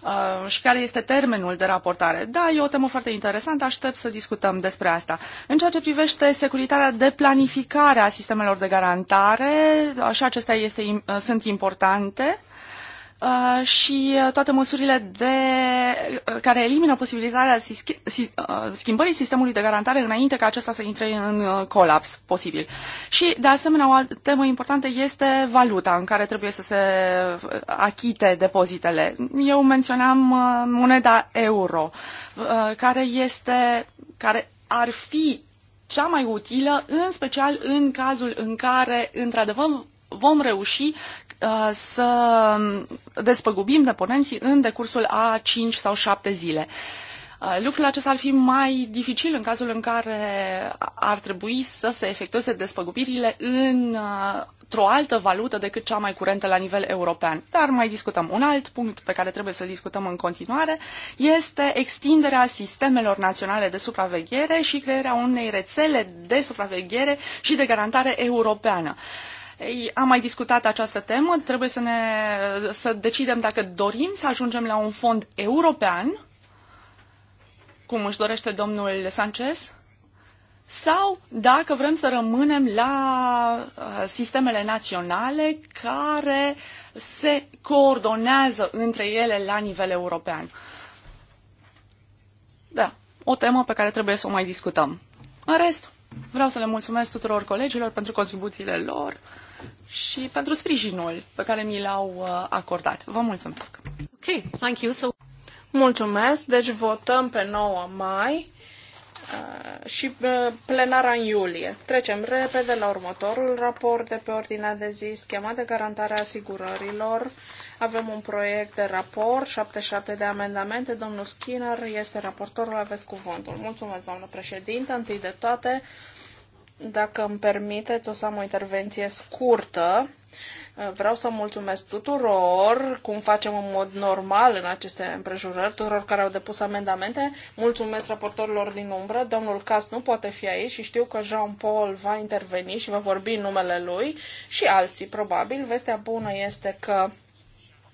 uh, și care este termenul de raportare. Da, e o temă foarte interesantă, aștept să discutăm despre asta. În ceea ce privește securitatea de planificare a sistemelor de garantare, și acestea este, sunt importante, Uh, și uh, toate măsurile de, uh, care elimină posibilitatea schimbării sistemului de garantare înainte ca acesta să intre în colaps posibil. Și, de asemenea, o temă importantă este valuta în care trebuie să se achite depozitele. Eu menționam moneda euro, care este, care ar fi cea mai utilă, în special în cazul în care, într-adevăr, vom reuși Uh, să despăgubim deponenții în decursul a 5 sau 7 zile. Uh, lucrul acesta ar fi mai dificil în cazul în care ar trebui să se efectueze despăgubirile în uh, într-o altă valută decât cea mai curentă la nivel european. Dar mai discutăm. Un alt punct pe care trebuie să-l discutăm în continuare este extinderea sistemelor naționale de supraveghere și crearea unei rețele de supraveghere și de garantare europeană. Uh, am mai discutat această temă, trebuie să, ne, să decidem dacă dorim să ajungem la un fond european, cum își dorește domnul Sanchez, sau dacă vrem să rămânem la uh, sistemele naționale care se coordonează între ele la nivel european. Da, o temă pe care trebuie să o mai discutăm. În rest, vreau să le mulțumesc tuturor colegilor pentru contribuțiile lor și pentru sprijinul pe care mi l-au uh, acordat. Vă mulțumesc! Ok, thank you. So... Mulțumesc! Deci votăm pe 9 mai uh, și uh, plenara în iulie. Trecem repede la următorul raport de pe ordinea de zi, schema de garantare a asigurărilor. Avem un proiect de raport, 77 de amendamente. Domnul Skinner este raportorul, aveți cuvântul. Mulțumesc, doamnă președinte. Întâi de toate, dacă îmi permiteți, o să am o intervenție scurtă. Vreau să mulțumesc tuturor, cum facem în mod normal în aceste împrejurări, tuturor care au depus amendamente. Mulțumesc raportorilor din umbră. Domnul Cas nu poate fi aici și știu că Jean-Paul va interveni și va vorbi în numele lui și alții, probabil. Vestea bună este că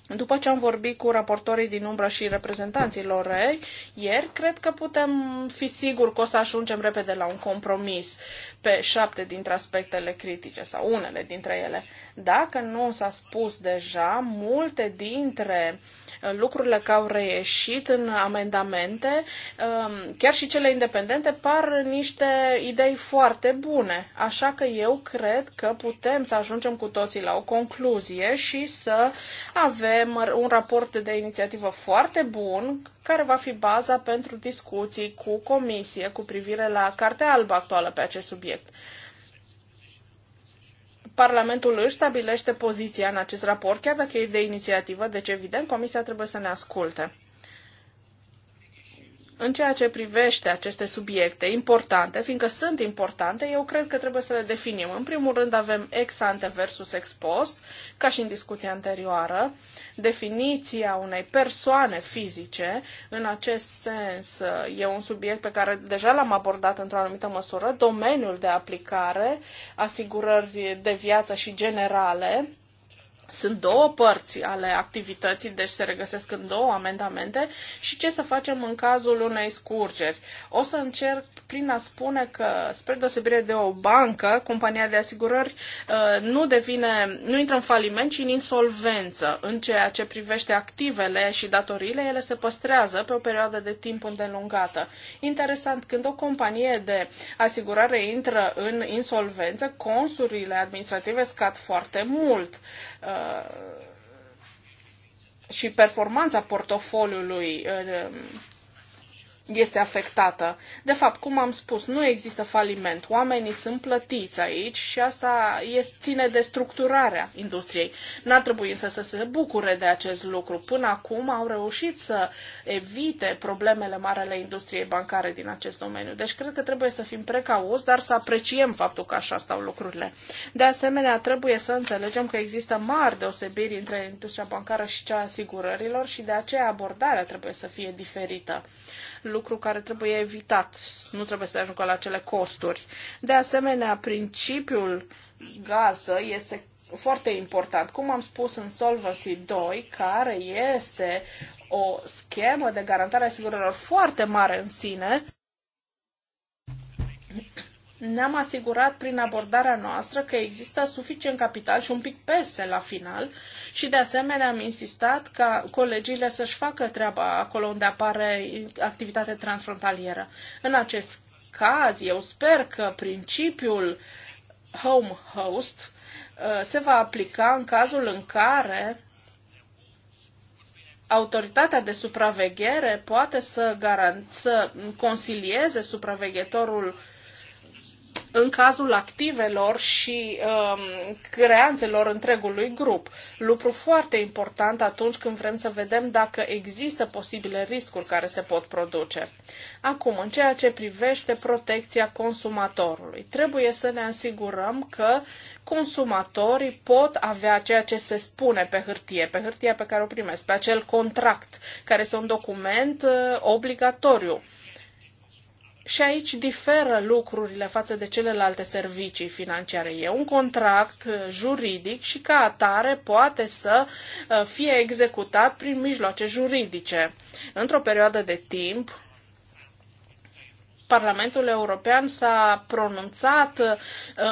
după ce am vorbit cu raportorii din umbră și reprezentanții ei, ieri, cred că putem fi siguri că o să ajungem repede la un compromis pe șapte dintre aspectele critice sau unele dintre ele. Dacă nu s-a spus deja, multe dintre uh, lucrurile care au reieșit în amendamente, um, chiar și cele independente, par niște idei foarte bune. Așa că eu cred că putem să ajungem cu toții la o concluzie și să avem un raport de inițiativă foarte bun care va fi baza pentru discuții cu comisie cu privire la Cartea Albă actuală pe acest subiect. Parlamentul își stabilește poziția în acest raport, chiar dacă e de inițiativă, deci evident Comisia trebuie să ne asculte în ceea ce privește aceste subiecte importante, fiindcă sunt importante, eu cred că trebuie să le definim. În primul rând avem ex ante versus ex post, ca și în discuția anterioară. Definiția unei persoane fizice, în acest sens, e un subiect pe care deja l-am abordat într-o anumită măsură, domeniul de aplicare, asigurări de viață și generale, sunt două părți ale activității, deci se regăsesc în două amendamente și ce să facem în cazul unei scurgeri. O să încerc prin a spune că, spre deosebire de o bancă, compania de asigurări uh, nu devine, nu intră în faliment, ci în insolvență. În ceea ce privește activele și datoriile, ele se păstrează pe o perioadă de timp îndelungată. Interesant, când o companie de asigurare intră în insolvență, consurile administrative scad foarte mult uh, și performanța portofoliului uh, este afectată. De fapt, cum am spus, nu există faliment. Oamenii sunt plătiți aici și asta este, ține de structurarea industriei. N-ar trebui însă să se bucure de acest lucru. Până acum au reușit să evite problemele mari ale industriei bancare din acest domeniu. Deci cred că trebuie să fim precauți, dar să apreciem faptul că așa stau lucrurile. De asemenea, trebuie să înțelegem că există mari deosebiri între industria bancară și cea a asigurărilor și de aceea abordarea trebuie să fie diferită lucru care trebuie evitat. Nu trebuie să ajungă la acele costuri. De asemenea, principiul gazdă este foarte important, cum am spus în Solvency 2, care este o schemă de garantare a sigurărilor foarte mare în sine, ne-am asigurat prin abordarea noastră că există suficient capital și un pic peste la final și de asemenea am insistat ca colegiile să-și facă treaba acolo unde apare activitate transfrontalieră. În acest caz, eu sper că principiul home host uh, se va aplica în cazul în care autoritatea de supraveghere poate să, garant, să consilieze supraveghetorul în cazul activelor și um, creanțelor întregului grup. Lucru foarte important atunci când vrem să vedem dacă există posibile riscuri care se pot produce. Acum, în ceea ce privește protecția consumatorului, trebuie să ne asigurăm că consumatorii pot avea ceea ce se spune pe hârtie, pe hârtia pe care o primesc, pe acel contract, care este un document uh, obligatoriu și aici diferă lucrurile față de celelalte servicii financiare. E un contract uh, juridic și ca atare poate să uh, fie executat prin mijloace juridice. Într-o perioadă de timp, Parlamentul European s-a pronunțat uh,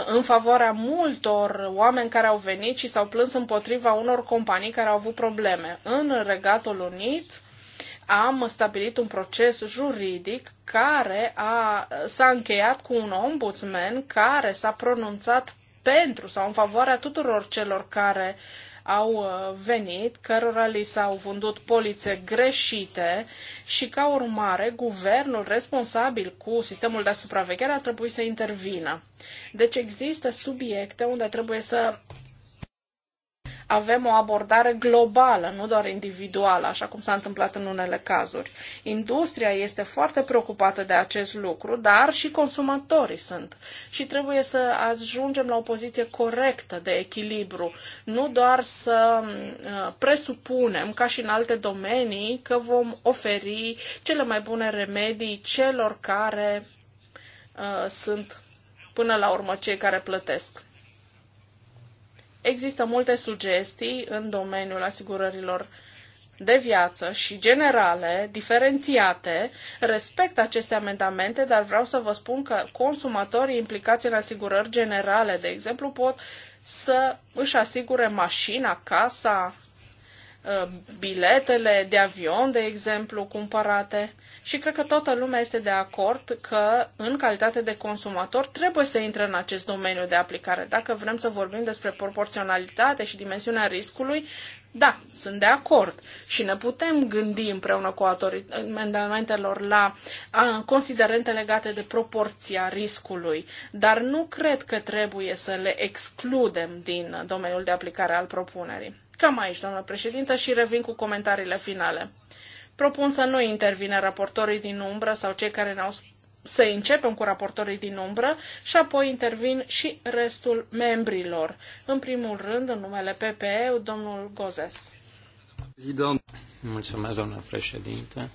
în favoarea multor oameni care au venit și s-au plâns împotriva unor companii care au avut probleme. În Regatul Unit, am stabilit un proces juridic care a, s-a încheiat cu un ombudsman care s-a pronunțat pentru sau în favoarea tuturor celor care au uh, venit, cărora li s-au vândut polițe greșite și, ca urmare, guvernul responsabil cu sistemul de supraveghere a trebuit să intervină. Deci există subiecte unde trebuie să avem o abordare globală, nu doar individuală, așa cum s-a întâmplat în unele cazuri. Industria este foarte preocupată de acest lucru, dar și consumatorii sunt. Și trebuie să ajungem la o poziție corectă de echilibru, nu doar să uh, presupunem, ca și în alte domenii, că vom oferi cele mai bune remedii celor care uh, sunt până la urmă cei care plătesc. Există multe sugestii în domeniul asigurărilor de viață și generale, diferențiate, respect aceste amendamente, dar vreau să vă spun că consumatorii implicați în asigurări generale, de exemplu, pot să își asigure mașina, casa, uh, biletele de avion, de exemplu, cumpărate. Și cred că toată lumea este de acord că, în calitate de consumator, trebuie să intre în acest domeniu de aplicare. Dacă vrem să vorbim despre proporționalitate și dimensiunea riscului, da, sunt de acord și ne putem gândi împreună cu autorii amendamentelor la a, considerente legate de proporția riscului, dar nu cred că trebuie să le excludem din domeniul de aplicare al propunerii. Cam aici, doamnă președintă, și revin cu comentariile finale. Propun să nu intervine raportorii din umbră sau cei care ne-au să începem cu raportorii din umbră și apoi intervin și restul membrilor. În primul rând, în numele PPE, domnul Gozes. Mulțumesc, doamnă președinte.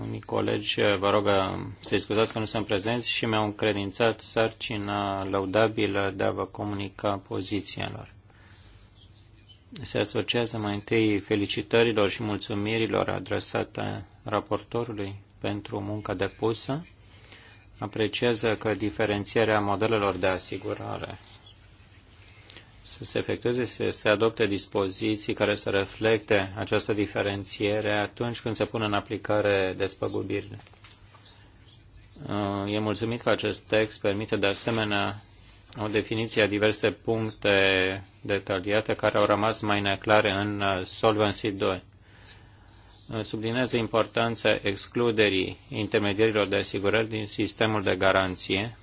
Unii colegi, vă rog să scuzați că nu sunt prezenți și mi-au încredințat sarcina laudabilă de a vă comunica pozițiilor se asociază mai întâi felicitărilor și mulțumirilor adresate raportorului pentru munca depusă, apreciază că diferențierea modelelor de asigurare să se efectueze, să se adopte dispoziții care să reflecte această diferențiere atunci când se pun în aplicare despăgubirile. Uh, e mulțumit că acest text permite de asemenea o definiție a diverse puncte detaliate care au rămas mai neclare în uh, Solvency 2. Uh, Sublinează importanța excluderii intermediarilor de asigurări din sistemul de garanție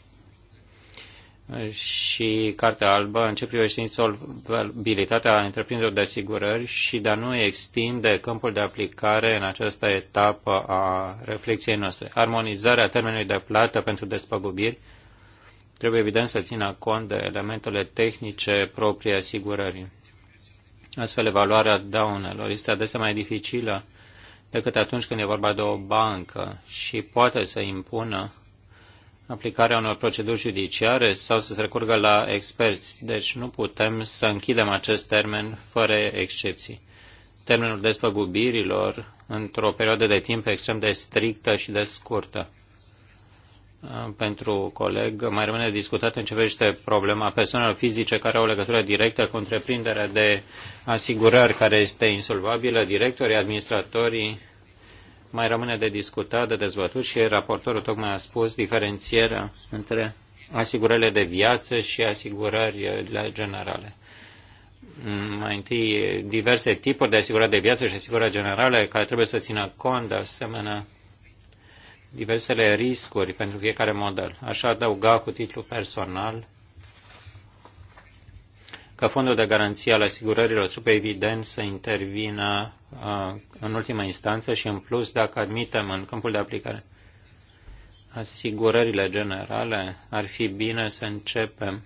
uh, și Cartea Albă în ce privește insolvabilitatea întreprinderilor de asigurări și de a nu extinde câmpul de aplicare în această etapă a reflexiei noastre. Armonizarea termenului de plată pentru despăgubiri trebuie evident să țină cont de elementele tehnice proprie asigurării. Astfel, evaluarea daunelor este adesea mai dificilă decât atunci când e vorba de o bancă și poate să impună aplicarea unor proceduri judiciare sau să se recurgă la experți. Deci nu putem să închidem acest termen fără excepții. Termenul despăgubirilor într-o perioadă de timp extrem de strictă și de scurtă pentru coleg. Mai rămâne discutat în ce privește problema persoanelor fizice care au legătură directă cu întreprinderea de asigurări care este insolvabilă, directorii, administratorii. Mai rămâne de discutat, de dezbătut și raportorul tocmai a spus diferențierea între asigurările de viață și asigurările generale. Mai întâi, diverse tipuri de asigurări de viață și asigurări generale care trebuie să țină cont de asemenea diversele riscuri pentru fiecare model. Aș adăuga cu titlu personal că fondul de garanție al asigurărilor trebuie evident să intervină uh, în ultima instanță și în plus dacă admitem în câmpul de aplicare asigurările generale, ar fi bine să începem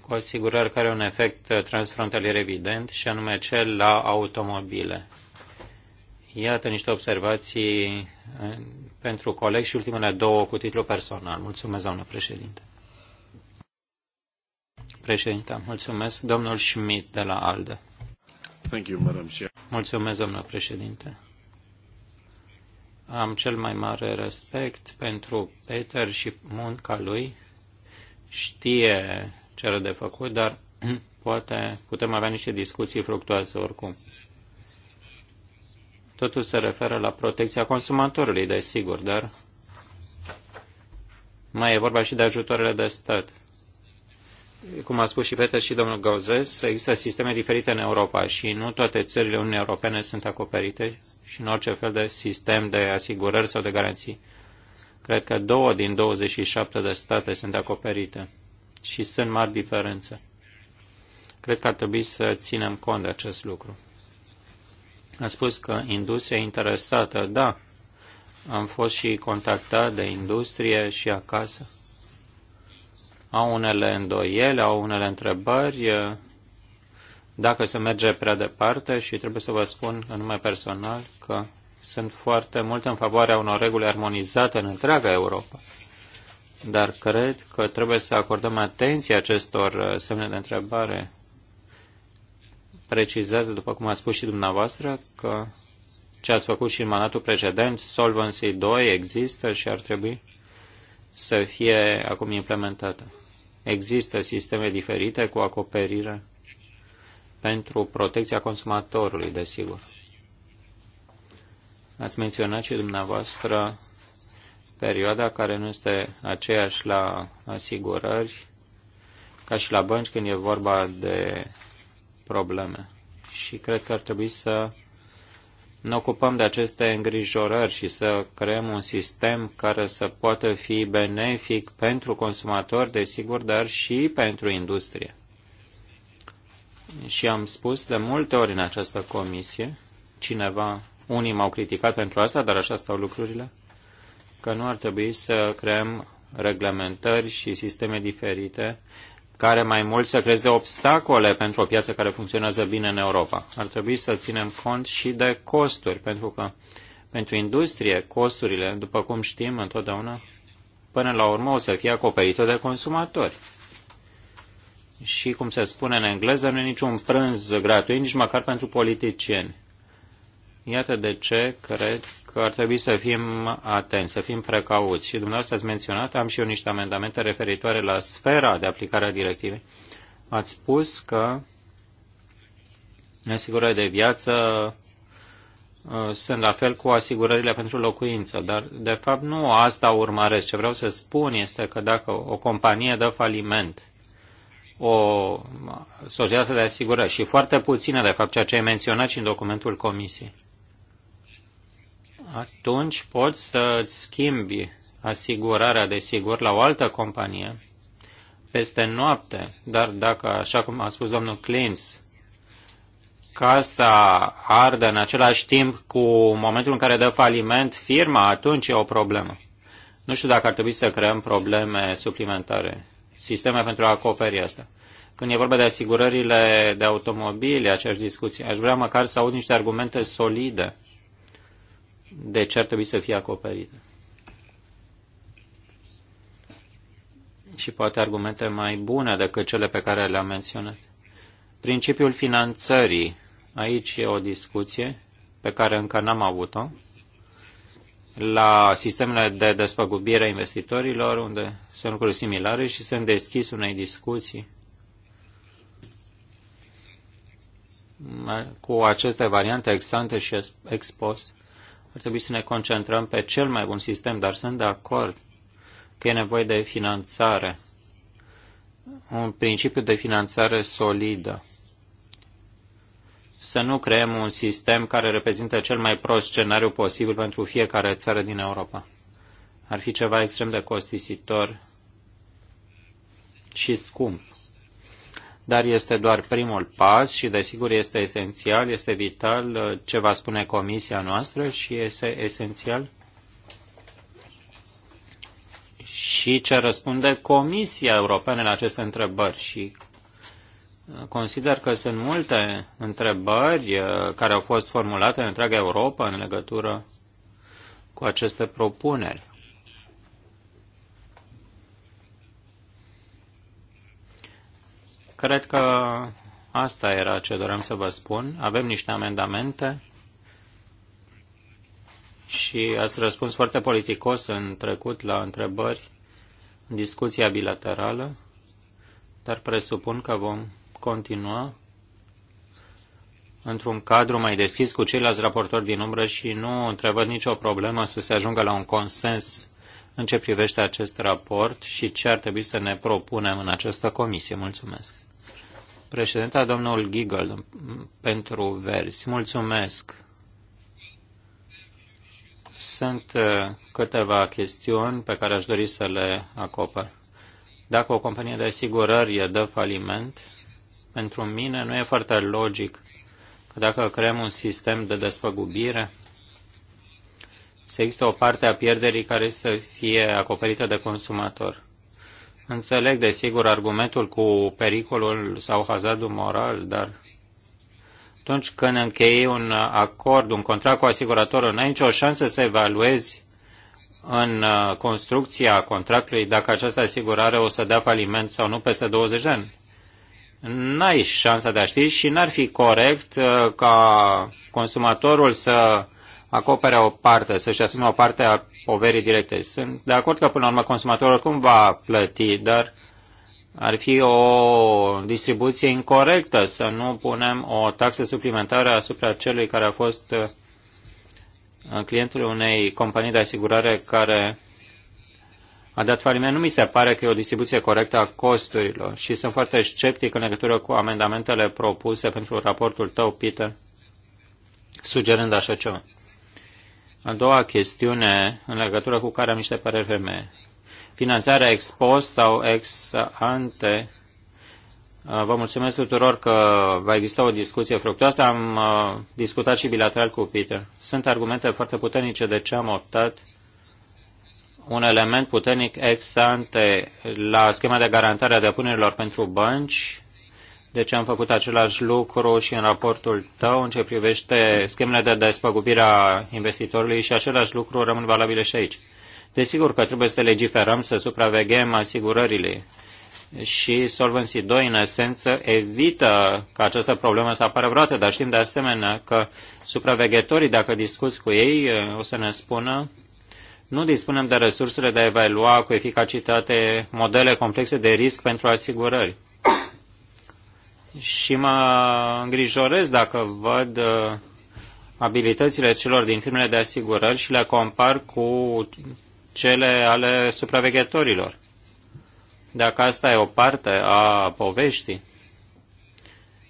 cu asigurări care au un efect transfrontalier evident și anume cel la automobile. Iată niște observații pentru coleg și ultimele două cu titlu personal. Mulțumesc, doamnă președinte. Președinte, mulțumesc. Domnul Schmidt de la ALDE. Thank you, Madam Chair. Mulțumesc, doamnă președinte. Am cel mai mare respect pentru Peter și munca lui. Știe ce are de făcut, dar poate putem avea niște discuții fructuoase oricum. Totul se referă la protecția consumatorului, desigur, dar mai e vorba și de ajutoarele de stat. Cum a spus și Peter și domnul Gauzes, există sisteme diferite în Europa și nu toate țările Uniunii Europene sunt acoperite și în orice fel de sistem de asigurări sau de garanții. Cred că două din 27 de state sunt acoperite și sunt mari diferențe. Cred că ar trebui să ținem cont de acest lucru. A spus că industria interesată. Da, am fost și contactat de industrie și acasă. Au unele îndoiele, au unele întrebări, dacă se merge prea departe și trebuie să vă spun în nume personal că sunt foarte mult în favoarea unor reguli armonizate în întreaga Europa. Dar cred că trebuie să acordăm atenție acestor semne de întrebare precizează, după cum a spus și dumneavoastră, că ce ați făcut și în mandatul precedent, Solvency 2 există și ar trebui să fie acum implementată. Există sisteme diferite cu acoperire pentru protecția consumatorului, desigur. Ați menționat și dumneavoastră perioada care nu este aceeași la asigurări ca și la bănci când e vorba de probleme și cred că ar trebui să ne ocupăm de aceste îngrijorări și să creăm un sistem care să poată fi benefic pentru consumatori, desigur, dar și pentru industrie. Și am spus de multe ori în această comisie, cineva, unii m-au criticat pentru asta, dar așa stau lucrurile, că nu ar trebui să creăm reglementări și sisteme diferite care mai mult să creeze obstacole pentru o piață care funcționează bine în Europa. Ar trebui să ținem cont și de costuri, pentru că pentru industrie costurile, după cum știm întotdeauna, până la urmă o să fie acoperite de consumatori. Și cum se spune în engleză, nu e niciun prânz gratuit, nici măcar pentru politicieni. Iată de ce cred că ar trebui să fim atenți, să fim precauți. Și dumneavoastră ați menționat, am și eu niște amendamente referitoare la sfera de aplicare a directivei. Ați spus că asigurări de viață uh, sunt la fel cu asigurările pentru locuință, dar de fapt nu asta urmăresc. Ce vreau să spun este că dacă o companie dă faliment, o societate de asigurări și foarte puține, de fapt, ceea ce ai menționat și în documentul comisiei, atunci poți să îți schimbi asigurarea, sigur la o altă companie peste noapte, dar dacă, așa cum a spus domnul Clins, casa arde în același timp cu momentul în care dă faliment firma, atunci e o problemă. Nu știu dacă ar trebui să creăm probleme suplimentare, sisteme pentru a acoperi asta. Când e vorba de asigurările de automobile, aceeași discuție, aș vrea măcar să aud niște argumente solide de ce ar trebui să fie acoperită. Și poate argumente mai bune decât cele pe care le-am menționat. Principiul finanțării. Aici e o discuție pe care încă n-am avut-o la sistemele de despăgubire a investitorilor, unde sunt lucruri similare și sunt deschis unei discuții cu aceste variante ex-ante și ex-post ar trebui să ne concentrăm pe cel mai bun sistem, dar sunt de acord că e nevoie de finanțare, un principiu de finanțare solidă. Să nu creăm un sistem care reprezintă cel mai prost scenariu posibil pentru fiecare țară din Europa. Ar fi ceva extrem de costisitor și scump dar este doar primul pas și, desigur, este esențial, este vital uh, ce va spune comisia noastră și este esențial și ce răspunde Comisia Europeană la aceste întrebări și uh, Consider că sunt multe întrebări uh, care au fost formulate în întreaga Europa în legătură cu aceste propuneri. Cred că asta era ce doream să vă spun. Avem niște amendamente și ați răspuns foarte politicos în trecut la întrebări în discuția bilaterală, dar presupun că vom continua într-un cadru mai deschis cu ceilalți raportori din umbră și nu întrevăd nicio problemă să se ajungă la un consens în ce privește acest raport și ce ar trebui să ne propunem în această comisie. Mulțumesc! Președinta, domnul Giggle, pentru verzi. Mulțumesc. Sunt uh, câteva chestiuni pe care aș dori să le acopăr. Dacă o companie de asigurări dă faliment, pentru mine nu e foarte logic că dacă creăm un sistem de desfăgubire, să există o parte a pierderii care să fie acoperită de consumator. Înțeleg, desigur, argumentul cu pericolul sau hazardul moral, dar atunci când închei un acord, un contract cu asiguratorul, n-ai nicio șansă să evaluezi în uh, construcția contractului dacă această asigurare o să dea faliment sau nu peste 20 de ani. N-ai șansa de a ști și n-ar fi corect uh, ca consumatorul să acopere o parte, să-și asume o parte a poverii directe. Sunt de acord că, până la urmă, consumatorul oricum va plăti, dar ar fi o distribuție incorrectă să nu punem o taxă suplimentară asupra celui care a fost uh, clientul unei companii de asigurare care a dat faliment. Nu mi se pare că e o distribuție corectă a costurilor și sunt foarte sceptic în legătură cu amendamentele propuse pentru raportul tău, Peter, sugerând așa ceva. A doua chestiune în legătură cu care am niște păreri ferme. Finanțarea ex post sau ex ante. Uh, vă mulțumesc tuturor că va exista o discuție fructoasă. Am uh, discutat și bilateral cu Peter. Sunt argumente foarte puternice de ce am optat un element puternic ex ante la schema de garantare a depunerilor pentru bănci de ce am făcut același lucru și în raportul tău în ce privește schemele de despăgubire a investitorului și același lucru rămân valabile și aici. Desigur că trebuie să legiferăm, să supraveghem asigurările și Solvency 2, în esență, evită ca această problemă să apară vreodată, dar știm de asemenea că supraveghetorii, dacă discuți cu ei, o să ne spună nu dispunem de resursele de a evalua cu eficacitate modele complexe de risc pentru asigurări și mă îngrijorez dacă văd uh, abilitățile celor din firmele de asigurări și le compar cu cele ale supraveghetorilor. Dacă asta e o parte a poveștii,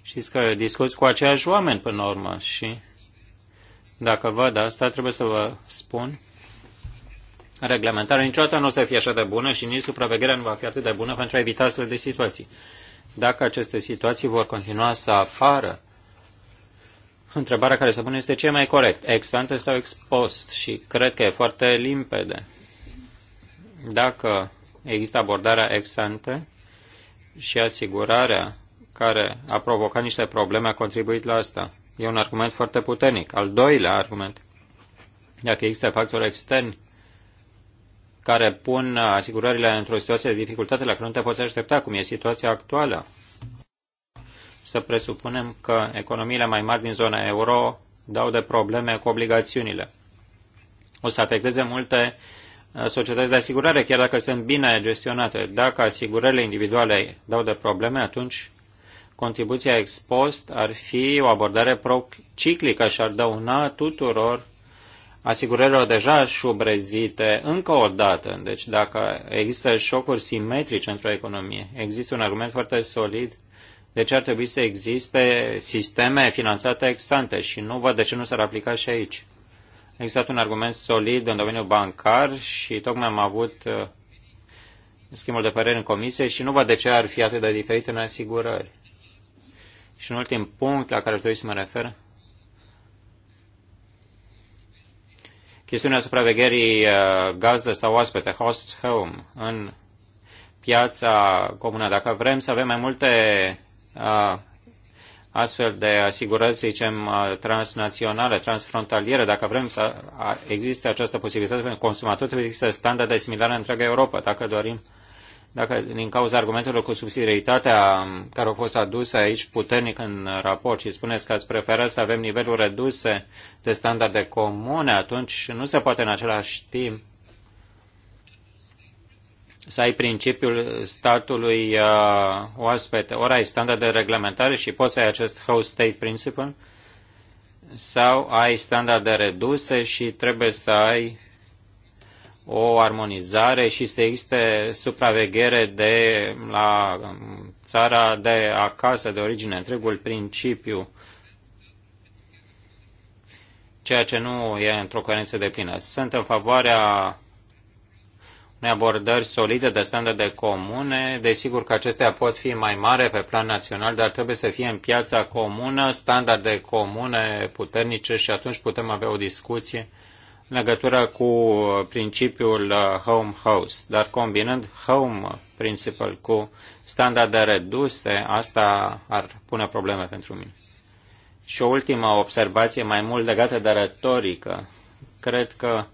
știți că discuți cu aceiași oameni până la urmă și dacă văd asta, trebuie să vă spun reglementarea niciodată nu o să fie așa de bună și nici supravegherea nu va fi atât de bună pentru a evita astfel de situații. Dacă aceste situații vor continua să apară, întrebarea care se pune este ce e mai corect, ex ante sau ex post și cred că e foarte limpede. Dacă există abordarea ex ante și asigurarea care a provocat niște probleme a contribuit la asta. E un argument foarte puternic. Al doilea argument, dacă există factori externi care pun asigurările într-o situație de dificultate la care nu te poți aștepta, cum e situația actuală. Să presupunem că economiile mai mari din zona euro dau de probleme cu obligațiunile. O să afecteze multe uh, societăți de asigurare, chiar dacă sunt bine gestionate. Dacă asigurările individuale dau de probleme, atunci contribuția expost ar fi o abordare prociclică și ar dăuna tuturor asigurărilor deja șubrezite încă o dată. Deci dacă există șocuri simetrice într-o economie, există un argument foarte solid de ce ar trebui să existe sisteme finanțate exante și nu văd de ce nu s-ar aplica și aici. A existat un argument solid în domeniul bancar și tocmai am avut uh, schimbul de păreri în comisie și nu văd de ce ar fi atât de diferit în asigurări. Și un ultim punct la care aș dori să mă refer, chestiunea supravegherii uh, gazdă sau oaspete, host home, în piața comună. Dacă vrem să avem mai multe uh, astfel de asigurări, să zicem, uh, transnaționale, transfrontaliere, dacă vrem să existe această posibilitate pentru consumator, trebuie să există standarde similare în întreaga Europa. Dacă dorim dacă din cauza argumentelor cu subsidiaritatea care au fost aduse aici puternic în raport și spuneți că ați prefera să avem niveluri reduse de standarde comune, atunci nu se poate în același timp să ai principiul statului uh, oaspete. Ori ai standarde de reglementare și poți să ai acest host state principle, sau ai standarde reduse și trebuie să ai o armonizare și să existe supraveghere de la țara de acasă, de origine, întregul principiu, ceea ce nu e într-o coerență de plină. Sunt în favoarea unei abordări solide de standarde comune. Desigur că acestea pot fi mai mari pe plan național, dar trebuie să fie în piața comună, standarde comune puternice și atunci putem avea o discuție în legătură cu principiul uh, home house, dar combinând home principle cu standarde reduse, asta ar pune probleme pentru mine. Și o ultimă observație mai mult legată de retorică. Cred că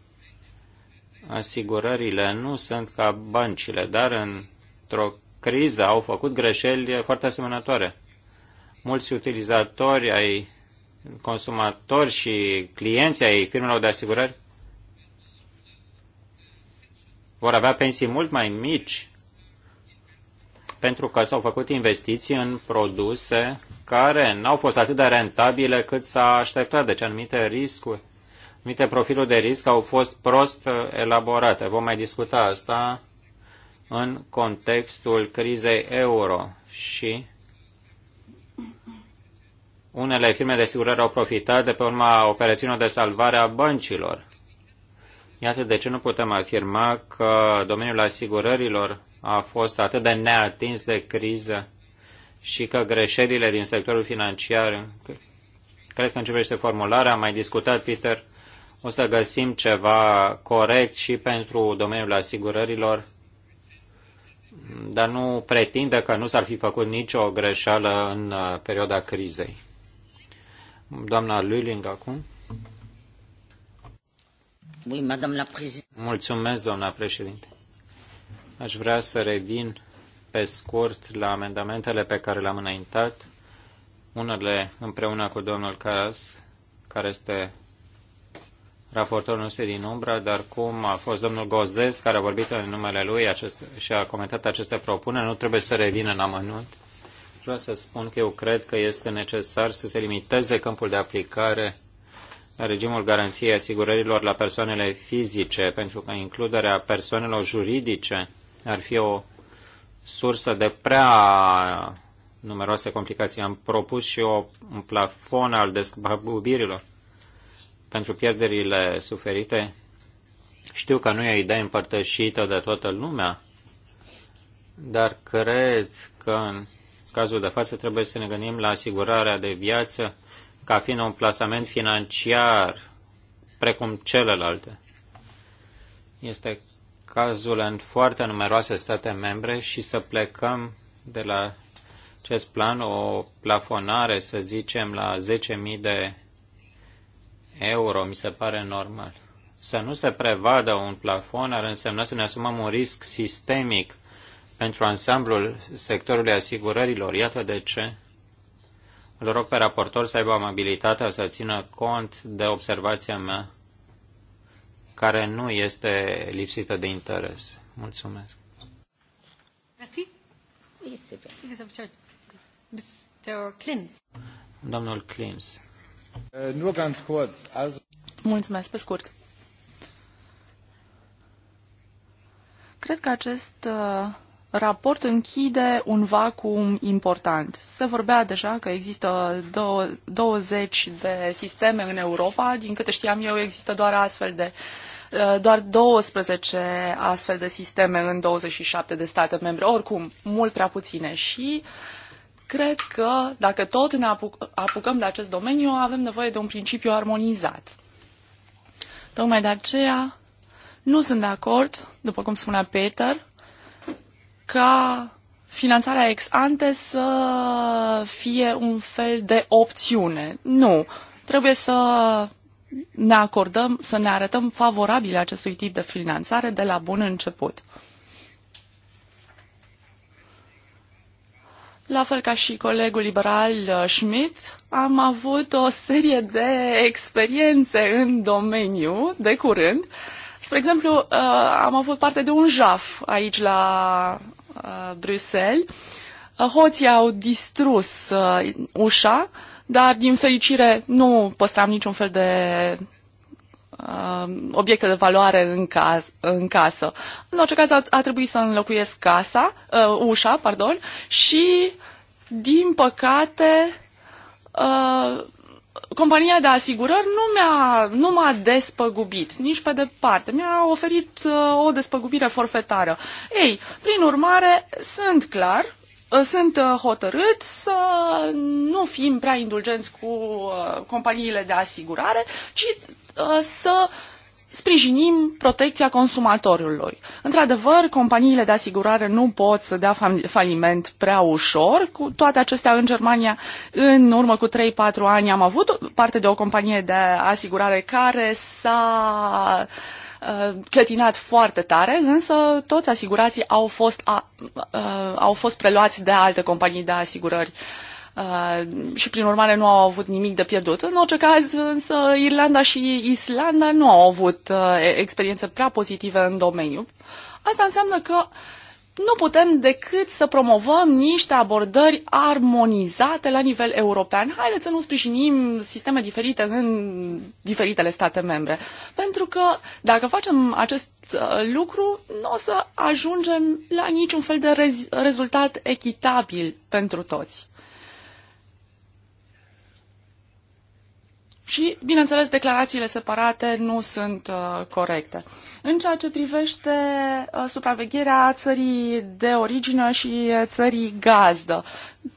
asigurările nu sunt ca băncile, dar într-o criză au făcut greșeli foarte asemănătoare. Mulți utilizatori ai consumatori și clienții ai firmelor de asigurări vor avea pensii mult mai mici pentru că s-au făcut investiții în produse care n-au fost atât de rentabile cât s-a așteptat, deci anumite riscuri, anumite profiluri de risc au fost prost elaborate. Vom mai discuta asta în contextul crizei euro și unele firme de sigurare au profitat de pe urma operațiunilor de salvare a băncilor. Iată de ce nu putem afirma că domeniul asigurărilor a fost atât de neatins de criză și că greșelile din sectorul financiar, cred că începește formularea, am mai discutat, Peter, o să găsim ceva corect și pentru domeniul asigurărilor, dar nu pretinde că nu s-ar fi făcut nicio greșeală în uh, perioada crizei. Doamna Luling acum. Mulțumesc, doamna președinte. Aș vrea să revin pe scurt la amendamentele pe care le-am înaintat, unele împreună cu domnul Caras, care este raportorul nostru din umbră, dar cum a fost domnul Gozes, care a vorbit în numele lui și a comentat aceste propuneri, nu trebuie să revin în amănunt. Vreau să spun că eu cred că este necesar să se limiteze câmpul de aplicare regimul garanției asigurărilor la persoanele fizice, pentru că includerea persoanelor juridice ar fi o sursă de prea numeroase complicații. Am propus și o, un plafon al despăgubirilor pentru pierderile suferite. Știu că nu e o idee împărtășită de toată lumea, dar cred că în cazul de față trebuie să ne gândim la asigurarea de viață ca fiind un plasament financiar precum celelalte. Este cazul în foarte numeroase state membre și să plecăm de la acest plan o plafonare, să zicem, la 10.000 de euro, mi se pare normal. Să nu se prevadă un plafon ar însemna să ne asumăm un risc sistemic pentru ansamblul sectorului asigurărilor. Iată de ce îl rog pe raportor să aibă amabilitatea să țină cont de observația mea care nu este lipsită de interes. Mulțumesc. Domnul Klins. Mulțumesc, pe scurt. Cred că acest uh, raport închide un vacuum important. Se vorbea deja că există 20 de sisteme în Europa, din câte știam eu există doar astfel de uh, doar 12 astfel de sisteme în 27 de state membre, oricum mult prea puține și cred că dacă tot ne apucăm de acest domeniu, avem nevoie de un principiu armonizat. Tocmai de aceea nu sunt de acord, după cum spunea Peter, ca finanțarea ex ante să fie un fel de opțiune. Nu. Trebuie să ne acordăm, să ne arătăm favorabile acestui tip de finanțare de la bun început. La fel ca și colegul liberal uh, Schmidt, am avut o serie de experiențe în domeniu de curând. Spre exemplu, uh, am avut parte de un jaf aici la Uh, Bruxelles. Uh, hoții au distrus uh, ușa, dar din fericire nu păstram niciun fel de uh, obiecte de valoare în, caz, în casă. În orice caz a, a trebuit să înlocuiesc casa, uh, ușa, pardon, și din păcate uh, compania de asigurări nu m-a, nu m-a despăgubit, nici pe departe. Mi-a oferit uh, o despăgubire forfetară. Ei, prin urmare, sunt clar, uh, sunt uh, hotărât să nu fim prea indulgenți cu uh, companiile de asigurare, ci uh, să uh, sprijinim protecția consumatorului. Într-adevăr, companiile de asigurare nu pot să dea faliment prea ușor. Cu toate acestea, în Germania, în urmă cu 3-4 ani, am avut parte de o companie de asigurare care s-a uh, clătinat foarte tare, însă toți asigurații au fost, a, a, uh, au fost preluați de alte companii de asigurări. Uh, Uh, și prin urmare nu au avut nimic de pierdut. În orice caz, însă, Irlanda și Islanda nu au avut uh, experiențe prea pozitive în domeniu. Asta înseamnă că nu putem decât să promovăm niște abordări armonizate la nivel european. Haideți să nu sprijinim sisteme diferite în diferitele state membre. Pentru că dacă facem acest uh, lucru, nu o să ajungem la niciun fel de rez- rezultat echitabil pentru toți. Și, bineînțeles, declarațiile separate nu sunt uh, corecte. În ceea ce privește uh, supravegherea țării de origine și uh, țării gazdă,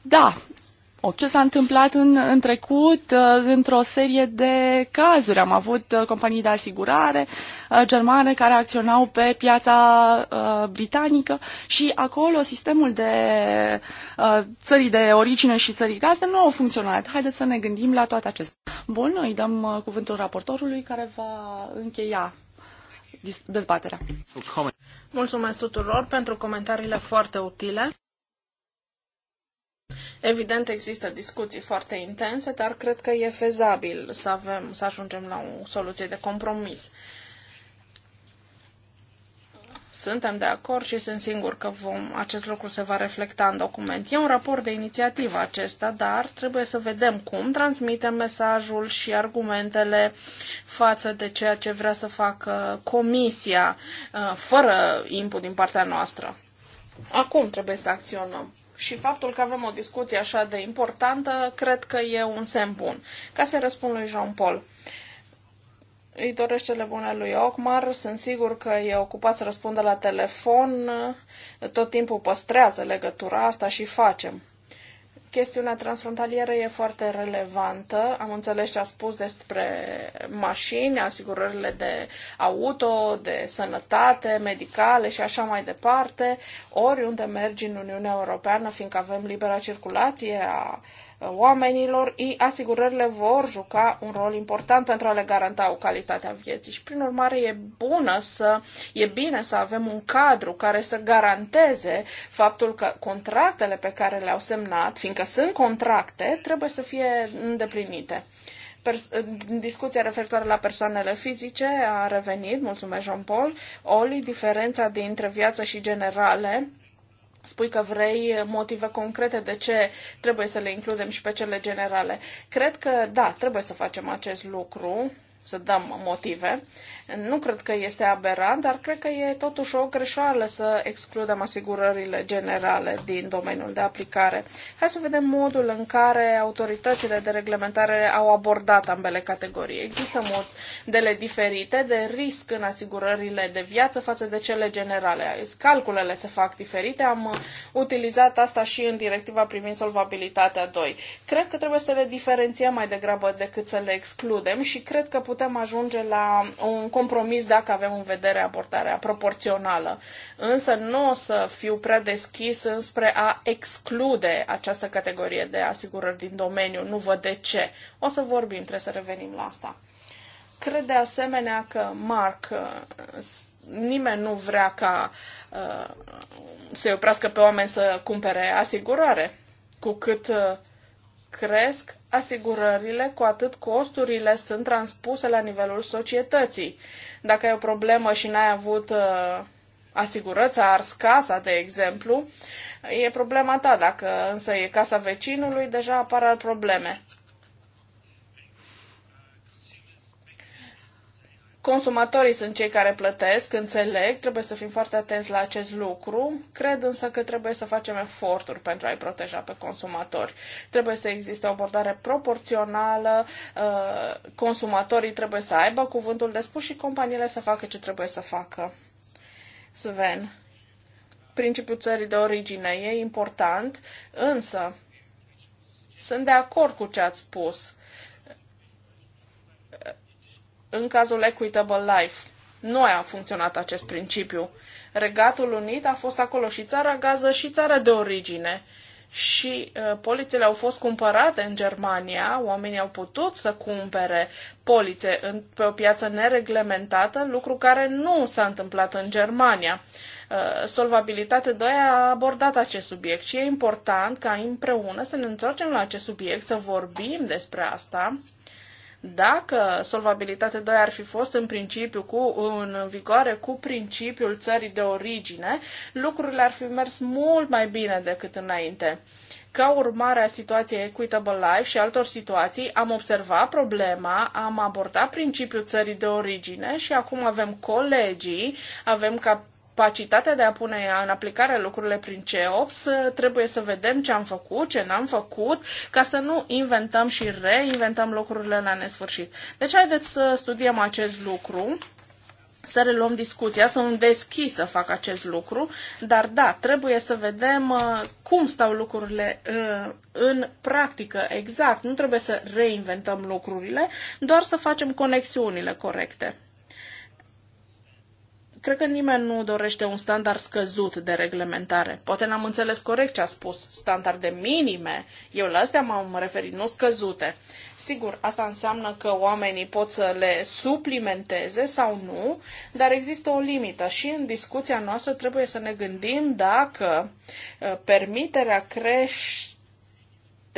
da, Oh, ce s-a întâmplat în, în trecut uh, într-o serie de cazuri. Am avut uh, companii de asigurare uh, germane care acționau pe piața britanică și acolo sistemul de țării de origine și țării gazde nu au funcționat. Haideți să ne gândim la toate acestea. Bun, îi dăm cuvântul raportorului care va încheia dezbaterea. Mulțumesc tuturor pentru comentariile foarte utile. Evident, există discuții foarte intense, dar cred că e fezabil să, avem, să ajungem la o soluție de compromis. Suntem de acord și sunt singur că vom, acest lucru se va reflecta în document. E un raport de inițiativă acesta, dar trebuie să vedem cum transmitem mesajul și argumentele față de ceea ce vrea să facă comisia, uh, fără input din partea noastră. Acum trebuie să acționăm și faptul că avem o discuție așa de importantă, cred că e un semn bun. Ca să răspund lui Jean-Paul, îi doresc cele bune lui Ocmar, sunt sigur că e ocupat să răspundă la telefon, tot timpul păstrează legătura asta și facem chestiunea transfrontalieră e foarte relevantă. Am înțeles ce a spus despre mașini, asigurările de auto, de sănătate, medicale și așa mai departe. Oriunde mergi în Uniunea Europeană, fiindcă avem libera circulație a oamenilor, asigurările vor juca un rol important pentru a le garanta o calitate a vieții și prin urmare e bună să e bine să avem un cadru care să garanteze faptul că contractele pe care le-au semnat, fiindcă sunt contracte, trebuie să fie îndeplinite În discuția referitoare la persoanele fizice a revenit, mulțumesc Jean-Paul, Oli, diferența dintre viață și generale spui că vrei motive concrete de ce trebuie să le includem și pe cele generale. Cred că, da, trebuie să facem acest lucru, să dăm motive. Nu cred că este aberant, dar cred că e totuși o greșeală să excludem asigurările generale din domeniul de aplicare. Hai să vedem modul în care autoritățile de reglementare au abordat ambele categorii. Există modele diferite de risc în asigurările de viață față de cele generale. Calculele se fac diferite. Am utilizat asta și în directiva privind solvabilitatea 2. Cred că trebuie să le diferențiem mai degrabă decât să le excludem și cred că putem ajunge la un compromis dacă avem în vedere abordarea proporțională. Însă nu o să fiu prea deschis înspre a exclude această categorie de asigurări din domeniu. Nu văd de ce. O să vorbim, trebuie să revenim la asta. Cred de asemenea că Mark, uh, nimeni nu vrea ca uh, să oprească pe oameni să cumpere asigurare. Cu cât uh, cresc asigurările, cu atât costurile sunt transpuse la nivelul societății. Dacă ai o problemă și n-ai avut uh, asigurăța, ars casa, de exemplu, e problema ta. Dacă însă e casa vecinului, deja apar probleme. Consumatorii sunt cei care plătesc, înțeleg, trebuie să fim foarte atenți la acest lucru. Cred însă că trebuie să facem eforturi pentru a-i proteja pe consumatori. Trebuie să existe o abordare proporțională, uh, consumatorii trebuie să aibă cuvântul de spus și companiile să facă ce trebuie să facă. Sven, principiul țării de origine e important, însă sunt de acord cu ce ați spus în cazul Equitable Life. Nu a funcționat acest principiu. Regatul Unit a fost acolo și țara gază și țara de origine. Și uh, polițele au fost cumpărate în Germania, oamenii au putut să cumpere polițe în, pe o piață nereglementată, lucru care nu s-a întâmplat în Germania. Uh, Solvabilitate 2 a abordat acest subiect și e important ca împreună să ne întoarcem la acest subiect, să vorbim despre asta, dacă solvabilitatea 2 ar fi fost în principiu cu, în vigoare cu principiul țării de origine, lucrurile ar fi mers mult mai bine decât înainte. Ca urmare a situației Equitable Life și altor situații, am observat problema, am abordat principiul țării de origine și acum avem colegii, avem cap capacitatea de a pune în aplicare lucrurile prin CEOPS, trebuie să vedem ce am făcut, ce n-am făcut, ca să nu inventăm și reinventăm lucrurile la nesfârșit. Deci haideți să studiem acest lucru să reluăm discuția, să îmi deschis să fac acest lucru, dar da, trebuie să vedem uh, cum stau lucrurile uh, în practică exact. Nu trebuie să reinventăm lucrurile, doar să facem conexiunile corecte. Cred că nimeni nu dorește un standard scăzut de reglementare. Poate n-am înțeles corect ce a spus. Standarde minime. Eu la astea m-am referit, nu scăzute. Sigur, asta înseamnă că oamenii pot să le suplimenteze sau nu, dar există o limită și în discuția noastră trebuie să ne gândim dacă uh, permiterea creșterii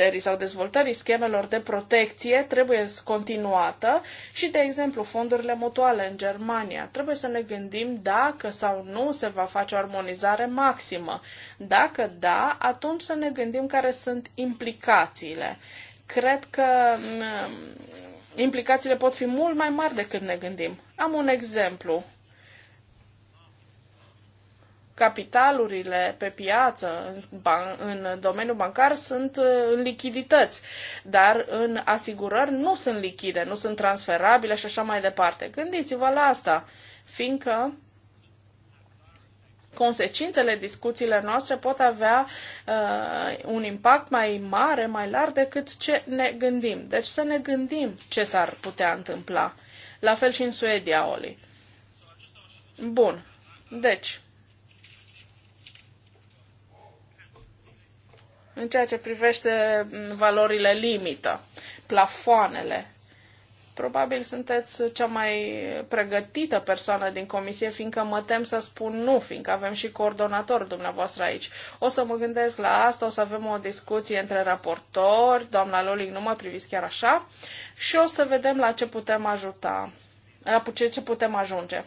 creșterii sau dezvoltării schemelor de protecție trebuie continuată și, de exemplu, fondurile mutuale în Germania. Trebuie să ne gândim dacă sau nu se va face o armonizare maximă. Dacă da, atunci să ne gândim care sunt implicațiile. Cred că mm, implicațiile pot fi mult mai mari decât ne gândim. Am un exemplu capitalurile pe piață în domeniul bancar sunt uh, în lichidități, dar în asigurări nu sunt lichide, nu sunt transferabile și așa mai departe. Gândiți-vă la asta, fiindcă consecințele discuțiilor noastre pot avea uh, un impact mai mare, mai larg decât ce ne gândim. Deci să ne gândim ce s-ar putea întâmpla. La fel și în Suedia, Oli. Bun. Deci, în ceea ce privește valorile limită, plafoanele. Probabil sunteți cea mai pregătită persoană din comisie, fiindcă mă tem să spun nu, fiindcă avem și coordonator dumneavoastră aici. O să mă gândesc la asta, o să avem o discuție între raportori, doamna Loling, nu mă priviți chiar așa, și o să vedem la ce putem ajuta, la ce putem ajunge.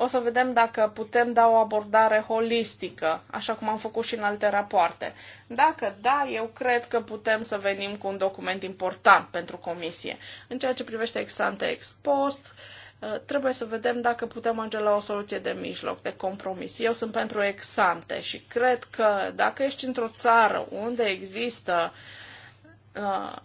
O să vedem dacă putem da o abordare holistică, așa cum am făcut și în alte rapoarte. Dacă da, eu cred că putem să venim cu un document important pentru comisie. În ceea ce privește exante ex-post, uh, trebuie să vedem dacă putem ajunge la o soluție de mijloc, de compromis. Eu sunt pentru exante și cred că dacă ești într-o țară unde există uh,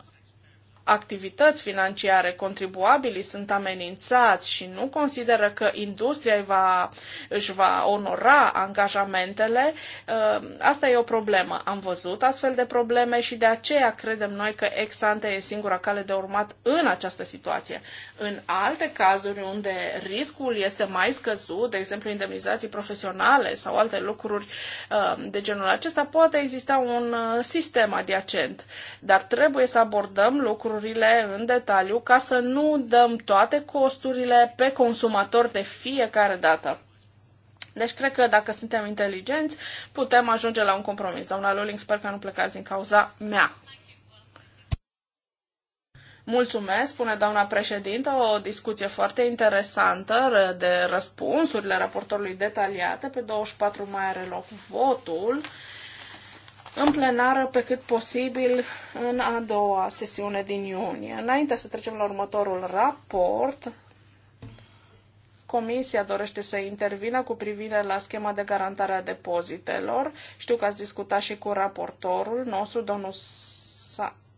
activități financiare, contribuabilii sunt amenințați și nu consideră că industria va, își va onora angajamentele, ă, asta e o problemă. Am văzut astfel de probleme și de aceea credem noi că ex ante e singura cale de urmat în această situație. În alte cazuri unde riscul este mai scăzut, de exemplu indemnizații profesionale sau alte lucruri uh, de genul acesta, poate exista un uh, sistem adiacent. Dar trebuie să abordăm lucrurile în detaliu ca să nu dăm toate costurile pe consumator de fiecare dată. Deci cred că dacă suntem inteligenți, putem ajunge la un compromis. Doamna Luling, sper că nu plecați din cauza mea. Mulțumesc, spune doamna președintă, o discuție foarte interesantă de răspunsurile raportorului detaliate. Pe 24 mai are loc votul în plenară pe cât posibil în a doua sesiune din iunie. Înainte să trecem la următorul raport, Comisia dorește să intervină cu privire la schema de garantare a depozitelor. Știu că ați discutat și cu raportorul nostru, domnul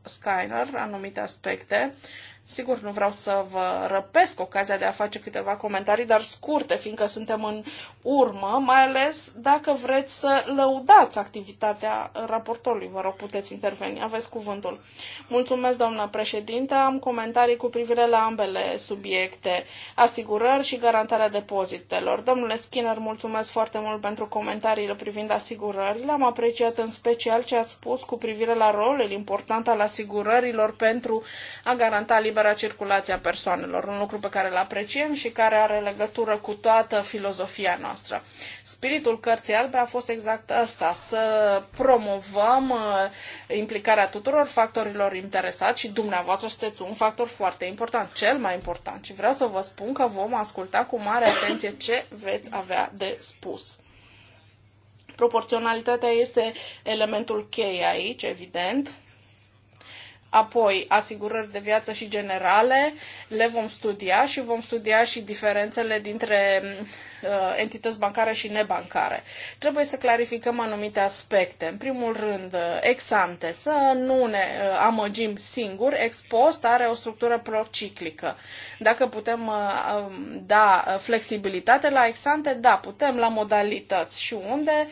Skyner, anumite aspecte Sigur, nu vreau să vă răpesc ocazia de a face câteva comentarii, dar scurte, fiindcă suntem în urmă, mai ales dacă vreți să lăudați activitatea raportorului. Vă rog, puteți interveni. Aveți cuvântul. Mulțumesc, doamnă președinte. Am comentarii cu privire la ambele subiecte, asigurări și garantarea depozitelor. Domnule Skinner, mulțumesc foarte mult pentru comentariile privind asigurările. Am apreciat în special ce ați spus cu privire la rolul important al asigurărilor pentru a garanta libertatea libera circulație a persoanelor, un lucru pe care îl apreciem și care are legătură cu toată filozofia noastră. Spiritul cărții albe a fost exact ăsta, să promovăm uh, implicarea tuturor factorilor interesați și dumneavoastră sunteți un factor foarte important, cel mai important. Și vreau să vă spun că vom asculta cu mare atenție ce veți avea de spus. Proporționalitatea este elementul cheie aici, evident, Apoi, asigurări de viață și generale le vom studia și vom studia și diferențele dintre Uh, entități bancare și nebancare. Trebuie să clarificăm anumite aspecte. În primul rând, uh, ex ante, să nu ne uh, amăgim singuri, ex post are o structură prociclică. Dacă putem um, da flexibilitate la ex ante, da, putem la modalități și unde,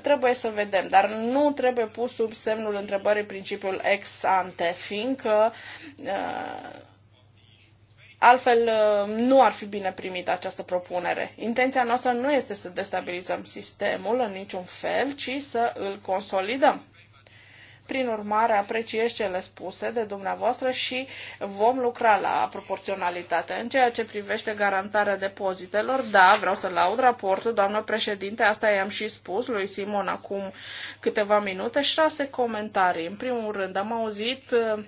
trebuie să vedem, dar nu trebuie pus sub semnul întrebării principiul ex ante, fiindcă Altfel, uh, nu ar fi bine primită această propunere. Intenția noastră nu este să destabilizăm sistemul în niciun fel, ci să îl consolidăm. Prin urmare, apreciez cele spuse de dumneavoastră și vom lucra la proporționalitate. În ceea ce privește garantarea depozitelor, da, vreau să laud raportul, doamnă președinte, asta i-am și spus lui Simon acum câteva minute, șase comentarii. În primul rând, am auzit uh,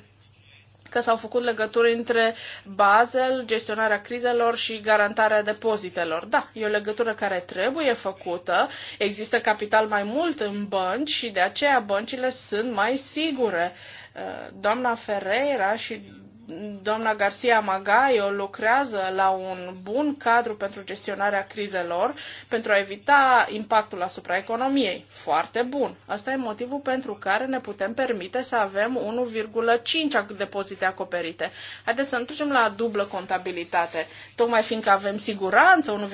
că s-au făcut legături între Basel, gestionarea crizelor și garantarea depozitelor. Da, e o legătură care trebuie făcută. Există capital mai mult în bănci și de aceea băncile sunt mai sigure. Uh, doamna Ferreira și doamna Garcia Magaio lucrează la un bun cadru pentru gestionarea crizelor, pentru a evita impactul asupra economiei. Foarte bun. Asta e motivul pentru care ne putem permite să avem 1,5 depozite acoperite. Haideți să nu ducem la dublă contabilitate. Tocmai fiindcă avem siguranță,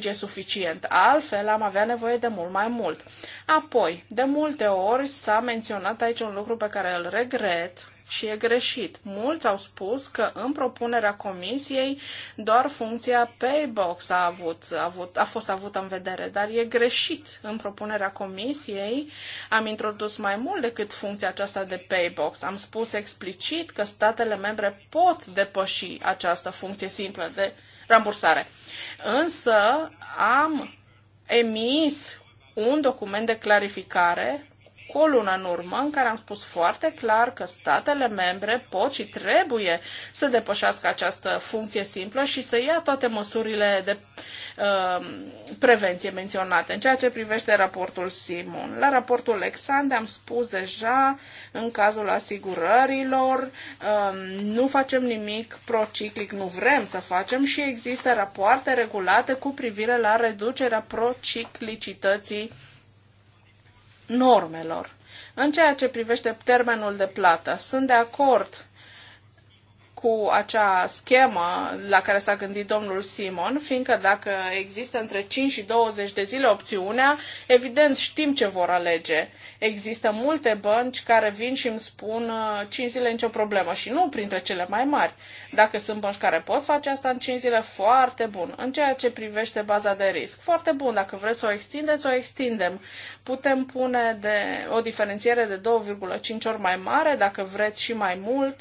1,5 e suficient. Altfel am avea nevoie de mult mai mult. Apoi, de multe ori s-a menționat aici un lucru pe care îl regret, și e greșit. Mulți au spus că în propunerea comisiei doar funcția paybox a, avut, a, avut, a fost avută în vedere, dar e greșit. În propunerea comisiei am introdus mai mult decât funcția aceasta de paybox. Am spus explicit că statele membre pot depăși această funcție simplă de rambursare. Însă am emis un document de clarificare cu o lună în urmă în care am spus foarte clar că statele membre pot și trebuie să depășească această funcție simplă și să ia toate măsurile de um, prevenție menționate. În ceea ce privește raportul Simon, la raportul Alexandre am spus deja în cazul asigurărilor, um, nu facem nimic prociclic, nu vrem să facem și există rapoarte regulate cu privire la reducerea prociclicității normelor. În ceea ce privește termenul de plată, sunt de acord cu acea schemă la care s-a gândit domnul Simon, fiindcă dacă există între 5 și 20 de zile opțiunea, evident știm ce vor alege Există multe bănci care vin și îmi spun 5 uh, zile nicio problemă și nu printre cele mai mari. Dacă sunt bănci care pot face asta în 5 zile, foarte bun. În ceea ce privește baza de risc, foarte bun. Dacă vreți să o extindeți, o extindem. Putem pune de o diferențiere de 2,5 ori mai mare, dacă vreți și mai mult.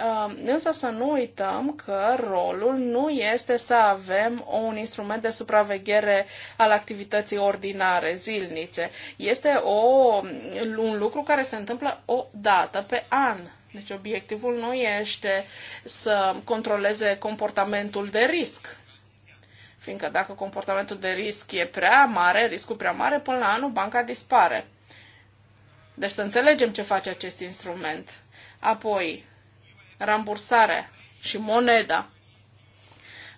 Uh, însă să nu uităm că rolul nu este să avem un instrument de supraveghere al activității ordinare, zilnice. Este o un lucru care se întâmplă o dată pe an. Deci obiectivul nu este să controleze comportamentul de risc. Fiindcă dacă comportamentul de risc e prea mare, riscul prea mare, până la anul banca dispare. Deci să înțelegem ce face acest instrument. Apoi, rambursare și moneda.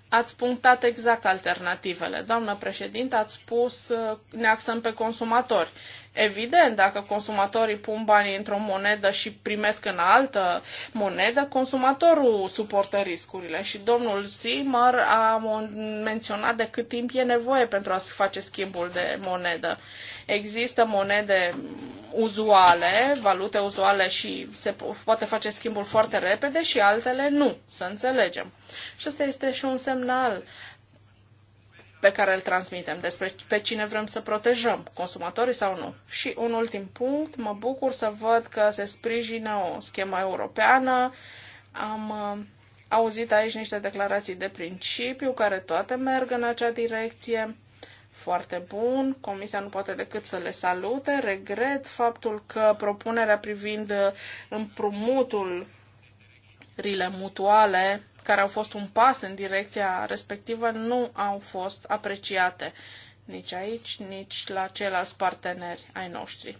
Ați punctat exact alternativele. Doamnă președinte, ați spus ne axăm pe consumatori. Evident, dacă consumatorii pun banii într-o monedă și primesc în altă monedă, consumatorul suportă riscurile. Și domnul Zimmer a menționat de cât timp e nevoie pentru a se face schimbul de monedă. Există monede uzuale, valute uzuale și se poate face schimbul foarte repede și altele nu, să înțelegem. Și asta este și un semnal pe care îl transmitem, despre pe cine vrem să protejăm, consumatorii sau nu. Și un ultim punct, mă bucur să văd că se sprijină o schemă europeană. Am uh, auzit aici niște declarații de principiu care toate merg în acea direcție. Foarte bun, Comisia nu poate decât să le salute. Regret faptul că propunerea privind împrumutul rile mutuale care au fost un pas în direcția respectivă, nu au fost apreciate nici aici, nici la ceilalți parteneri ai noștri.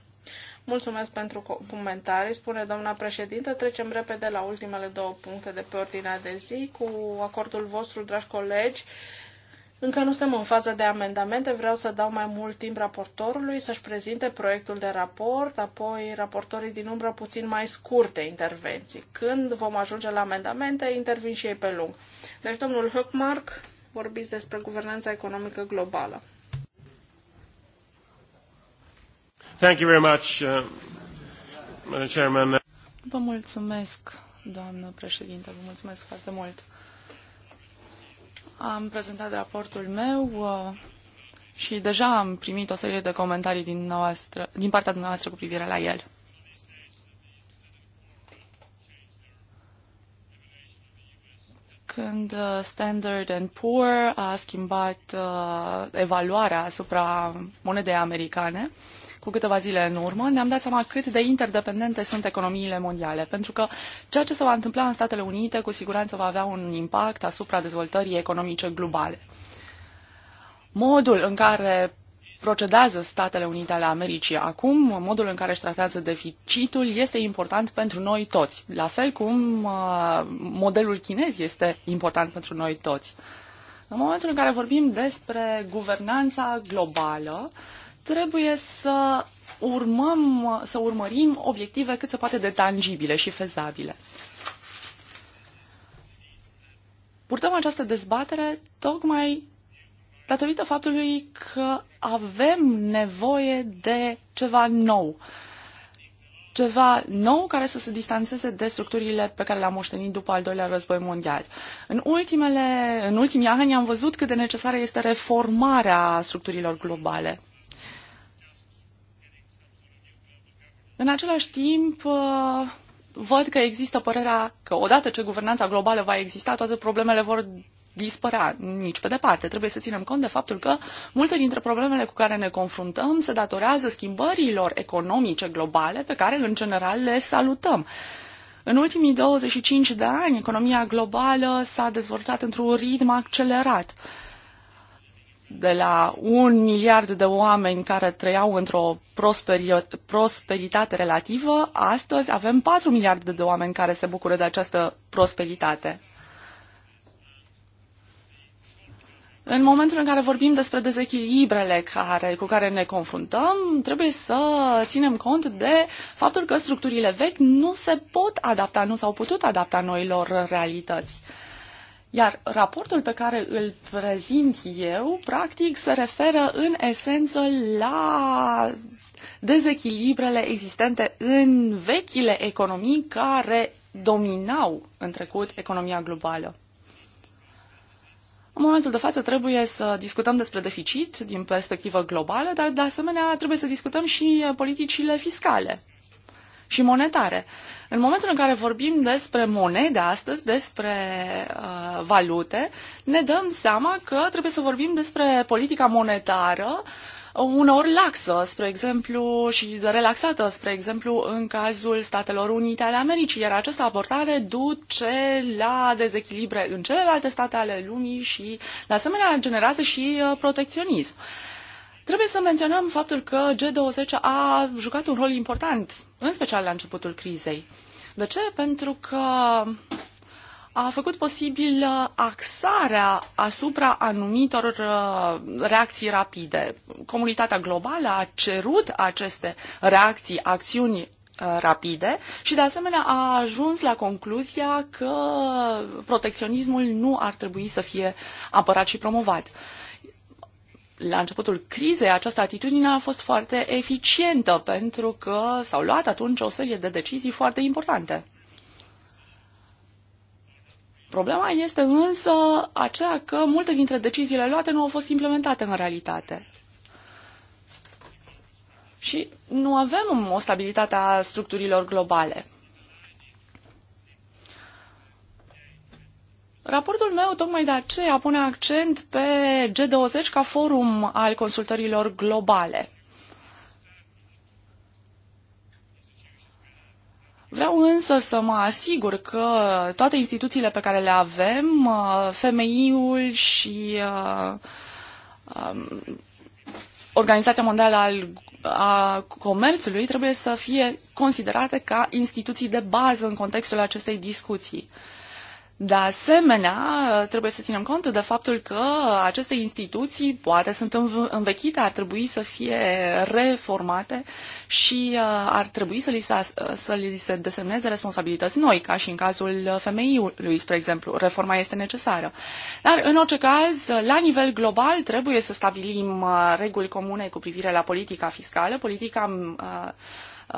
Mulțumesc pentru comentarii, spune doamna președintă. Trecem repede la ultimele două puncte de pe ordinea de zi. Cu acordul vostru, dragi colegi, încă nu suntem în fază de amendamente, vreau să dau mai mult timp raportorului să-și prezinte proiectul de raport, apoi raportorii din umbră puțin mai scurte intervenții. Când vom ajunge la amendamente, intervin și ei pe lung. Deci, domnul Höckmark, vorbiți despre guvernanța economică globală. Thank you very much, uh, Chairman. Vă mulțumesc, doamnă președinte, vă mulțumesc foarte mult. Am prezentat raportul meu uh, și deja am primit o serie de comentarii din, noastră, din partea dumneavoastră cu privire la el. când uh, Standard and Poor a schimbat uh, evaluarea asupra monedei americane, cu câteva zile în urmă, ne-am dat seama cât de interdependente sunt economiile mondiale, pentru că ceea ce se va întâmpla în Statele Unite cu siguranță va avea un impact asupra dezvoltării economice globale. Modul în care procedează Statele Unite ale Americii acum, modul în care își tratează deficitul este important pentru noi toți, la fel cum uh, modelul chinez este important pentru noi toți. În momentul în care vorbim despre guvernanța globală, uh, trebuie să urmăm, să urmărim obiective cât se poate de tangibile și fezabile. Purtăm această dezbatere tocmai datorită faptului că avem nevoie de ceva nou. Ceva nou care să se distanțeze de structurile pe care le-am moștenit după al doilea război mondial. În, ultimele, în ultimii ani am văzut cât de necesară este reformarea structurilor globale. În același timp, uh, văd că există părerea că odată ce guvernanța globală va exista, toate problemele vor dispărea nici pe departe. Trebuie să ținem cont de faptul că multe dintre problemele cu care ne confruntăm se datorează schimbărilor economice globale pe care, în general, le salutăm. În ultimii 25 de ani, economia globală s-a dezvoltat într-un ritm accelerat de la un miliard de oameni care trăiau într-o prosperitate relativă, astăzi avem 4 miliarde de oameni care se bucură de această prosperitate. În momentul în care vorbim despre dezechilibrele care, cu care ne confruntăm, trebuie să ținem cont de faptul că structurile vechi nu se pot adapta, nu s-au putut adapta noilor realități. Uh, iar raportul pe care îl prezint eu, practic, se referă în esență la dezechilibrele existente în vechile economii care dominau în trecut economia globală. În momentul de față trebuie să discutăm despre deficit din perspectivă globală, dar de asemenea trebuie să discutăm și politicile fiscale și monetare. În momentul în care vorbim despre monede astăzi, despre uh, valute, ne dăm seama că trebuie să vorbim despre politica monetară uh, uneori laxă, spre exemplu, și relaxată, spre exemplu, în cazul Statelor Unite ale Americii, iar această abordare duce la dezechilibre în celelalte state ale lumii și, de asemenea, generează și uh, protecționism. Uh, Trebuie să menționăm faptul că G20 a jucat un rol important, în special la începutul crizei. De ce? Pentru că a făcut posibil uh, axarea asupra anumitor uh, reacții rapide. Comunitatea globală a cerut aceste reacții, acțiuni uh, rapide și de asemenea a ajuns la concluzia că protecționismul nu ar trebui să fie apărat și promovat la începutul crizei această atitudine a fost foarte eficientă pentru că s-au luat atunci o serie de decizii foarte importante. Problema este însă aceea că multe dintre deciziile luate nu au fost implementate în realitate. Și nu avem o stabilitate a structurilor globale. Raportul meu tocmai de aceea pune accent pe G20 ca forum al consultărilor globale. Vreau însă să mă asigur că toate instituțiile pe care le avem, uh, FMI-ul și uh, um, Organizația Mondială al a comerțului trebuie să fie considerate ca instituții de bază în contextul acestei discuții. De asemenea, trebuie să ținem cont de faptul că aceste instituții poate sunt învechite, ar trebui să fie reformate și uh, ar trebui să li se, uh, să li se desemneze responsabilități noi, ca și în cazul femeiului, spre exemplu. Reforma este necesară. Dar, în orice caz, la nivel global trebuie să stabilim uh, reguli comune cu privire la politica fiscală, politica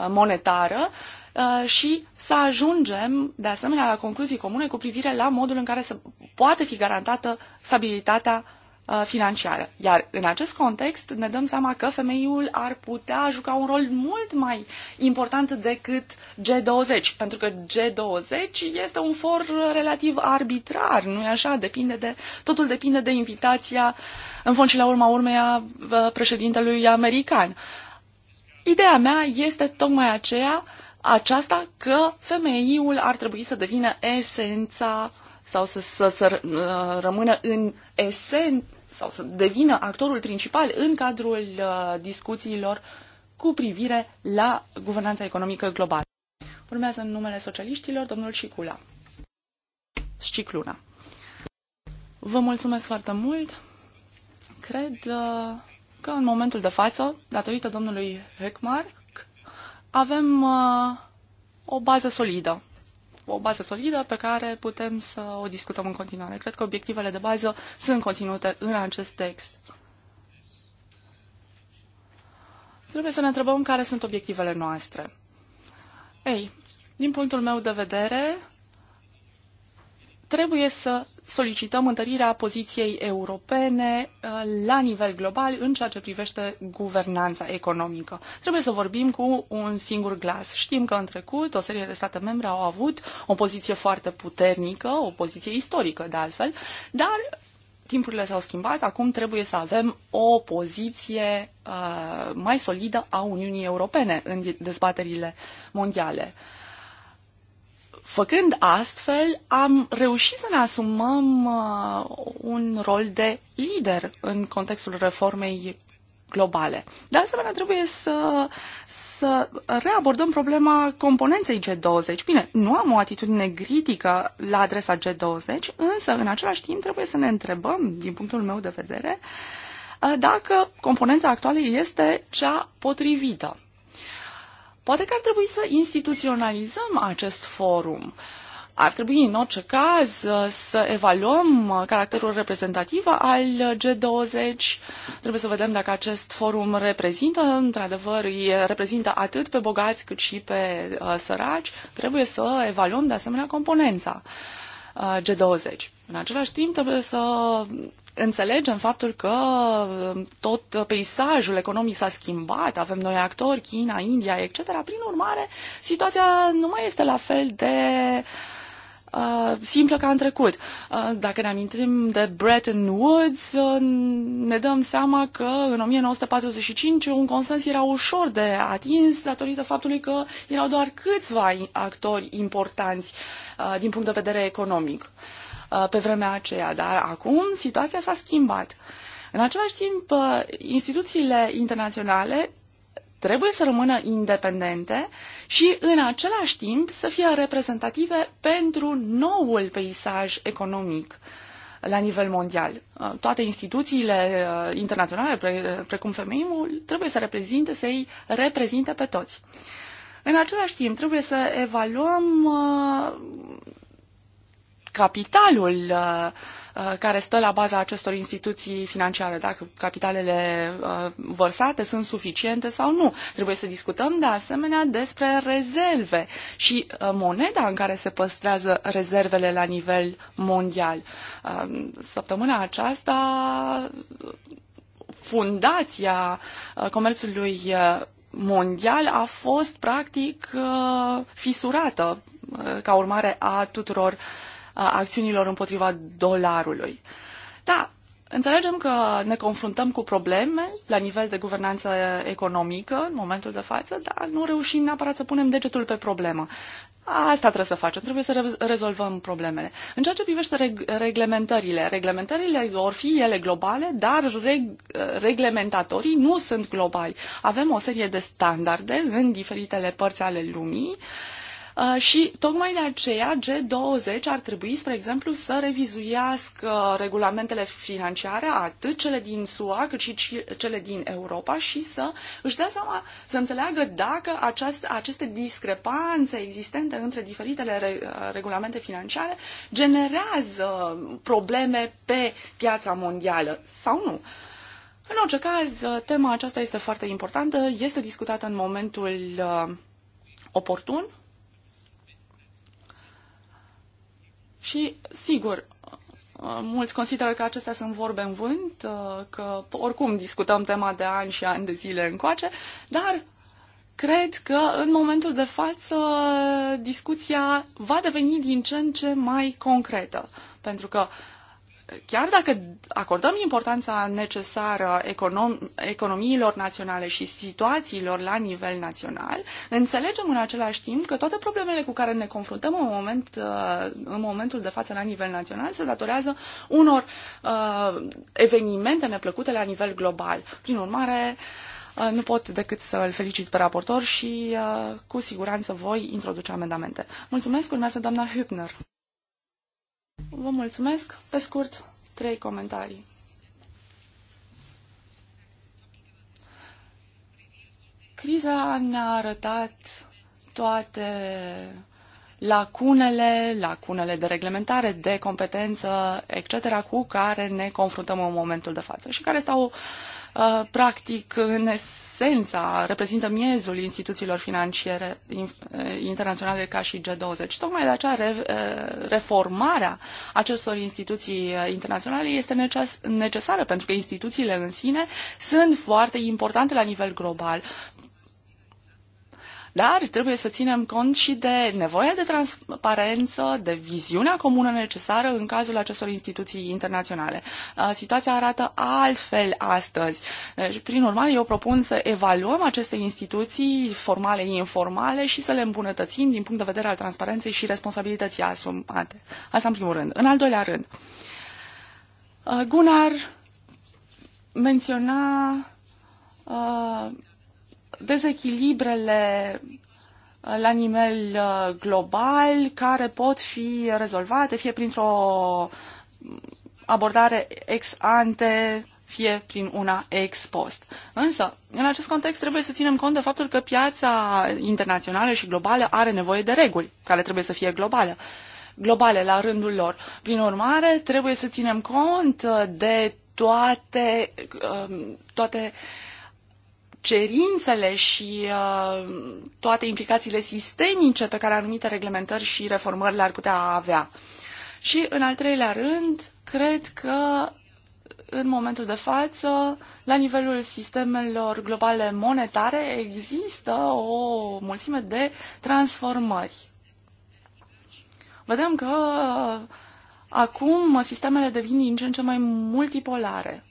monetară Uh, și să ajungem, de asemenea, la concluzii comune cu privire la modul în care se poate fi garantată stabilitatea uh, financiară. Iar în acest context ne dăm seama că femeiul ar putea juca un rol mult mai important decât G20, pentru că G20 este un for relativ arbitrar, nu-i așa? Depinde de, totul depinde de invitația, în fond și la urma urmei, a uh, președintelui american. Ideea mea este tocmai aceea aceasta că femeiul ar trebui să devină esența sau să, să, să uh, rămână în esen sau să devină actorul principal în cadrul uh, discuțiilor cu privire la guvernanța economică globală. Urmează în numele socialiștilor domnul Cicula. Scicluna. Vă mulțumesc foarte mult. Cred uh, că în momentul de față, datorită domnului Hecmar, avem uh, o bază solidă. O bază solidă pe care putem să o discutăm în continuare. Cred că obiectivele de bază sunt conținute în acest text. Trebuie să ne întrebăm care sunt obiectivele noastre. Ei, din punctul meu de vedere, trebuie să solicităm întărirea poziției europene uh, la nivel global în ceea ce privește guvernanța economică. Trebuie să vorbim cu un singur glas. Știm că în trecut o serie de state membre au avut o poziție foarte puternică, o poziție istorică de altfel, dar timpurile s-au schimbat, acum trebuie să avem o poziție uh, mai solidă a Uniunii Europene în dezbaterile mondiale. Uh, Făcând astfel, am reușit să ne asumăm uh, un rol de lider în contextul reformei globale. De asemenea, trebuie să, să reabordăm problema componenței G20. Bine, nu am o atitudine critică la adresa G20, însă, în același timp, trebuie să ne întrebăm, din punctul meu de vedere, uh, dacă componența actuală este cea potrivită. Poate că ar trebui să instituționalizăm acest forum. Ar trebui, în orice caz, să evaluăm caracterul reprezentativ al G20. Trebuie să vedem dacă acest forum reprezintă, într-adevăr, reprezintă atât pe bogați cât și pe uh, săraci. Trebuie să evaluăm, de asemenea, componența uh, G20. În același timp, trebuie să înțelegem faptul că uh, tot peisajul economic s-a schimbat, avem noi actori, China, India, etc. Prin urmare, situația nu mai este la fel de uh, simplă ca în trecut. Uh, dacă ne amintim de Bretton Woods, uh, ne dăm seama că în 1945 un consens era ușor de atins datorită faptului că erau doar câțiva actori importanți uh, din punct de vedere economic. Uh, Uh, pe vremea aceea, dar acum situația s-a schimbat. În același timp, uh, instituțiile internaționale trebuie să rămână independente și în același timp să fie reprezentative pentru noul peisaj economic la nivel mondial. Uh, toate instituțiile internaționale, precum femeimul, trebuie să reprezinte, să îi reprezinte pe toți. În același timp, trebuie să evaluăm capitalul uh, uh, care stă la baza acestor instituții financiare, dacă capitalele uh, vărsate sunt suficiente sau nu. Trebuie să discutăm de asemenea despre rezerve și moneda în care se păstrează rezervele la nivel mondial. Săptămâna aceasta fundația comerțului mondial a fost practic fisurată ca urmare a tuturor uh, acțiunilor împotriva dolarului. Da, Înțelegem că ne confruntăm cu probleme la nivel de guvernanță economică în momentul de față, dar nu reușim neapărat să punem degetul pe problemă. Asta trebuie să facem, trebuie să rezolvăm problemele. În ceea ce privește reg- reglementările, reglementările vor fi ele globale, dar reg- reglementatorii nu sunt globali. Avem o serie de standarde în diferitele părți ale lumii uh, Uh, și tocmai de aceea G20 ar trebui, spre exemplu, să revizuiască regulamentele financiare, atât cele din SUA, cât și cele din Europa și să își dea seama, să înțeleagă dacă aceast, aceste discrepanțe existente între diferitele re, uh, regulamente financiare generează probleme pe piața mondială sau nu. În orice caz, tema aceasta este foarte importantă, este discutată în momentul uh, oportun Și, sigur, mulți consideră că acestea sunt vorbe în vânt, că oricum discutăm tema de ani și ani de zile încoace, dar cred că în momentul de față discuția va deveni din ce în ce mai concretă. Pentru că uh, chiar dacă acordăm importanța necesară econom- economiilor naționale și situațiilor la nivel național, înțelegem în același timp că toate problemele cu care ne confruntăm în, moment, uh, în momentul de față la nivel național se datorează unor uh, evenimente neplăcute la nivel global. Prin urmare, uh, nu pot decât să îl felicit pe raportor și uh, cu siguranță voi introduce amendamente. Mulțumesc, urmează doamna Hübner. Vă mulțumesc. Pe scurt, trei comentarii. Criza ne-a arătat toate lacunele, lacunele de reglementare, de competență, etc., cu care ne confruntăm în momentul de față și care stau Uh, practic, în esența, reprezintă miezul instituțiilor financiare uh, internaționale ca și G20. Tocmai de aceea uh, reformarea acestor instituții internaționale este necesară, pentru că instituțiile în sine sunt foarte importante la nivel global. Dar trebuie să ținem cont și de nevoia de transparență, de viziunea comună necesară în cazul acestor instituții internaționale. Situația arată altfel astăzi. Deci, prin urmare, eu propun să evaluăm aceste instituții formale, informale și să le îmbunătățim din punct de vedere al transparenței și responsabilității asumate. Asta în primul rând. În al doilea rând, Gunnar menționa dezechilibrele la nivel uh, global care pot fi rezolvate fie printr-o abordare ex ante, fie prin una ex post. Însă, în acest context trebuie să ținem cont de faptul că piața internațională și globală are nevoie de reguli, care trebuie să fie globale globale la rândul lor. Prin urmare, trebuie să ținem cont uh, de toate, um, toate uh, cerințele și uh, toate implicațiile sistemice pe care anumite reglementări și reformări le-ar putea avea. Și, în al treilea rând, cred că în momentul de față, la nivelul sistemelor globale monetare, există o mulțime de transformări. Vedem că uh, acum sistemele devin din ce în ce mai multipolare.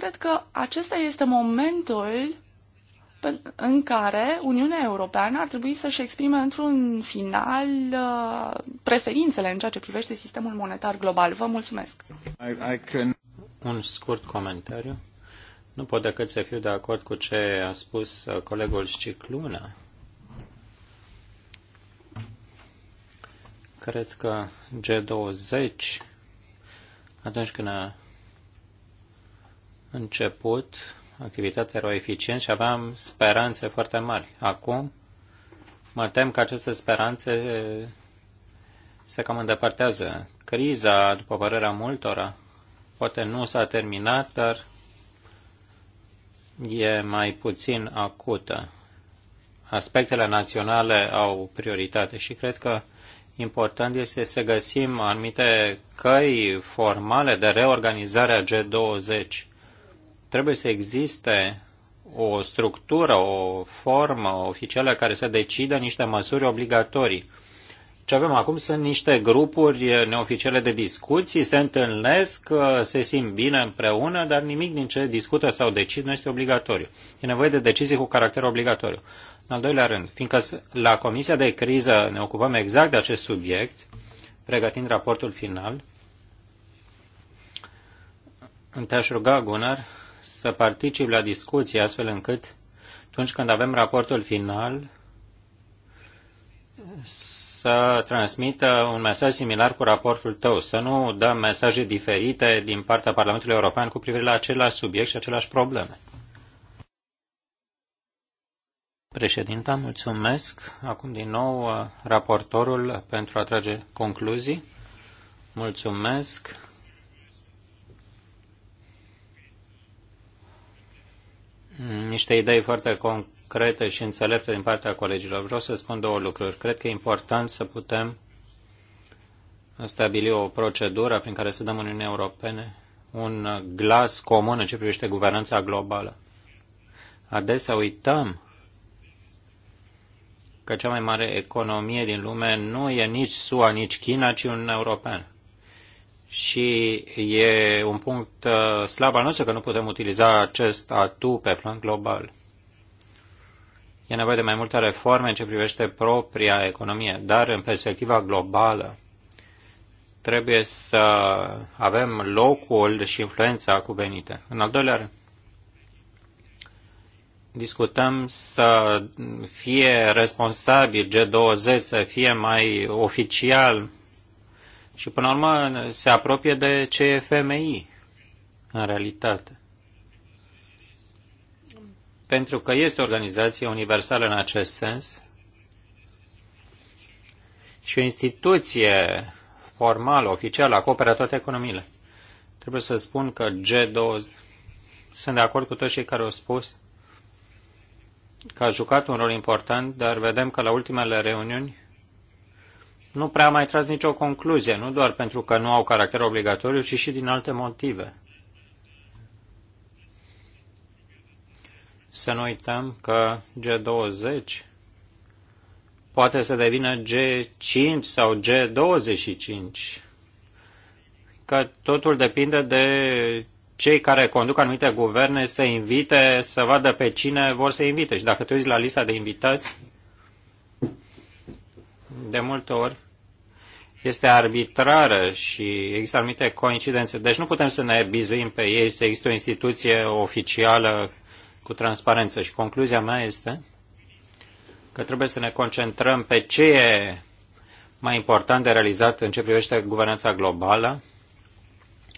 Cred că acesta este momentul în care Uniunea Europeană ar trebui să-și exprime într-un final uh, preferințele în ceea ce privește sistemul monetar global. Vă mulțumesc! I, I can... Un scurt comentariu. Nu pot decât să fiu de acord cu ce a spus uh, colegul Cicluna. Cred că G20, atunci când a început, activitatea era eficient și aveam speranțe foarte mari. Acum mă tem că aceste speranțe se cam îndepărtează. Criza, după părerea multora, poate nu s-a terminat, dar e mai puțin acută. Aspectele naționale au prioritate și cred că important este să găsim anumite căi formale de reorganizare a G20 Trebuie să existe o structură, o formă oficială care să decidă niște măsuri obligatorii. Ce avem acum sunt niște grupuri neoficiale de discuții, se întâlnesc, se simt bine împreună, dar nimic din ce discută sau decid nu este obligatoriu. E nevoie de decizii cu caracter obligatoriu. În al doilea rând, fiindcă la Comisia de Criză ne ocupăm exact de acest subiect, pregătind raportul final, te-aș ruga, Gunnar, să particip la discuții astfel încât atunci când avem raportul final să transmită un mesaj similar cu raportul tău, să nu dăm mesaje diferite din partea Parlamentului European cu privire la același subiect și aceleași probleme. Președinta, mulțumesc. Acum din nou raportorul pentru a trage concluzii. Mulțumesc. niște idei foarte concrete și înțelepte din partea colegilor. Vreau să spun două lucruri. Cred că e important să putem stabili o procedură prin care să dăm Uniunii Europene un glas comun în ce privește guvernanța globală. Adesea uităm că cea mai mare economie din lume nu e nici SUA, nici China, ci Uniunea Europeană și e un punct uh, slab al nostru că nu putem utiliza acest atu pe plan global. E nevoie de mai multe reforme în ce privește propria economie, dar în perspectiva globală trebuie să avem locul și influența cuvenite. În al doilea rând, discutăm să fie responsabil G20, să fie mai oficial și până la urmă se apropie de ce e femei în realitate. Pentru că este o organizație universală în acest sens și o instituție formală, oficială, acoperă toate economiile. Trebuie să spun că G20, sunt de acord cu toți cei care au spus că a jucat un rol important, dar vedem că la ultimele reuniuni nu prea mai tras nicio concluzie, nu doar pentru că nu au caracter obligatoriu, ci și din alte motive. Să nu uităm că G20 poate să devină G5 sau G25, că totul depinde de cei care conduc anumite guverne să invite, să vadă pe cine vor să invite. Și dacă te uiți la lista de invitați, de multe ori este arbitrară și există anumite coincidențe. Deci nu putem să ne bizuim pe ei să există o instituție oficială cu transparență. Și concluzia mea este că trebuie să ne concentrăm pe ce e mai important de realizat în ce privește guvernanța globală,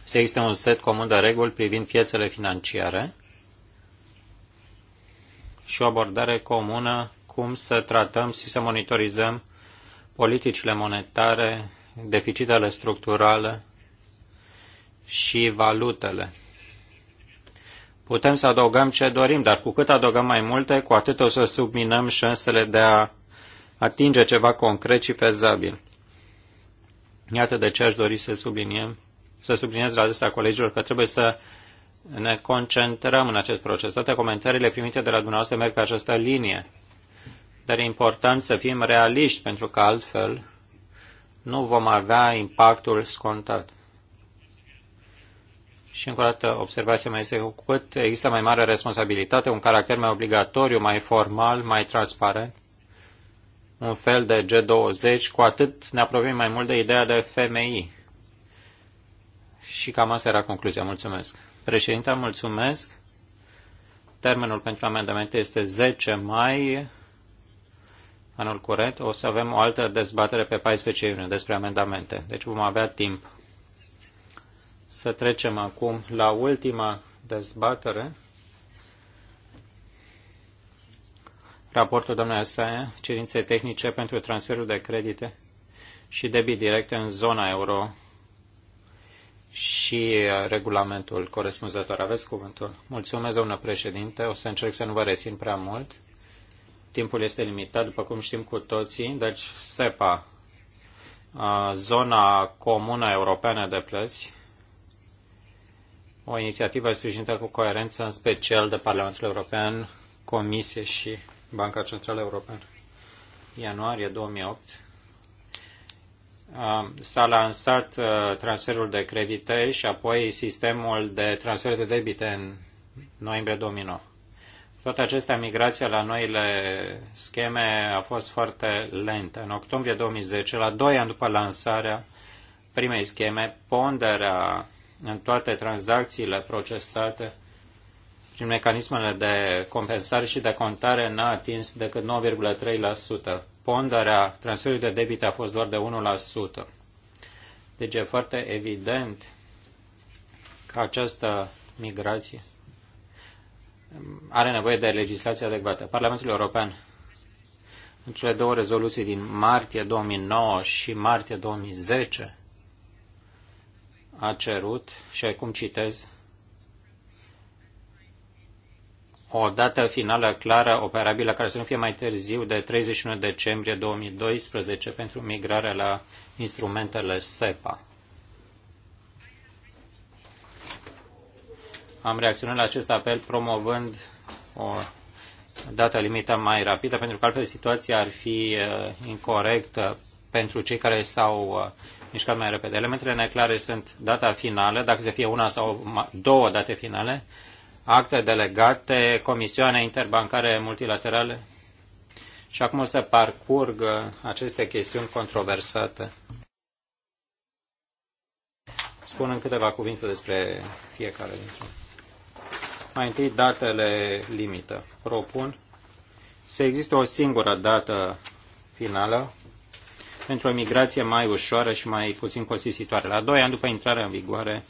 să existe un set comun de reguli privind piețele financiare și o abordare comună cum să tratăm și să monitorizăm politicile monetare, deficitele structurale și valutele. Putem să adăugăm ce dorim, dar cu cât adăugăm mai multe, cu atât o să subminăm șansele de a atinge ceva concret și fezabil. Iată de ce aș dori să subliniem, să subliniez la adresa colegilor că trebuie să ne concentrăm în acest proces. Toate comentariile primite de la dumneavoastră merg pe această linie dar e important să fim realiști, pentru că altfel nu vom avea impactul scontat. Și încă o dată, observația mea este că cu cât există mai mare responsabilitate, un caracter mai obligatoriu, mai formal, mai transparent, un fel de G20, cu atât ne apropiem mai mult de ideea de FMI. Și cam asta era concluzia. Mulțumesc. Președinte, mulțumesc. Termenul pentru amendamente este 10 mai anul curent, o să avem o altă dezbatere pe 14 iunie despre amendamente. Deci vom avea timp să trecem acum la ultima dezbatere. Raportul domnului Asaia, cerințe tehnice pentru transferul de credite și debit direct în zona euro și regulamentul corespunzător. Aveți cuvântul. Mulțumesc, domnule președinte. O să încerc să nu vă rețin prea mult. Timpul este limitat, după cum știm cu toții, deci SEPA, Zona Comună Europeană de Plăți, o inițiativă sprijinită cu coerență, în special de Parlamentul European, Comisie și Banca Centrală Europeană. Ianuarie 2008 s-a lansat transferul de credite și apoi sistemul de transfer de debite în noiembrie 2009. Toate acestea, migrația la noile scheme a fost foarte lentă. În octombrie 2010, la doi ani după lansarea primei scheme, ponderea în toate tranzacțiile procesate prin mecanismele de compensare și de contare n-a atins decât 9,3%. Ponderea transferului de debite a fost doar de 1%. Deci e foarte evident că această migrație are nevoie de legislație adecvată. Parlamentul European, în cele două rezoluții din martie 2009 și martie 2010, a cerut, și acum citez, o dată finală clară, operabilă, care să nu fie mai târziu de 31 decembrie 2012 pentru migrarea la instrumentele SEPA. am reacționat la acest apel promovând o dată limită mai rapidă, pentru că altfel situația ar fi uh, incorrectă pentru cei care s-au uh, mișcat mai repede. Elementele neclare sunt data finală, dacă se fie una sau două date finale, acte delegate, comisioane interbancare multilaterale. Și acum o să parcurg uh, aceste chestiuni controversate. Spun în câteva cuvinte despre fiecare dintre ele. Mai întâi, datele limită. Propun să existe o singură dată finală pentru o migrație mai ușoară și mai puțin costisitoare. La doi ani după intrarea în vigoare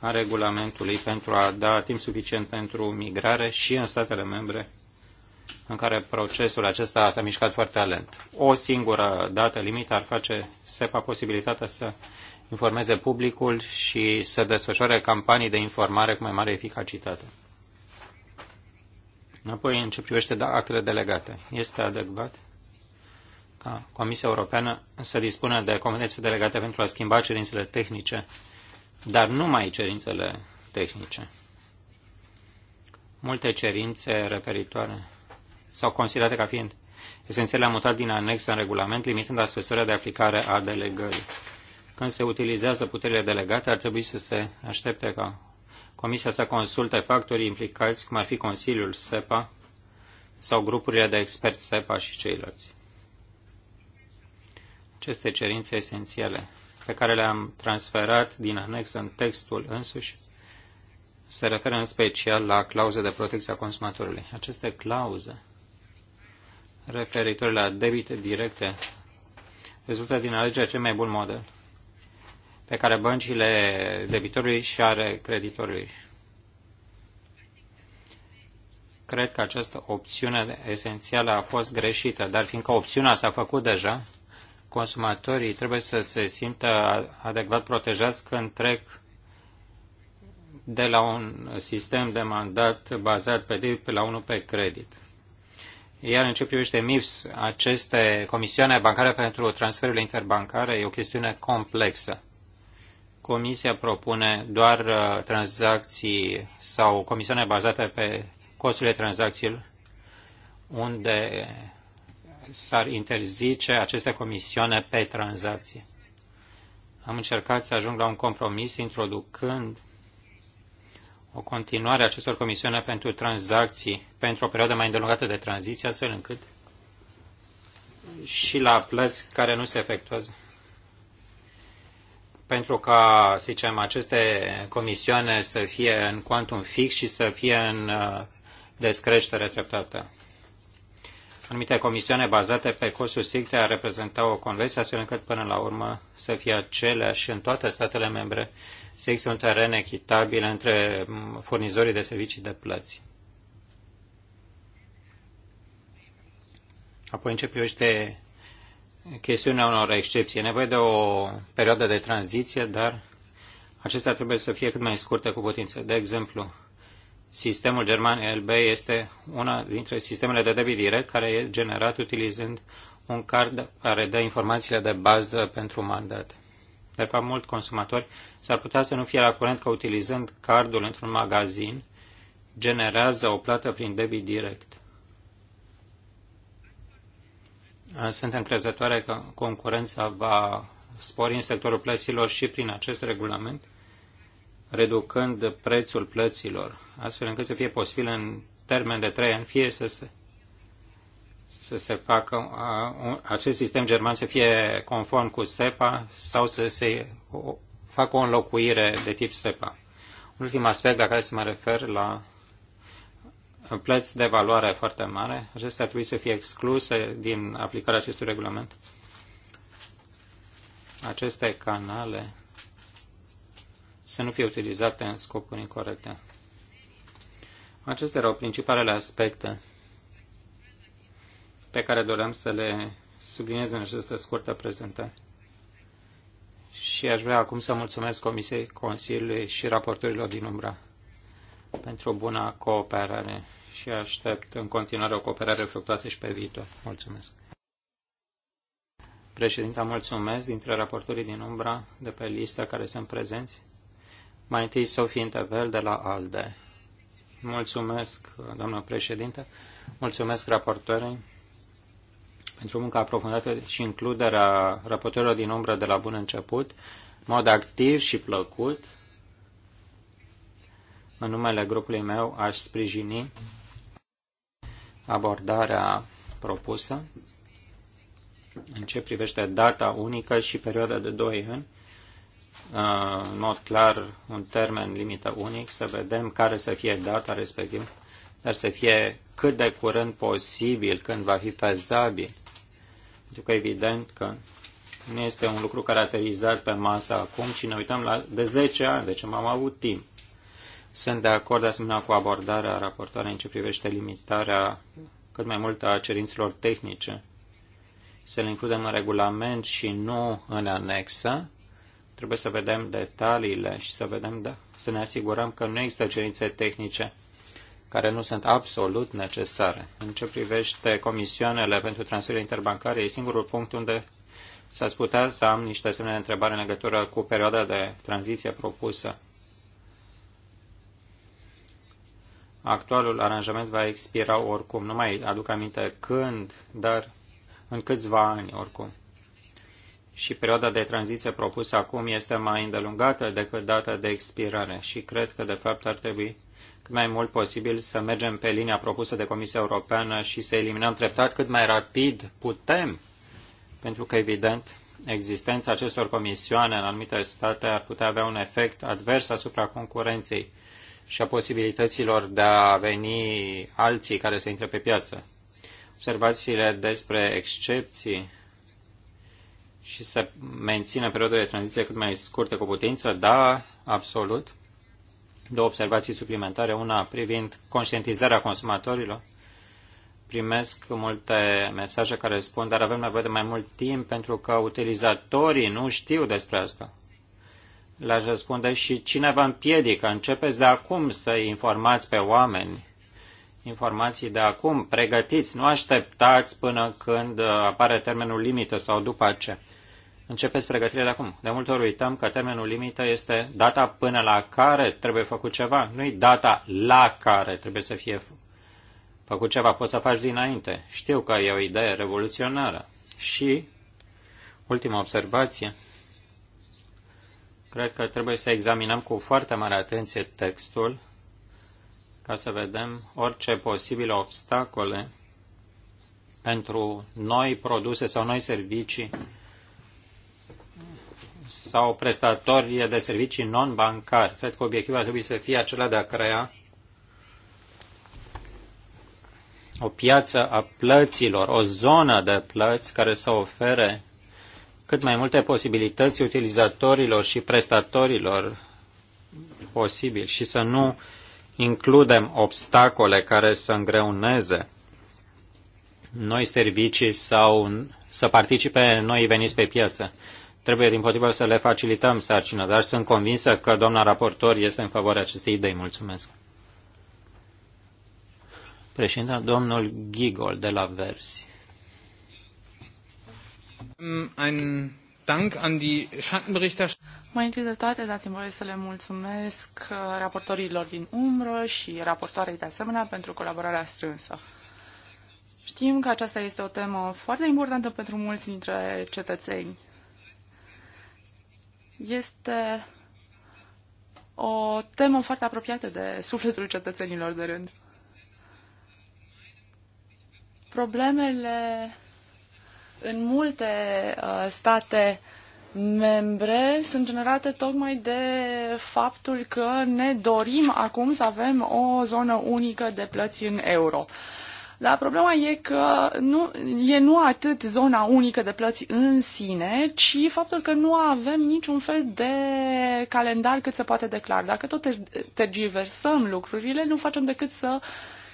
a regulamentului pentru a da timp suficient pentru migrare și în statele membre în care procesul acesta s-a mișcat foarte lent. O singură dată limită ar face SEPA posibilitatea să informeze publicul și să desfășoare campanii de informare cu mai mare eficacitate. Apoi, în ce privește da, actele delegate, este adecvat ca Comisia Europeană să dispună de competențe delegate pentru a schimba cerințele tehnice, dar numai cerințele tehnice. Multe cerințe referitoare sau considerate ca fiind esențiale a mutat din anex în regulament, limitând astfel de aplicare a delegării. Când se utilizează puterile delegate, ar trebui să se aștepte ca Comisia să consulte factorii implicați, cum ar fi Consiliul SEPA sau grupurile de experți SEPA și ceilalți. Aceste cerințe esențiale pe care le-am transferat din anex în textul însuși se referă în special la clauze de protecție a consumatorului. Aceste clauze referitoare la debite directe rezultă din alegerea cel mai bun model pe care băncile debitorului și are creditorului. Cred că această opțiune esențială a fost greșită, dar fiindcă opțiunea s-a făcut deja, consumatorii trebuie să se simtă adecvat protejați când trec de la un sistem de mandat bazat pe DIP la unul pe credit. Iar în ce privește MIFS, aceste comisioane bancare pentru transferurile interbancare e o chestiune complexă. Comisia propune doar uh, tranzacții sau comisioane bazate pe costurile tranzacțiilor, unde s-ar interzice aceste comisioane pe tranzacție. Am încercat să ajung la un compromis introducând o continuare a acestor comisioane pentru tranzacții pentru o perioadă mai îndelungată de tranziție, astfel încât și la plăți care nu se efectuează pentru ca, să zicem, aceste comisioane să fie în quantum fix și să fie în uh, descreștere treptată. Anumite comisioane bazate pe costuri stricte ar reprezenta o conversie astfel încât până la urmă să fie aceleași în toate statele membre, să există un teren echitabil între mm, furnizorii de servicii de plăți. Apoi în ce privește chestiunea unor excepții. E nevoie de o perioadă de tranziție, dar acestea trebuie să fie cât mai scurte cu putință. De exemplu, sistemul german LB este una dintre sistemele de debit direct care e generat utilizând un card care dă informațiile de bază pentru mandat. De fapt, mulți consumatori s-ar putea să nu fie la curent că utilizând cardul într-un magazin generează o plată prin debit direct. Sunt încrezătoare că concurența va spori în sectorul plăților și prin acest regulament, reducând prețul plăților, astfel încât să fie posibil în termen de trei ani fie să se, să se facă acest sistem german să fie conform cu SEPA sau să se facă o înlocuire de tip SEPA. ultim aspect la care să mă refer la plăți de valoare foarte mare. Acestea ar trebui să fie excluse din aplicarea acestui regulament. Aceste canale să nu fie utilizate în scopuri incorrecte. Acestea erau principalele aspecte pe care doream să le subliniez în această scurtă prezentare. Și aș vrea acum să mulțumesc Comisiei Consiliului și raportorilor din umbra pentru buna cooperare și aștept în continuare o cooperare fructoasă și pe viitor. Mulțumesc. Președinta, mulțumesc. Dintre raportorii din umbra de pe lista care sunt prezenți, mai întâi Sofie Intevel de la ALDE. Mulțumesc, doamnă președinte. Mulțumesc raportorii pentru munca aprofundată și includerea raportorilor din umbră de la bun început, mod activ și plăcut în numele grupului meu aș sprijini abordarea propusă în ce privește data unică și perioada de 2 ani, în mod clar un termen limită unic, să vedem care să fie data respectivă, dar să fie cât de curând posibil, când va fi fezabil. Pentru că evident că nu este un lucru caracterizat pe masă acum, ci ne uităm la de 10 ani, deci am avut timp. Sunt de acord de asemenea cu abordarea raportoarei în ce privește limitarea cât mai mult a cerințelor tehnice. Să le includem în regulament și nu în anexă. Trebuie să vedem detaliile și să vedem, da, să ne asigurăm că nu există cerințe tehnice care nu sunt absolut necesare. În ce privește comisioanele pentru transferul interbancare, e singurul punct unde s-ar putea să am niște semne de întrebare în legătură cu perioada de tranziție propusă actualul aranjament va expira oricum. Nu mai aduc aminte când, dar în câțiva ani oricum. Și perioada de tranziție propusă acum este mai îndelungată decât data de expirare și cred că de fapt ar trebui cât mai mult posibil să mergem pe linia propusă de Comisia Europeană și să eliminăm treptat cât mai rapid putem, pentru că evident existența acestor comisioane în anumite state ar putea avea un efect advers asupra concurenței și a posibilităților de a veni alții care să intre pe piață. Observațiile despre excepții și să mențină perioada de tranziție cât mai scurtă cu putință, da, absolut. Două observații suplimentare, una privind conștientizarea consumatorilor. Primesc multe mesaje care spun, dar avem nevoie de mai mult timp pentru că utilizatorii nu știu despre asta le-aș răspunde și cine vă împiedică? Începeți de acum să informați pe oameni informații de acum, pregătiți, nu așteptați până când uh, apare termenul limită sau după aceea. Începeți pregătirea de acum. De multe ori uităm că termenul limită este data până la care trebuie făcut ceva, nu e data la care trebuie să fie făcut ceva. Poți să faci dinainte. Știu că e o idee revoluționară. Și, ultima observație, Cred că trebuie să examinăm cu foarte mare atenție textul ca să vedem orice posibile obstacole pentru noi produse sau noi servicii sau prestatori de servicii non-bancari. Cred că obiectivul ar trebui să fie acela de a crea o piață a plăților, o zonă de plăți care să ofere cât mai multe posibilități utilizatorilor și prestatorilor posibil și să nu includem obstacole care să îngreuneze noi servicii sau să participe noi veniți pe piață. Trebuie, din potrivă, să le facilităm sarcină, dar sunt convinsă că doamna raportor este în favoarea acestei idei. Mulțumesc. Președinte, domnul Gigol de la Versi. Ein Dank an die Schattenberichterstatter. Mai întâi de toate, dați-mi voie să le mulțumesc uh, raportorilor din umbră și raportoarei de asemenea pentru colaborarea strânsă. Știm că aceasta este o temă foarte importantă pentru mulți dintre cetățeni. Este o temă foarte apropiată de sufletul cetățenilor de rând. Problemele în multe uh, state membre sunt generate tocmai de faptul că ne dorim acum să avem o zonă unică de plăți în euro. Dar problema e că nu, e nu atât zona unică de plăți în sine, ci faptul că nu avem niciun fel de calendar cât se poate declara. Dacă tot tergiversăm lucrurile, nu facem decât să uh,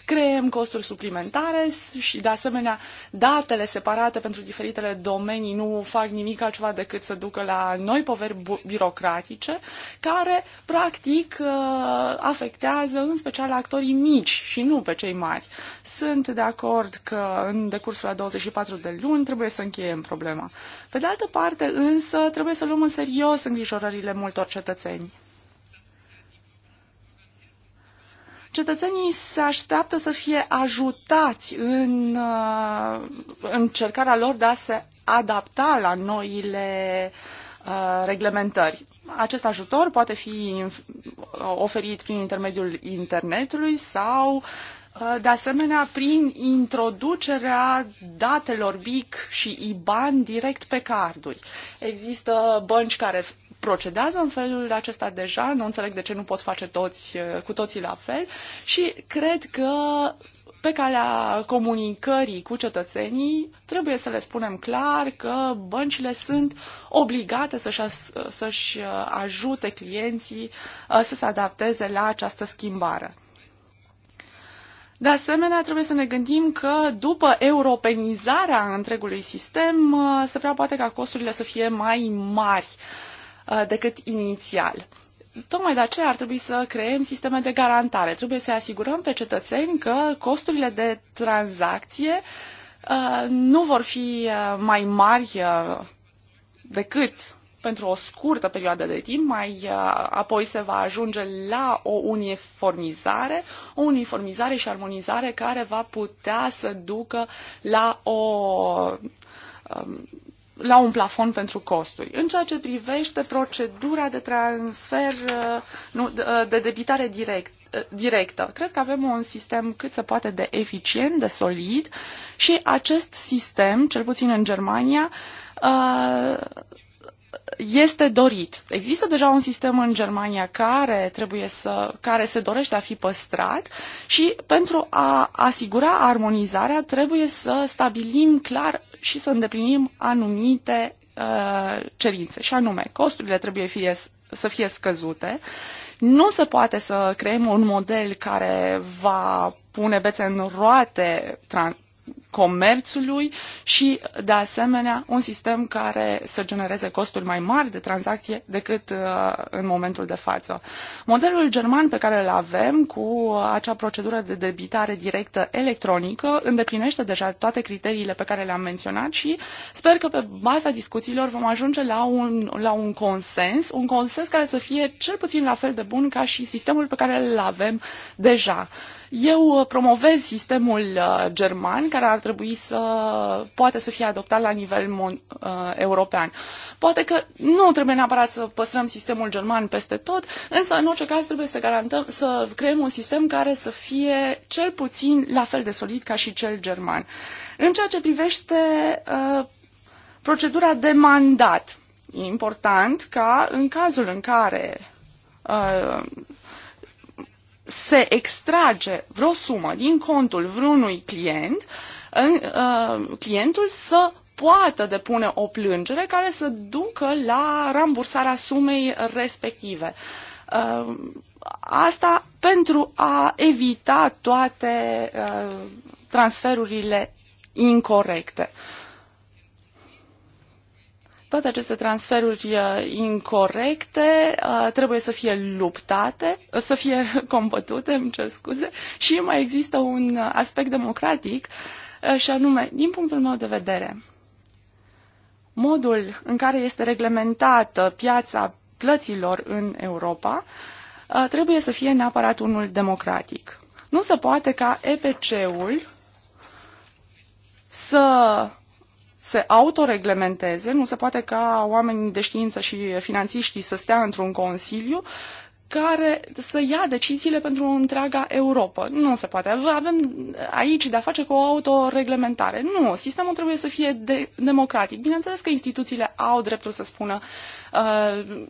creăm costuri suplimentare și, de asemenea, datele separate pentru diferitele domenii nu fac nimic altceva decât să ducă la noi poveri birocratice, care, practic, uh, afectează în special actorii mici și nu pe cei mari. Sunt de acord că în decursul la 24 de luni trebuie să încheiem problema. Pe de altă parte, însă, trebuie să luăm în serios îngrijorările multor cetățeni. Cetățenii se așteaptă să fie ajutați uh, în încercarea lor de a se adapta la noile uh, reglementări. Acest ajutor poate fi oferit prin intermediul internetului sau uh, de asemenea, prin introducerea datelor BIC și IBAN direct pe carduri. Există bănci care procedează în felul acesta deja, nu înțeleg de ce nu pot face toți, uh, cu toții la fel și cred că pe calea comunicării cu cetățenii, trebuie să le spunem clar că băncile sunt obligate să-și, să-și uh, ajute clienții uh, să se adapteze la această schimbare. De asemenea, trebuie să ne gândim că după europenizarea întregului sistem, se prea poate ca costurile să fie mai mari. Uh, Uh, decât inițial. Tocmai de aceea ar trebui să creăm sisteme de garantare. Trebuie să asigurăm pe cetățeni că costurile de tranzacție uh, nu vor fi uh, mai mari decât pentru o scurtă perioadă de timp, mai apoi se va ajunge la o uniformizare, o uniformizare și armonizare care va putea să ducă la o um, la un plafon pentru costuri. În ceea ce privește procedura de transfer, uh, nu, uh, de debitare direct, uh, directă, cred că avem un sistem cât se poate de eficient, de solid și acest sistem, cel puțin în Germania, este dorit. Există deja un sistem în Germania care trebuie să, care se dorește a fi păstrat și pentru a asigura armonizarea trebuie să stabilim clar și să îndeplinim anumite uh, cerințe, și anume costurile trebuie fie, să fie scăzute, nu se poate să creăm un model care va pune bețe în roate comerțului și, de asemenea, un sistem care să genereze costuri mai mari de tranzacție decât uh, în momentul de față. Modelul german pe care îl avem cu uh, acea procedură de debitare directă electronică îndeplinește deja toate criteriile pe care le-am menționat și sper că pe baza discuțiilor vom ajunge la un, la un consens, un consens care să fie cel puțin la fel de bun ca și sistemul pe care îl avem deja. Uh, eu uh, promovez sistemul uh, german care ar trebui să poate să fie adoptat la nivel mon, uh, european. Poate că nu trebuie neapărat să păstrăm sistemul german peste tot, însă în orice caz trebuie să garantăm să creăm un sistem care să fie cel puțin la fel de solid ca și cel german. În ceea ce privește uh, procedura de mandat, e important ca în cazul în care uh, se extrage vreo sumă din contul vreunui client, în, uh, clientul să poată depune o plângere care să ducă la rambursarea sumei respective. Uh, asta pentru a evita toate uh, transferurile incorrecte. Uh, toate aceste transferuri uh, incorrecte uh, trebuie să fie luptate, uh, să fie combătute, îmi cer scuze, și mai există un aspect democratic și anume, din punctul meu de vedere, modul în care este reglementată piața plăților în Europa trebuie să fie neapărat unul democratic. Nu se poate ca EPC-ul să se autoreglementeze, nu se poate ca oamenii de știință și finanțiștii să stea într-un consiliu care să ia deciziile pentru întreaga Europa. Nu se poate. Avem aici de-a face cu o autoreglementare. Nu, sistemul trebuie să fie de- democratic. Bineînțeles că instituțiile au dreptul să spună uh,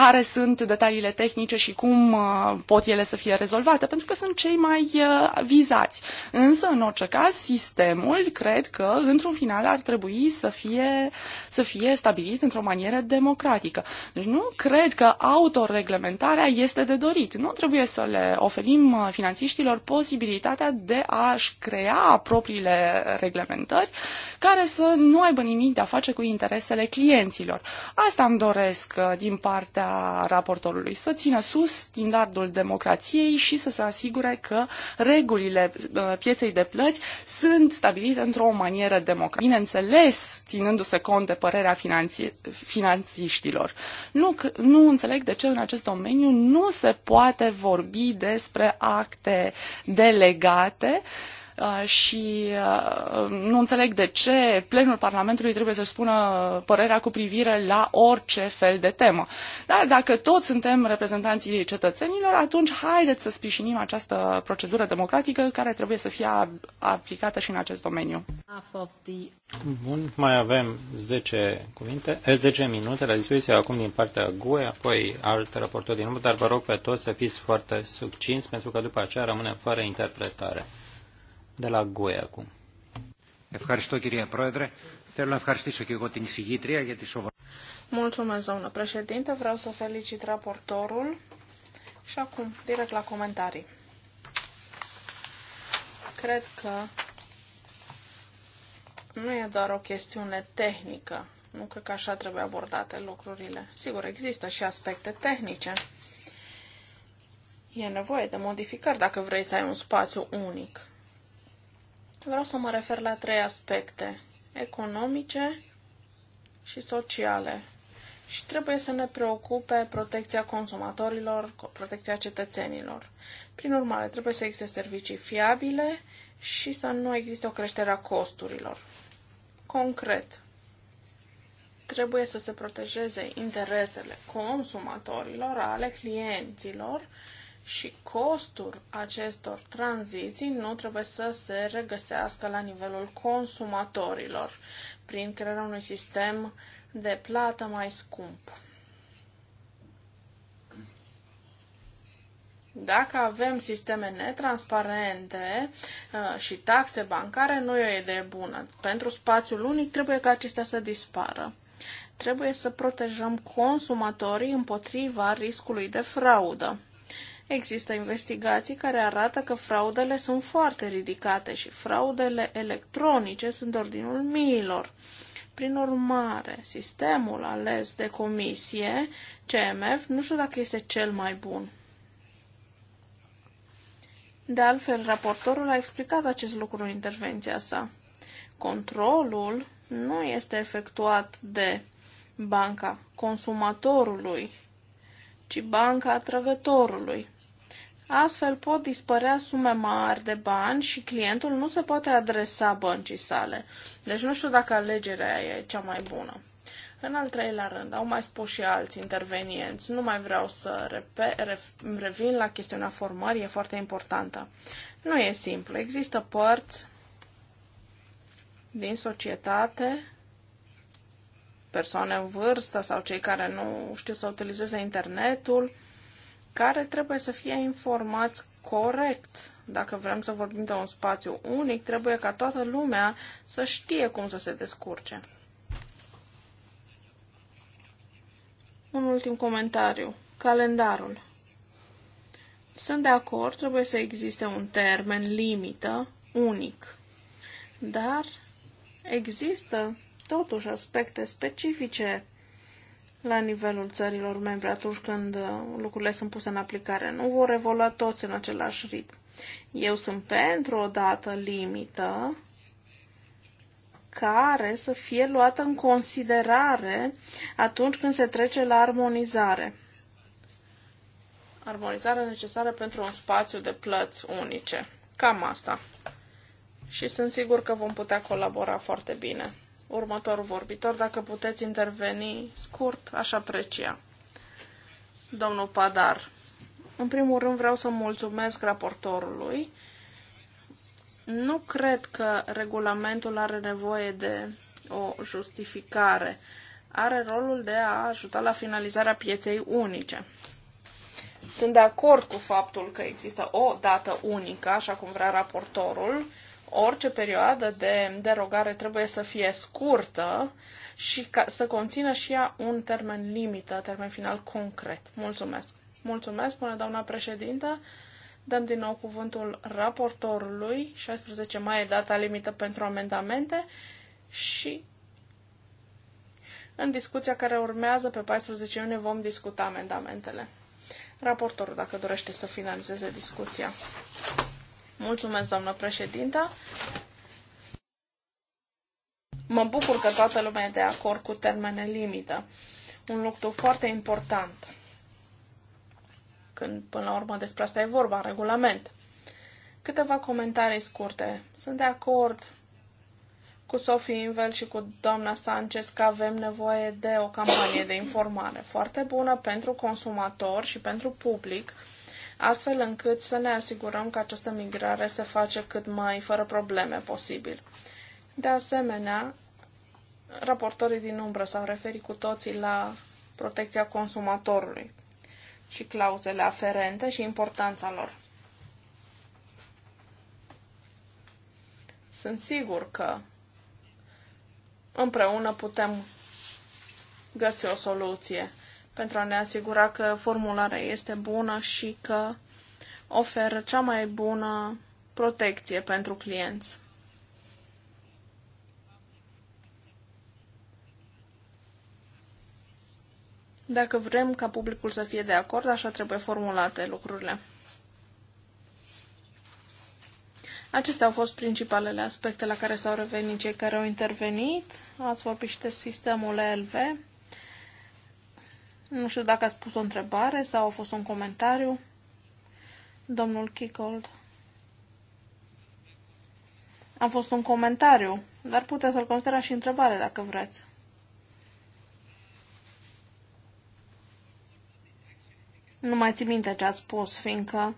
care sunt detaliile tehnice și cum uh, pot ele să fie rezolvate, pentru că sunt cei mai uh, vizați. Însă, în orice caz, sistemul cred că, într-un final, ar trebui să fie, să fie stabilit într-o manieră democratică. Deci nu cred că autoreglementarea este de dorit. Nu trebuie să le oferim uh, finanțiștilor posibilitatea de a-și crea propriile reglementări care să nu aibă nimic de a face cu interesele clienților. Asta îmi doresc din partea partea raportorului să țină sus standardul democrației și să se asigure că regulile uh, pieței de plăți sunt stabilite într-o manieră democratică. Bineînțeles, ținându-se cont de părerea finanții, finanțiștilor. Nu, nu înțeleg de ce în acest domeniu nu se poate vorbi despre acte delegate Uh, și uh, nu înțeleg de ce plenul Parlamentului trebuie să spună părerea cu privire la orice fel de temă. Dar dacă toți suntem reprezentanții cetățenilor, atunci haideți să sprijinim această procedură democratică care trebuie să fie aplicată și în acest domeniu. Bun, mai avem 10, cuvinte, 10 eh, minute la dispoziție acum din partea GUE, apoi alt raportor din urmă, dar vă rog pe toți să fiți foarte succinți pentru că după aceea rămânem fără interpretare de la GUE acum. Ευχαριστώ κυρία Πρόεδρε. Θέλω να ευχαριστήσω και εγώ την εισηγήτρια για τη σοβαρή. Mulțumesc, doamnă președinte. Vreau să felicit raportorul și acum, direct la comentarii. Cred că nu e doar o chestiune tehnică. Nu cred că așa trebuie abordate lucrurile. Sigur, există și aspecte tehnice. E nevoie de modificări dacă vrei să ai un spațiu unic. Vreau să mă refer la trei aspecte, economice și sociale. Și trebuie să ne preocupe protecția consumatorilor, protecția cetățenilor. Prin urmare, trebuie să existe servicii fiabile și să nu existe o creștere a costurilor. Concret, trebuie să se protejeze interesele consumatorilor, ale clienților, și costul acestor tranziții nu trebuie să se regăsească la nivelul consumatorilor prin crearea unui sistem de plată mai scump. Dacă avem sisteme netransparente uh, și taxe bancare, nu e o idee bună. Pentru spațiul unic trebuie ca acestea să dispară. Trebuie să protejăm consumatorii împotriva riscului de fraudă. Există investigații care arată că fraudele sunt foarte ridicate și fraudele electronice sunt ordinul miilor. Prin urmare, sistemul ales de comisie, CMF, nu știu dacă este cel mai bun. De altfel, raportorul a explicat acest lucru în intervenția sa. Controlul nu este efectuat de banca consumatorului, ci banca atrăgătorului. Astfel pot dispărea sume mari de bani și clientul nu se poate adresa băncii sale. Deci nu știu dacă alegerea e cea mai bună. În al treilea rând, au mai spus și alți intervenienți, nu mai vreau să repe, revin la chestiunea formării, e foarte importantă. Nu e simplu, există părți din societate, persoane în vârstă sau cei care nu știu să utilizeze internetul, care trebuie să fie informați corect. Dacă vrem să vorbim de un spațiu unic, trebuie ca toată lumea să știe cum să se descurce. Un ultim comentariu. Calendarul. Sunt de acord, trebuie să existe un termen limită unic. Dar există totuși aspecte specifice la nivelul țărilor membre atunci când uh, lucrurile sunt puse în aplicare. Nu vor evolua toți în același ritm. Eu sunt pentru o dată limită care să fie luată în considerare atunci când se trece la armonizare. Armonizarea necesară pentru un spațiu de plăți unice. Cam asta. Și sunt sigur că vom putea colabora foarte bine următorul vorbitor, dacă puteți interveni scurt, aș aprecia. Domnul Padar, în primul rând vreau să mulțumesc raportorului. Nu cred că regulamentul are nevoie de o justificare. Are rolul de a ajuta la finalizarea pieței unice. Sunt de acord cu faptul că există o dată unică, așa cum vrea raportorul, Orice perioadă de derogare trebuie să fie scurtă și ca, să conțină și ea un termen limită, termen final concret. Mulțumesc! Mulțumesc, până doamna președintă. Dăm din nou cuvântul raportorului. 16 mai e data limită pentru amendamente și în discuția care urmează pe 14 iunie vom discuta amendamentele. Raportorul, dacă dorește să finalizeze discuția. Mulțumesc, doamnă președintă. Mă bucur că toată lumea e de acord cu termene limită. Un lucru foarte important. Când, până la urmă, despre asta e vorba, în regulament. Câteva comentarii scurte. Sunt de acord cu Sofie Invel și cu doamna Sanchez că avem nevoie de o campanie de informare foarte bună pentru consumator și pentru public, astfel încât să ne asigurăm că această migrare se face cât mai fără probleme posibil. De asemenea, raportorii din umbră s-au referit cu toții la protecția consumatorului și clauzele aferente și importanța lor. Sunt sigur că împreună putem găsi o soluție pentru a ne asigura că formularea este bună și că oferă cea mai bună protecție pentru clienți. Dacă vrem ca publicul să fie de acord, așa trebuie formulate lucrurile. Acestea au fost principalele aspecte la care s-au revenit cei care au intervenit. Ați vorbit și de sistemul ELV. Nu știu dacă ați pus o întrebare sau a fost un comentariu. Domnul Kickold. A fost un comentariu, dar puteți să-l considerați și întrebare dacă vreți. Nu mai țin minte ce a spus, fiindcă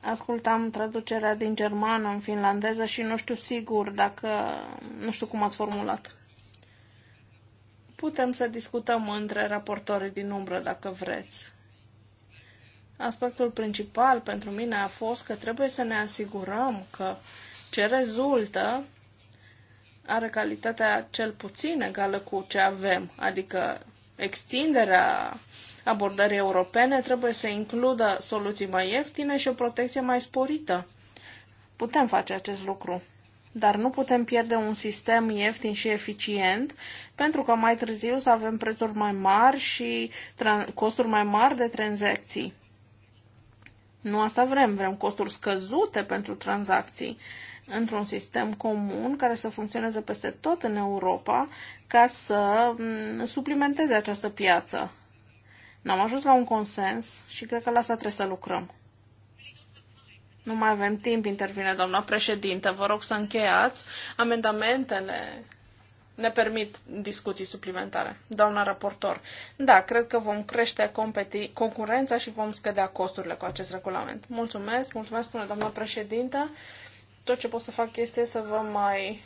ascultam traducerea din germană în finlandeză și nu știu sigur dacă... nu știu cum ați formulat. Putem să discutăm între raportorii din umbră dacă vreți. Aspectul principal pentru mine a fost că trebuie să ne asigurăm că ce rezultă are calitatea cel puțin egală cu ce avem, adică extinderea abordării europene trebuie să includă soluții mai ieftine și o protecție mai sporită. Putem face acest lucru dar nu putem pierde un sistem ieftin și eficient, pentru că mai târziu să avem prețuri mai mari și costuri mai mari de tranzacții. Nu asta vrem, vrem costuri scăzute pentru tranzacții într-un sistem comun care să funcționeze peste tot în Europa ca să mm, suplimenteze această piață. N-am ajuns la un consens și cred că la asta trebuie să lucrăm. Nu mai avem timp, intervine doamna președintă. Vă rog să încheiați. Amendamentele ne permit discuții suplimentare. Doamna raportor, da, cred că vom crește competi- concurența și vom scădea costurile cu acest regulament. Mulțumesc, mulțumesc, spune doamna președintă. Tot ce pot să fac este să vă mai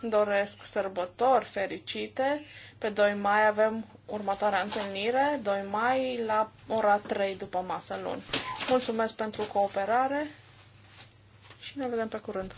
doresc sărbători fericite. Pe 2 mai avem următoarea întâlnire, 2 mai la ora 3 după masă luni. Mulțumesc pentru cooperare. Ne vedem pe curând!